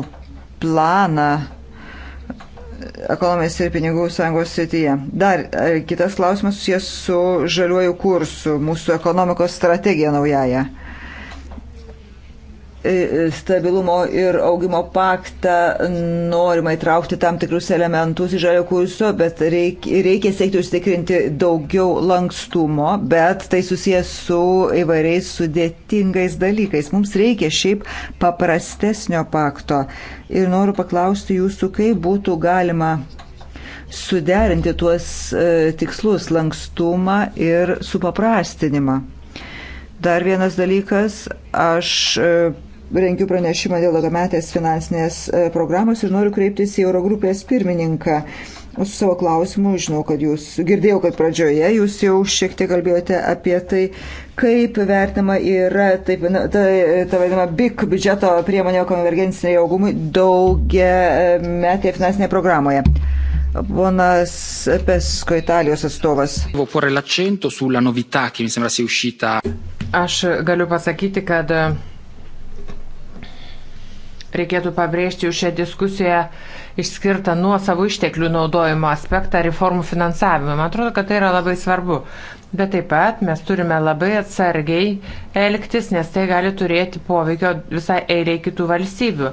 planą ekonomijos ir pinigų sąjungos srityje. Dar e, kitas klausimas susijęs su žaliuoju kursu, mūsų ekonomikos strategija naujaja. E, e, stabilumo ir augimo paktą norima įtraukti tam tikrus elementus į žalio kurso, bet reikia, reikia siekti užtikrinti daugiau lankstumo, bet tai susijęs su įvairiais sudėtingais dalykais. Mums reikia šiaip paprastesnio pakto. Ir noriu paklausti jūsų, kaip būtų galima suderinti tuos e, tikslus lankstumą ir supaprastinimą. Dar vienas dalykas, aš rengiu pranešimą dėl ilgametės finansinės e, programos ir noriu kreiptis į Eurogrupės pirmininką. Su savo klausimu žinau, kad jūs girdėjau, kad pradžioje jūs jau šiek tiek kalbėjote apie tai, kaip vertama yra taip, na, ta, ta vadinama BIC biudžeto priemonė konvergenciniai augumui daugia metė finansinėje programoje. Ponas Pesko, Italijos atstovas. Aš galiu pasakyti, kad Reikėtų pabrėžti jau šią diskusiją išskirtą nuo savo išteklių naudojimo aspektą reformų finansavimą. Man atrodo, kad tai yra labai svarbu. Bet taip pat mes turime labai atsargiai elgtis, nes tai gali turėti poveikio visai eiliai kitų valstybių.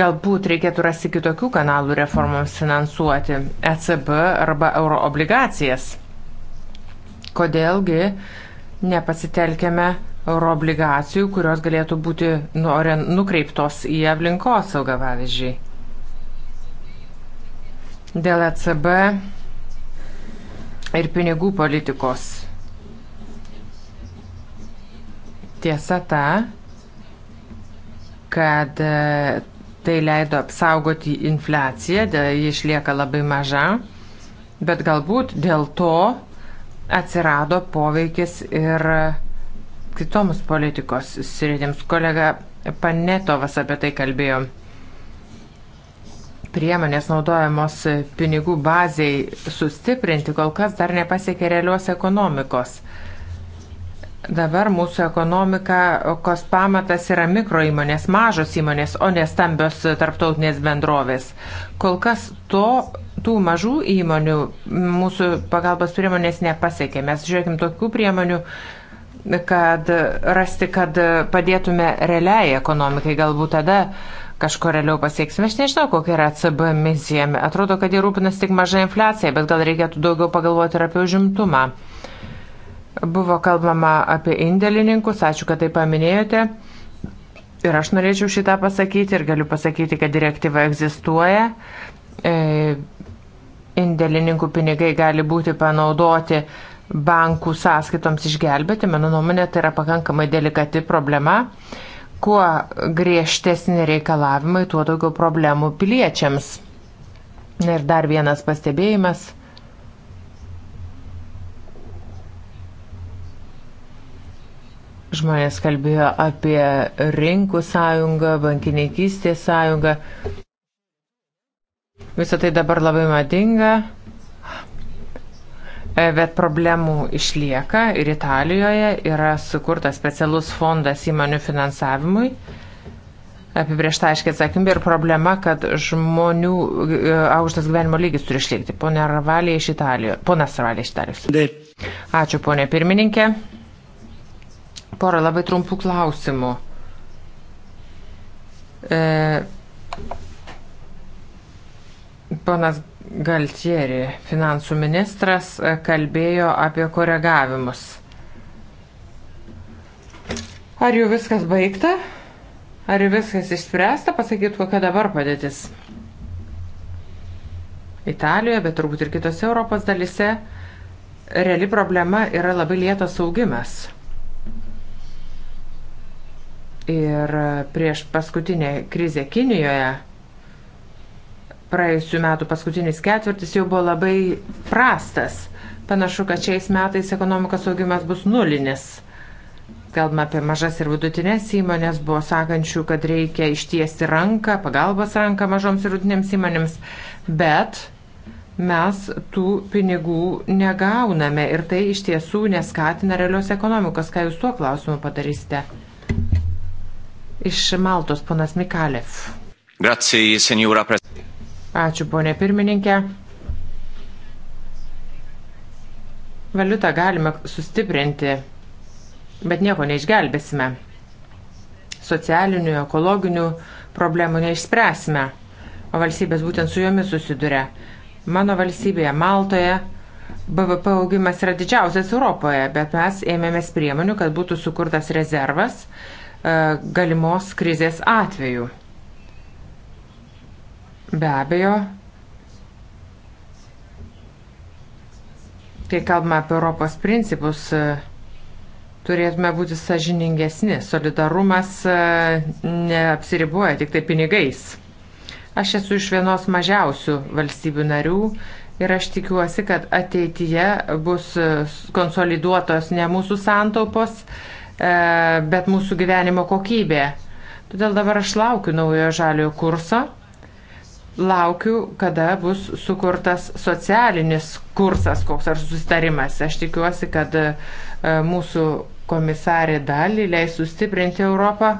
Galbūt reikėtų rasti kitokių kanalų reformams finansuoti e - ECB arba euro obligacijas. Kodėlgi nepasitelkėme euroobligacijų, kurios galėtų būti nukreiptos į aplinkosaugą, pavyzdžiui. Dėl ECB ir pinigų politikos. Tiesa ta, kad e, tai leido apsaugoti infliaciją, ji išlieka labai maža, bet galbūt dėl to atsirado poveikis ir uh, kitoms politikos sritims. Kolega Panetovas apie tai kalbėjo. Priemonės naudojamos pinigų baziai sustiprinti kol kas dar nepasiekė realios ekonomikos. Dabar mūsų ekonomika, kos pamatas yra mikro įmonės, mažos įmonės, o ne stambios tarptautinės bendrovės. Kol kas to, tų mažų įmonių mūsų pagalbos priemonės nepasiekė. Mes žiūrėkim tokių priemonių, uh, kad rasti, kad padėtume realiai ekonomikai, galbūt tada kažko realiau pasieksime. Aš nežinau, kokia yra ECB misija. Atrodo, kad jie rūpinasi tik maža infliacija, bet gal reikėtų daugiau pagalvoti ir apie užimtumą. Buvo kalbama apie indėlininkus, ačiū, kad tai paminėjote. Ir aš norėčiau šitą pasakyti ir galiu pasakyti, kad direktyva egzistuoja. E, indėlininkų pinigai gali būti panaudoti bankų sąskaitoms išgelbėti. Mano nuomonė, tai yra pakankamai delikati problema. Kuo griežtesni reikalavimai, tuo daugiau problemų piliečiams. Ir dar vienas pastebėjimas. Žmonės kalbėjo apie rinkų sąjungą, bankininkystės sąjungą. Visą tai dabar labai madinga. E, bet problemų išlieka ir Italijoje yra sukurtas specialus fondas įmonių finansavimui. Apibriešta aiškiai atsakymė ir problema, kad žmonių e, aukštas gyvenimo lygis turi išlikti. Pone Ravalė iš Italijos. Ponas Ravalė iš Italijos. Ačiū, ponė pirmininkė. Porą labai trumpų klausimų. E, ponas Galtieri, finansų ministras, kalbėjo apie koregavimus. Ar jau viskas baigta? Ar jau viskas išspręsta? Pasakyt, kokia dabar padėtis. Italijoje, bet turbūt ir kitose Europos dalise, reali problema yra labai lėtas augimas. Ir prieš paskutinę krizę Kinijoje praėjusių metų paskutinis ketvirtis jau buvo labai prastas. Panašu, kad šiais metais ekonomikos augimas bus nulinis. Kalbame apie mažas ir vidutinės įmonės, buvo sakančių, kad reikia ištiesti ranką, pagalbos ranką mažoms ir vidutinėms įmonėms, bet mes tų pinigų negauname ir tai iš tiesų neskatina realios ekonomikos. Ką jūs tuo klausimu padarysite? Iš Maltos, ponas Mikalev. Grazie, senjora prezidentė. Ačiū, ponė pirmininkė. Valiutą galime sustiprinti, bet nieko neišgelbėsime. Socialinių, ekologinių problemų neišspręsime, o valstybės būtent su jomis susiduria. Mano valstybėje, Maltoje, BVP augimas yra didžiausias Europoje, bet mes ėmėmės priemonių, kad būtų sukurtas rezervas e, galimos krizės atveju. Be abejo, kai kalbame apie Europos principus, e, turėtume būti sažiningesni. Solidarumas e, neapsiriboja tik tai pinigais. Aš esu iš vienos mažiausių valstybių narių ir aš tikiuosi, kad ateityje bus e, konsoliduotos ne mūsų santaupos, bet mūsų gyvenimo kokybė. Todėl dabar aš laukiu naujojo žaliojo kurso laukiu, kada bus sukurtas socialinis kursas, koks ar susitarimas. Aš tikiuosi, kad e, mūsų komisarė dalį leis sustiprinti Europą.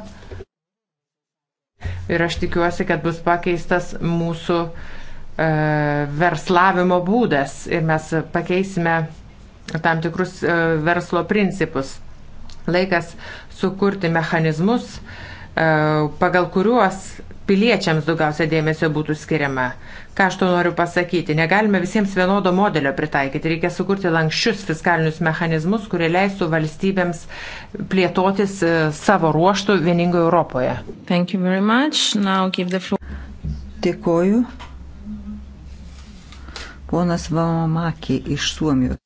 Ir aš tikiuosi, kad bus pakeistas mūsų e, verslavimo būdas ir mes pakeisime tam tikrus e, verslo principus. Laikas sukurti mechanizmus, e, pagal kuriuos piliečiams daugiausia dėmesio būtų skiriama. Ką aš to noriu pasakyti, negalime visiems vienodo modelio pritaikyti, reikia sukurti lankščius fiskalinius mechanizmus, kurie leistų valstybėms plėtotis e, savo ruoštų vieningoje Europoje. Dėkoju. Ponas Vamamaki iš Suomijos.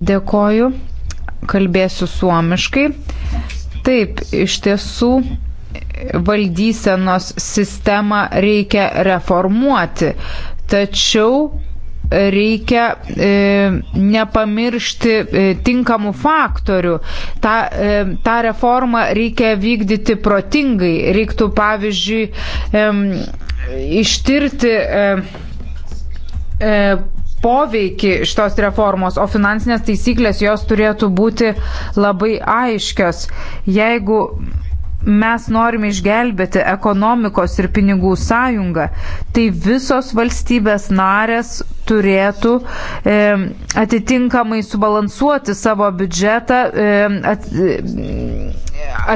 Dėkoju kalbėsiu suomiškai. Taip, iš tiesų valdysenos sistemą reikia reformuoti, tačiau reikia e, nepamiršti e, tinkamų faktorių. Ta, e, tą reformą reikia vykdyti protingai. Reiktų, pavyzdžiui, e, ištirti. E, e, poveikį šitos reformos, o finansinės taisyklės jos turėtų būti labai aiškios. Jeigu mes norime išgelbėti ekonomikos ir pinigų sąjungą, tai visos valstybės narės turėtų e, atitinkamai subalansuoti savo biudžetą, e, at,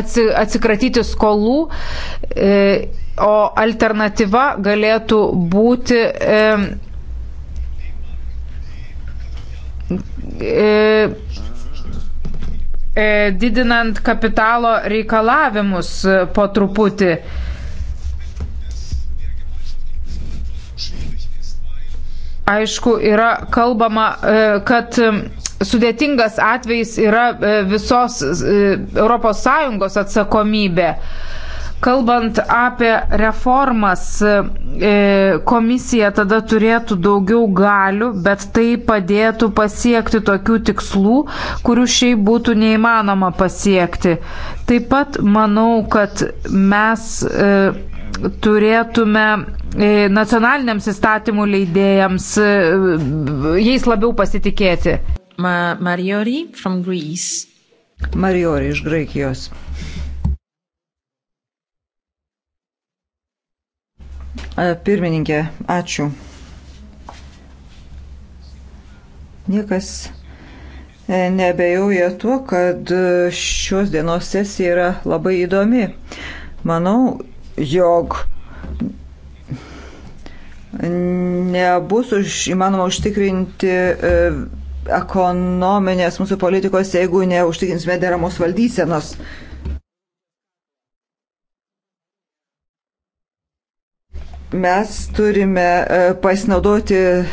atsi, atsikratyti skolų. E, O alternatyva galėtų būti e, e, e, didinant kapitalo reikalavimus po truputį. Aišku, yra kalbama, e, kad sudėtingas atvejis yra e, visos ES atsakomybė. Kalbant apie reformas, e, komisija tada turėtų daugiau galių, bet tai padėtų pasiekti tokių tikslų, kurių šiaip būtų neįmanoma pasiekti. Taip pat manau, kad mes e, turėtume e, nacionaliniams įstatymų leidėjams jais labiau pasitikėti. Ma Mariori, Mariori iš Graikijos. Pirmininkė, ačiū. Niekas e, nebejauja tuo, kad šios dienos sesija yra labai įdomi. Manau, jog nebus už, įmanoma užtikrinti e, ekonominės mūsų politikos, jeigu neužtikrinsime deramos valdysenos. Mes turime e, pasinaudoti e,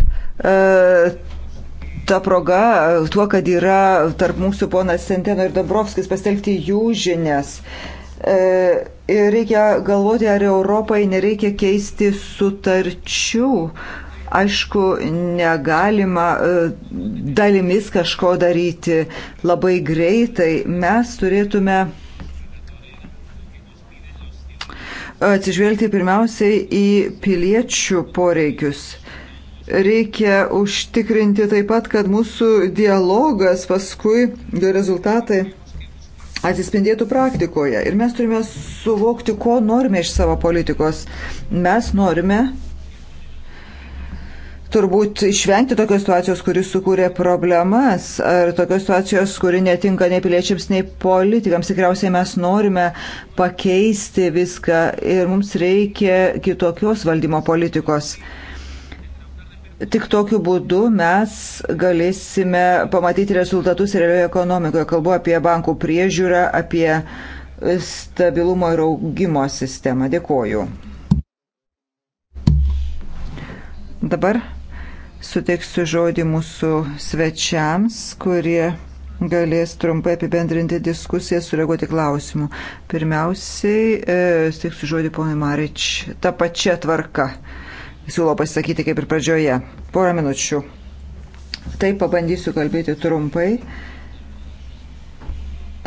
ta proga, tuo, kad yra tarp mūsų ponas Senteno ir Dabrovskis, pastelgti jų žinias. E, ir reikia galvoti, ar Europai nereikia keisti sutarčių. Aišku, negalima dalimis kažko daryti labai greitai. Mes turėtume atsižvelgti pirmiausiai į piliečių poreikius. Reikia užtikrinti taip pat, kad mūsų dialogas paskui rezultatai atsispindėtų praktikoje. Ir mes turime suvokti, ko norime iš savo politikos. Mes norime turbūt išvengti tokios situacijos, kuris sukūrė problemas, ar tokios situacijos, kuri netinka nei piliečiams, nei politikams. Tikriausiai mes norime pakeisti viską ir mums reikia kitokios valdymo politikos. Tik tokiu būdu mes galėsime pamatyti rezultatus realioje ekonomikoje. Kalbu apie bankų priežiūrą, apie stabilumo ir augimo sistemą. Dėkoju. Dabar suteiksiu žodį mūsų svečiams, kurie galės trumpai apibendrinti diskusiją, sureaguoti klausimų. Pirmiausiai, e, steiksiu žodį ponui Marič, ta pačia tvarka. Siūlau pasisakyti kaip ir pradžioje. Porą minučių. Taip pabandysiu kalbėti trumpai.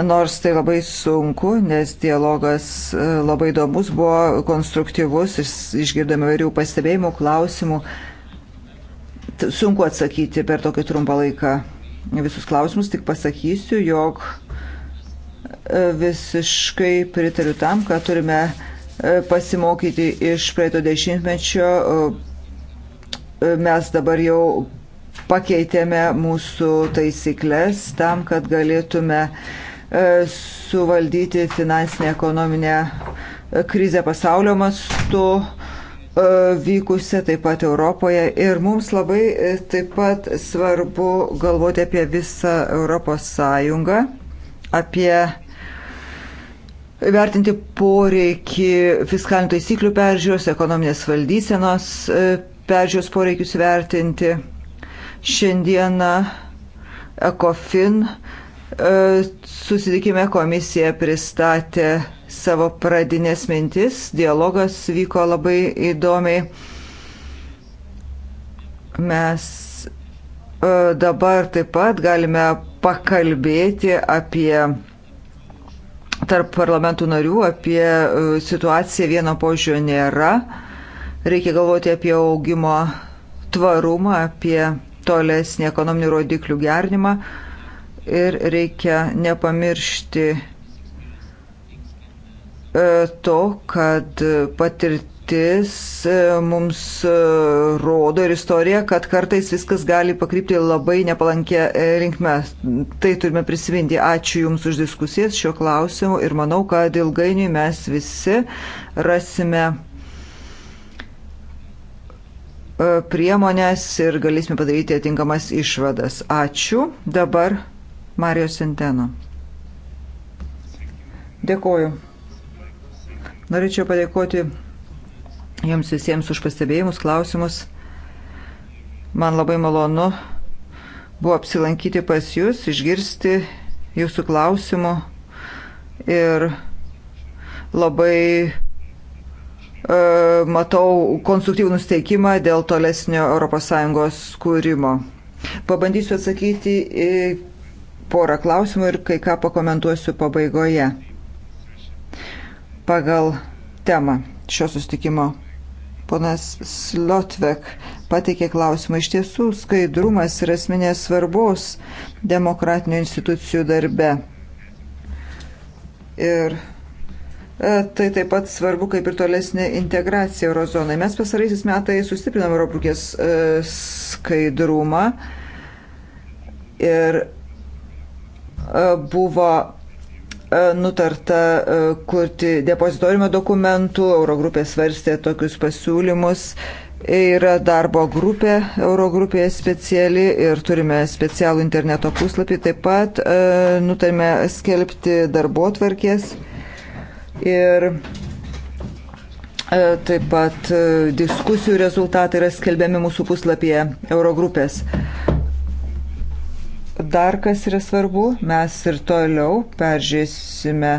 Nors tai labai sunku, nes dialogas e, labai įdomus buvo, konstruktyvus, išgirdome vairių pastebėjimų, klausimų. E, sunku atsakyti per tokį trumpą laiką visus klausimus, tik pasakysiu, jog e, visiškai pritariu tam, kad turime e, pasimokyti iš praeito dešimtmečio. E, mes dabar jau pakeitėme mūsų taisyklės tam, kad galėtume suvaldyti finansinę ekonominę krizę pasaulio mastu E, vykusi taip pat Europoje ir mums labai e, taip pat svarbu galvoti apie visą Europos Sąjungą, apie vertinti poreikį fiskalinių taisyklių peržiūros, ekonominės valdysenos e, peržiūros poreikius vertinti. Šiandieną ECOFIN susitikime komisija pristatė savo pradinės mintis. Dialogas vyko labai įdomiai. Mes e, dabar taip pat galime pakalbėti apie tarp parlamentų narių, apie e, situaciją vieno požiūrio nėra. Reikia galvoti apie augimo tvarumą, apie tolesnį ekonominių rodiklių gerinimą ir reikia nepamiršti E, to, kad patirtis e, mums e, rodo ir istorija, kad kartais viskas gali pakrypti labai nepalankę linkme. Tai turime prisiminti. Ačiū Jums už diskusijas šiuo klausimu ir manau, kad ilgainiui mes visi rasime priemonės ir galėsime padaryti atinkamas išvadas. Ačiū. Dabar Marijos Senteno. Dėkoju. Norėčiau padėkoti jums visiems už pastebėjimus, klausimus. Man labai malonu buvo apsilankyti pas jūs, išgirsti jūsų klausimų ir labai e, matau konstruktyvų nusteikimą dėl tolesnio ES kūrimo. Pabandysiu atsakyti į porą klausimų ir kai ką pakomentuosiu pabaigoje pagal temą šio sustikimo. Ponas Slotvek pateikė klausimą. Iš tiesų, skaidrumas yra esminės svarbos demokratinių institucijų darbe. Ir e, Tai taip pat svarbu, kaip ir tolesnė integracija eurozonai. Mes pasaraisiais metais sustiprinam Europrūkės e, skaidrumą ir e, buvo E, nutarta e, kurti depozitoriumo dokumentų, Eurogrupė svarstė tokius pasiūlymus. Yra darbo grupė, Eurogrupėje speciali ir turime specialų interneto puslapį. Taip pat e, nutarėme skelbti darbo tvarkės ir e, Taip pat diskusijų rezultatai yra skelbiami mūsų puslapyje Eurogrupės. Dar kas yra svarbu, mes ir toliau peržiūrėsime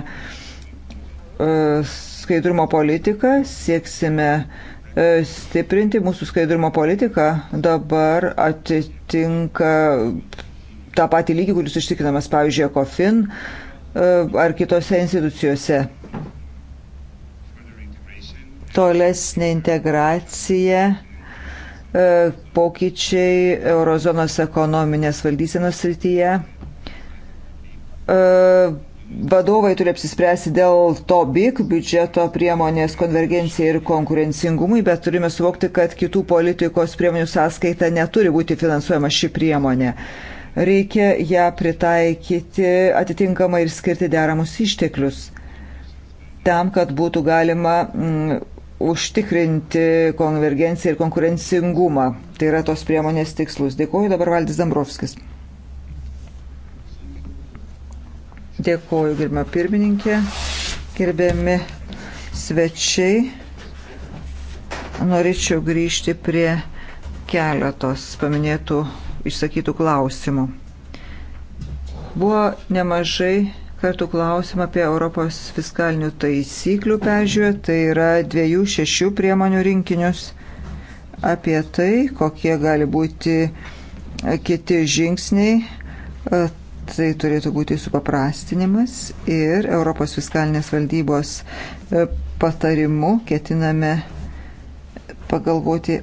e, skaidrumo politiką, sieksime e, stiprinti mūsų skaidrumo politiką. Dabar atitinka tą patį lygį, kuris užtikrinamas, pavyzdžiui, COFIN e, ar kitose institucijose. Tolesnė integracija E, pokyčiai eurozonos ekonominės valdysenos srityje. E, vadovai turi apsispręsti dėl to BIG biudžeto priemonės konvergencijai ir konkurencingumui, bet turime suvokti, kad kitų politikos priemonių sąskaita neturi būti finansuojama ši priemonė. Reikia ją pritaikyti atitinkamai ir skirti deramus išteklius tam, kad būtų galima mm, užtikrinti konvergenciją ir konkurencingumą. Tai yra tos priemonės tikslus. Dėkuoju dabar Valdis Zambrovskis. Dėkuoju, gerbima pirmininkė, gerbiami svečiai. Norėčiau grįžti prie keletos paminėtų išsakytų klausimų. Buvo nemažai ekspertų klausimą apie Europos fiskalinių taisyklių peržiūrę, tai yra dviejų šešių priemonių rinkinius, apie tai, kokie gali būti kiti žingsniai, e, tai turėtų būti supaprastinimas ir Europos fiskalinės valdybos e, patarimu ketiname pagalvoti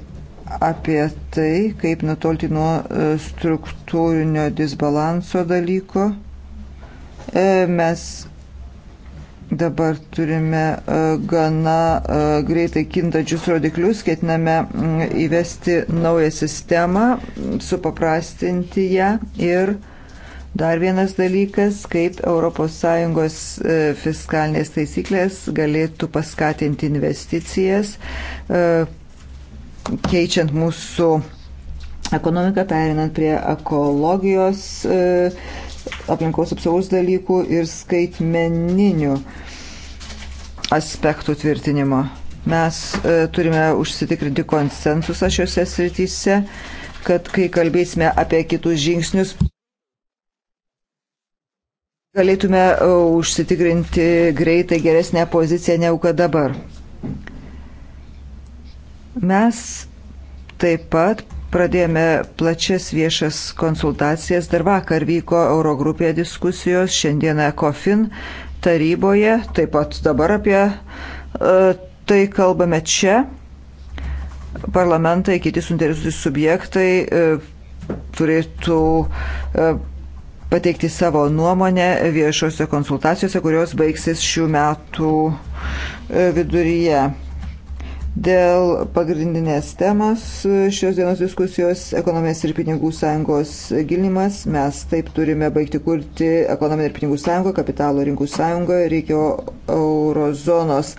apie tai, kaip nutolti nuo e, struktūrinio disbalanso dalyko E, mes dabar turime e, gana e, greitai kintančius rodiklius, ketiname įvesti naują sistemą, supaprastinti ją ir dar vienas dalykas, kaip ES fiskalinės taisyklės galėtų paskatinti investicijas, keičiant mūsų ekonomiką, perinant prie ekologijos. E, aplinkos apsaugos dalykų ir skaitmeninių aspektų tvirtinimo. Mes e, turime užsitikrinti konsensusą šiuose srityse, kad kai kalbėsime apie kitus žingsnius, galėtume e, užsitikrinti greitai geresnę poziciją negu kad dabar. Mes taip pat Pradėjome plačias viešas konsultacijas. Dar vakar vyko Eurogrupėje diskusijos, šiandieną COFIN taryboje, taip pat dabar apie e, tai kalbame čia. Parlamentai, kiti suinteresuoti subjektai e, turėtų e, pateikti savo nuomonę viešose konsultacijose, kurios baigsis šių metų viduryje. Dėl pagrindinės temos šios dienos diskusijos - ekonomės ir pinigų sąjungos gilimas. Mes taip turime baigti kurti ekonominę ir pinigų sąjungą, kapitalo rinkų sąjungą, reikia eurozonos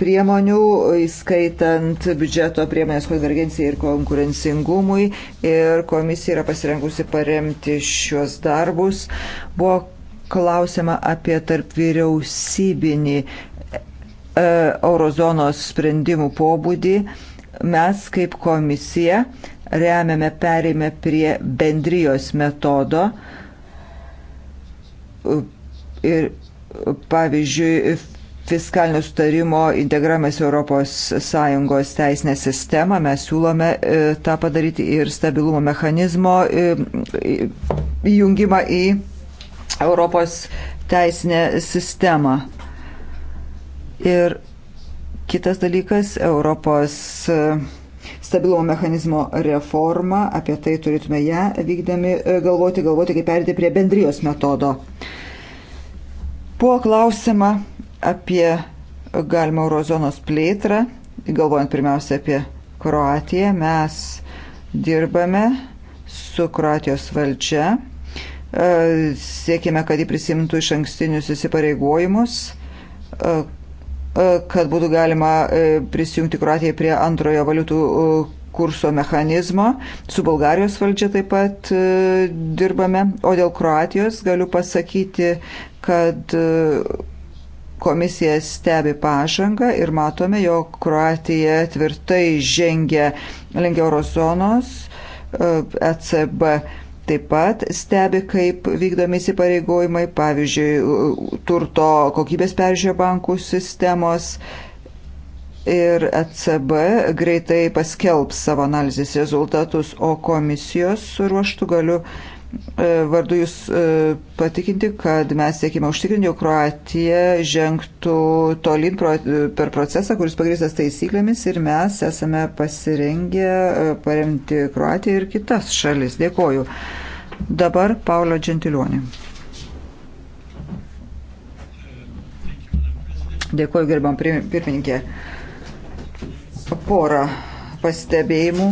priemonių, įskaitant biudžeto priemonės konvergencijai ir konkurencingumui. Ir komisija yra pasirengusi paremti šios darbus. Buvo klausima apie tarp vyriausybinį E, eurozonos sprendimų pobūdį, mes kaip komisija remiame perėmę prie bendrijos metodo ir pavyzdžiui fiskalinio sutarimo integravimas ES teisinę sistemą, mes siūlome e, tą padaryti ir stabilumo mechanizmo e, įjungimą į Europos teisinę sistemą. Ir kitas dalykas - Europos e, stabilumo mechanizmo reforma. Apie tai turėtume ją vykdami e, galvoti, galvoti, kaip perėti prie bendrijos metodo. Buvo klausima apie galimą eurozonos plėtrą, galvojant pirmiausia apie Kroatiją. Mes dirbame su Kroatijos valdžia, e, siekime, kad jį prisimtų iš ankstinius įsipareigojimus kad būtų galima e, prisijungti Kroatiją prie antrojo valiutų e, kurso mechanizmo. Su Bulgarijos valdžia taip pat e, dirbame. O dėl Kroatijos galiu pasakyti, kad komisija stebi pažangą ir matome, jog Kroatija tvirtai žengia link eurozonos ECB taip pat stebi, kaip vykdomi įsipareigojimai, pavyzdžiui, turto kokybės peržiūrė bankų sistemos. Ir ECB greitai paskelbs savo analizės rezultatus, o komisijos ruoštų galiu E, vardu jūs e, patikinti, kad mes siekime užtikrinti, jog Kroatija žengtų tolin e, per procesą, kuris pagrįstas taisyklėmis ir mes esame pasirengę paremti Kroatiją ir kitas šalis. Dėkoju. Dabar Paulio Džentilionė. Dėkoju, gerbam pirmininkė. Porą pastebėjimų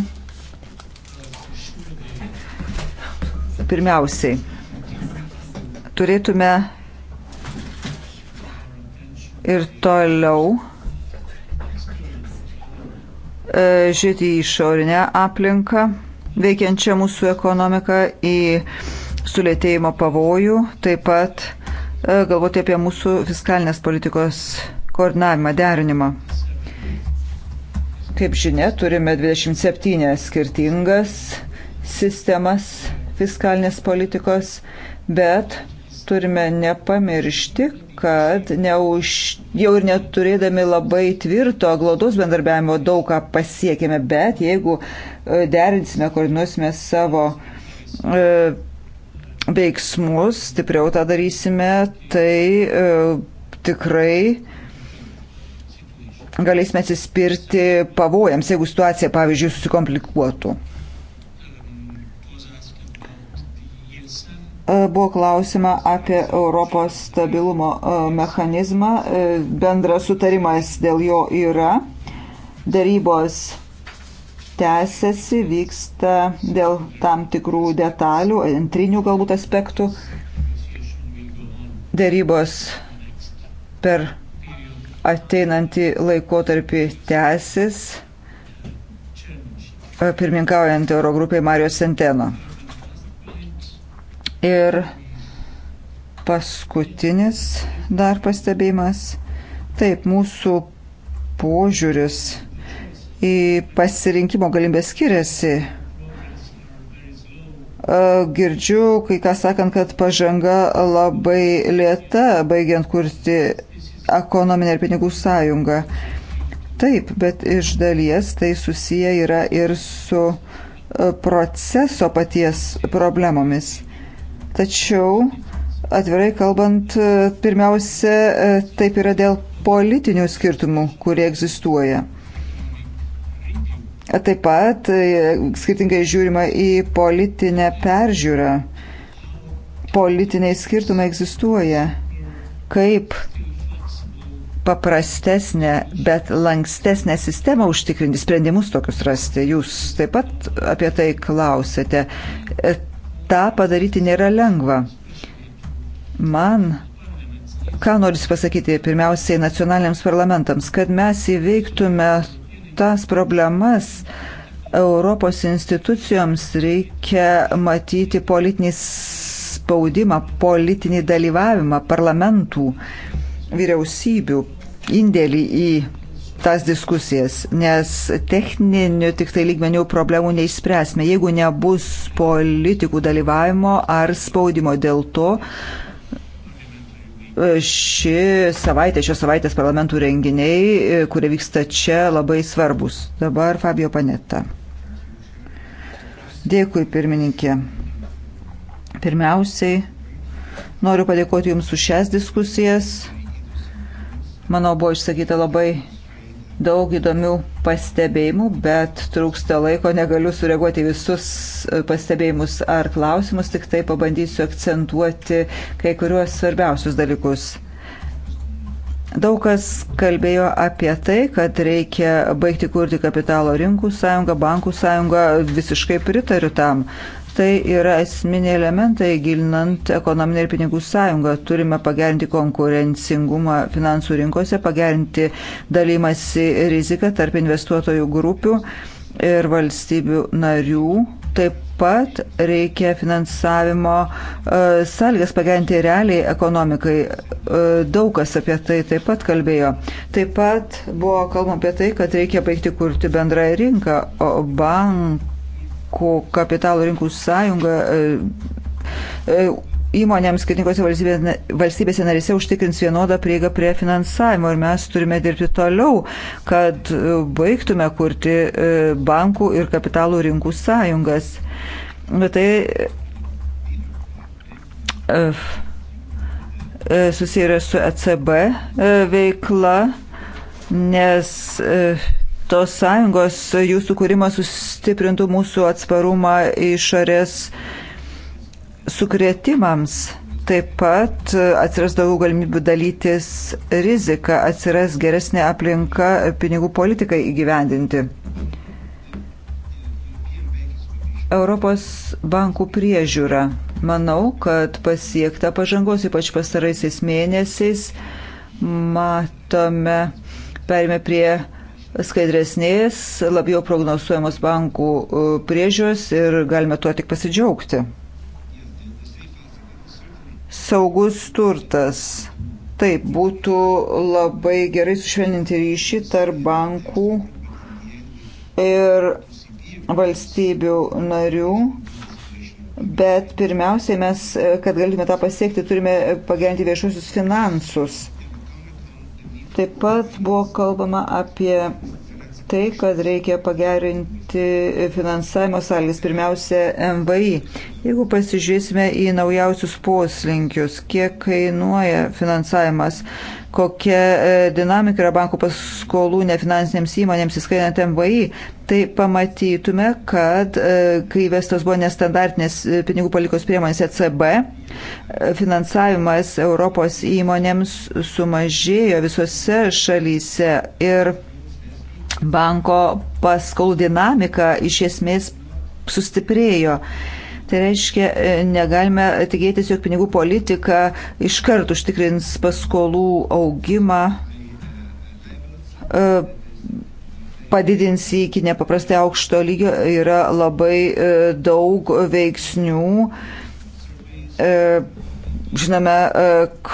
Pirmiausiai, turėtume ir toliau e, žiūrėti į išorinę aplinką, veikiančią mūsų ekonomiką, į sulėtėjimo pavojų, taip pat e, galvoti apie mūsų fiskalinės politikos koordinavimą, derinimą. Kaip žinia, turime 27 skirtingas sistemas fiskalinės politikos, bet turime nepamiršti, kad neuž, jau ir neturėdami labai tvirto glaudos bendarbiavimo daug ką pasiekime, bet jeigu e, derinsime, koordinuosime savo e, veiksmus, stipriau tą darysime, tai e, tikrai galėsime atsispirti pavojams, jeigu situacija, pavyzdžiui, susikomplikuotų. E, buvo klausima apie Europos stabilumo e, mechanizmą. E, bendras sutarimas dėl jo yra. Darybos tęsiasi, vyksta dėl tam tikrų detalių, antrinių galbūt aspektų. Darybos per ateinantį laikotarpį tęsis, pirmininkaujant Eurogrupiai Marijos Senteno. Ir paskutinis dar pastebėjimas. Taip, mūsų požiūris į pasirinkimo galimybę skiriasi. E, girdžiu, kai ką sakant, kad pažanga labai lėta, baigiant kurti ekonominę ir pinigų sąjungą. Taip, bet iš dalies tai susiję yra ir su e, proceso paties problemomis Tačiau, atvirai kalbant, e, pirmiausia, e, taip yra dėl politinių skirtumų, kurie egzistuoja. E, taip pat skirtingai žiūrima į politinę peržiūrą. Politiniai skirtumai egzistuoja. Kaip paprastesnę, bet lankstesnę sistemą užtikrinti, sprendimus tokius rasti. Jūs taip pat apie tai klausėte tą padaryti nėra lengva. Man ką noriu pasakyti pirmiausiai nacionaliniams parlamentams, kad mes įveiktume tas problemas. Europos institucijoms reikia matyti politinį spaudimą, politinį dalyvavimą parlamentų, vyriausybių indėlį į tas diskusijas, nes techninių tik tai lygmenių problemų neišspręsime, jeigu nebus politikų dalyvavimo ar spaudimo dėl to. Ši savaitė, šios savaitės parlamentų renginiai, kurie vyksta čia, labai svarbus. Dabar Fabio Paneta. Dėkui, pirmininkė. Pirmiausiai noriu padėkoti Jums už šias diskusijas. Manau, buvo išsakyta labai daug įdomių pastebėjimų, bet trūksta laiko, negaliu sureaguoti visus e, pastebėjimus ar klausimus, tik tai pabandysiu akcentuoti kai kuriuos svarbiausius dalykus. Daug kas kalbėjo apie tai, kad reikia baigti kurti kapitalo rinkų sąjungą, bankų sąjungą, visiškai pritariu tam. Tai yra esminiai elementai gilinant ekonominę ir pinigų sąjungą. Turime pagerinti konkurencingumą finansų rinkose, pagerinti dalymasi riziką tarp investuotojų grupių ir valstybių narių. Taip pat reikia finansavimo uh, sąlygas pagerinti realiai ekonomikai. Uh, daug kas apie tai taip pat kalbėjo. Taip pat buvo kalbama apie tai, kad reikia baigti kurti bendrąją rinką, o bank rinkų, kapitalo rinkų sąjunga e, e, įmonėms skirtingose valstybėse narise užtikrins vienodą prieigą prie finansavimo ir mes turime dirbti toliau, kad e, baigtume kurti bankų ir kapitalų rinkų sąjungas. Bet tai susiję yra su ECB veikla, nes tos sąjungos, jūsų kūrimas sustiprintų mūsų atsparumą išorės sukretimams. Taip pat atsiras daugiau galimybių dalytis riziką, atsiras geresnė aplinka pinigų politikai įgyvendinti. Europos bankų priežiūra. Manau, kad pasiekta pažangos, ypač pastaraisiais mėnesiais, matome, perėmė prie skaidresnės, labiau prognozuojamos bankų e, priežios ir galime tuo tik pasidžiaugti. Saugus turtas. Taip, būtų labai gerai sušvelninti ryšį tarp bankų ir valstybių narių, bet pirmiausiai mes, kad galime tą pasiekti, turime pagerinti viešusius finansus Taip pat buvo kalbama apie tai, kad reikia pagerinti finansavimo sąlygas, pirmiausia, MVI. Jeigu pasižiūrėsime į naujausius poslinkius, kiek kainuoja finansavimas, kokia e, dinamika yra bankų paskolų nefinansinėms įmonėms, įskaitant MVI, tai pamatytume, kad e, kai vestos buvo nestandartinės e, pinigų palikos priemonės ECB, finansavimas Europos įmonėms sumažėjo visose šalyse ir banko paskolų dinamika iš esmės sustiprėjo. Tai reiškia, e, negalime tikėtis, jog pinigų politika iškart užtikrins paskolų augimą, e, padidins iki nepaprastai aukšto lygio, yra labai e, daug veiksnių žinome, e,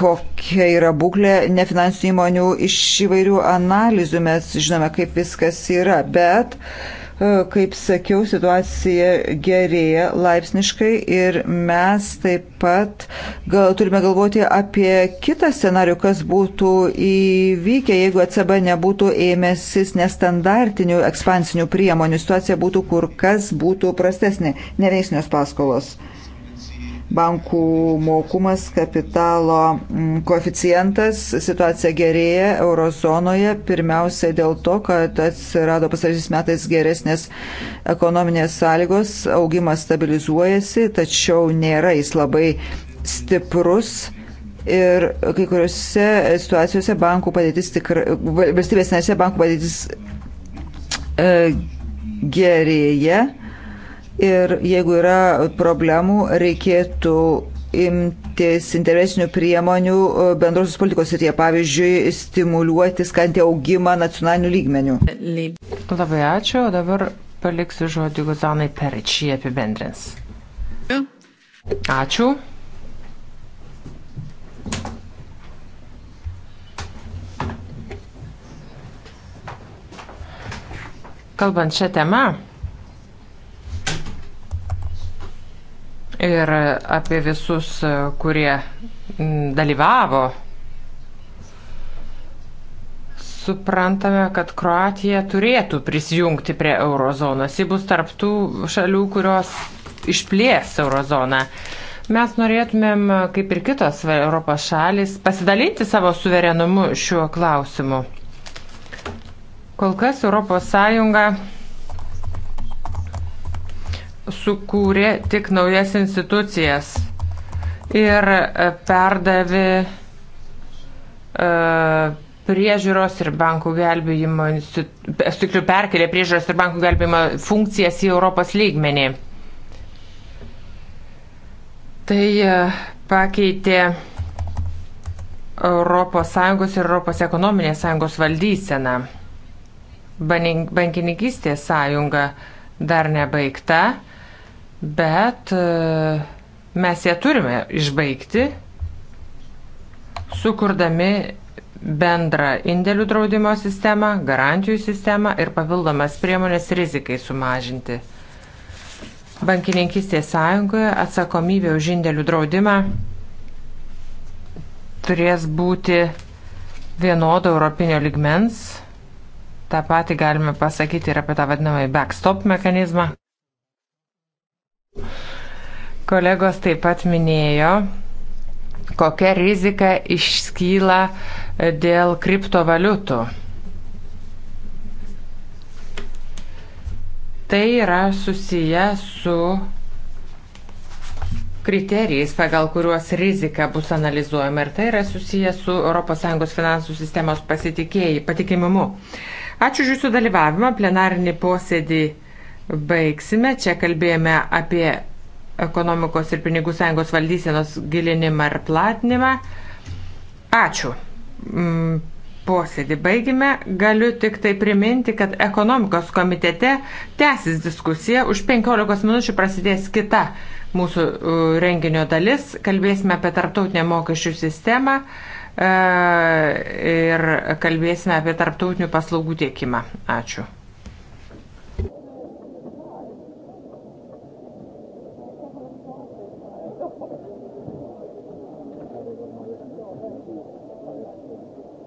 kokia yra būklė nefinansinių įmonių iš įvairių analizių, mes žinome, kaip viskas yra, bet, e, kaip sakiau, situacija gerėja laipsniškai ir mes taip pat gal, turime galvoti apie kitą scenarių, kas būtų įvykę, jeigu ECB nebūtų ėmėsis nestandartinių ekspansinių priemonių, situacija būtų kur kas būtų prastesnė, neveiksnios paskolos bankų mokumas, kapitalo mm, koeficientas, situacija gerėja eurozonoje, pirmiausiai dėl to, kad atsirado pasarysis metais geresnės ekonominės sąlygos, augimas stabilizuojasi, tačiau nėra jis labai stiprus. Ir kai kuriuose situacijose bankų padėtis tikrai, valstybės nesė bankų padėtis e, gerėja. E, ir jeigu yra problemų, reikėtų imtis intervesinių priemonių e, bendrosios politikos srityje, pavyzdžiui, stimuliuoti, skanti augimą nacionalinių lygmenių. Labai ačiū, o dabar paliksiu žodį Guzanai Peričiai apibendrins. Ačiū. Kalbant šią temą, ir apie visus, kurie dalyvavo. Suprantame, kad Kroatija turėtų prisijungti prie eurozonos. Ji bus tarptų šalių, kurios išplės eurozoną. Mes norėtumėm, kaip ir kitos Europos šalis, pasidalinti savo suverenumu šiuo klausimu. Kol kas ES sukūrė tik naujas institucijas ir e, perdavė e, priežiūros ir bankų gelbėjimo, aš tikriu perkelė priežiūros ir bankų gelbėjimo funkcijas į Europos lygmenį. Tai e, pakeitė ES ir ES ekonominės sąjungos valdyseną. Bankininkystės sąjunga dar nebaigta bet e, mes ją turime išbaigti, sukurdami bendrą indėlių draudimo sistemą, garantijų sistemą ir papildomas priemonės rizikai sumažinti. Bankininkistės sąjungoje atsakomybė už indėlių draudimą turės būti vienodo europinio ligmens. Ta pati galime pasakyti ir apie tą vadinamąjį backstop mechanizmą. Kolegos taip pat minėjo, kokia rizika išskyla dėl kriptovaliutų. Tai yra susiję su kriterijais, pagal kuriuos rizika bus analizuojama ir tai yra susiję su ES finansų sistemos pasitikėjimu. Patikimumu. Ačiū už Jūsų dalyvavimą. Plenarinį posėdį baigsime. Čia kalbėjome apie ekonomikos ir pinigų sąjungos valdysenos gilinimą ir platinimą. Ačiū. Mm, posėdį baigime. Galiu tik tai priminti, kad ekonomikos komitete tęsis diskusija. Už 15 minučių prasidės kita mūsų renginio dalis. Kalbėsime apie tarptautinę mokesčių sistemą e, ir kalbėsime apie tarptautinių paslaugų tiekimą. Ačiū.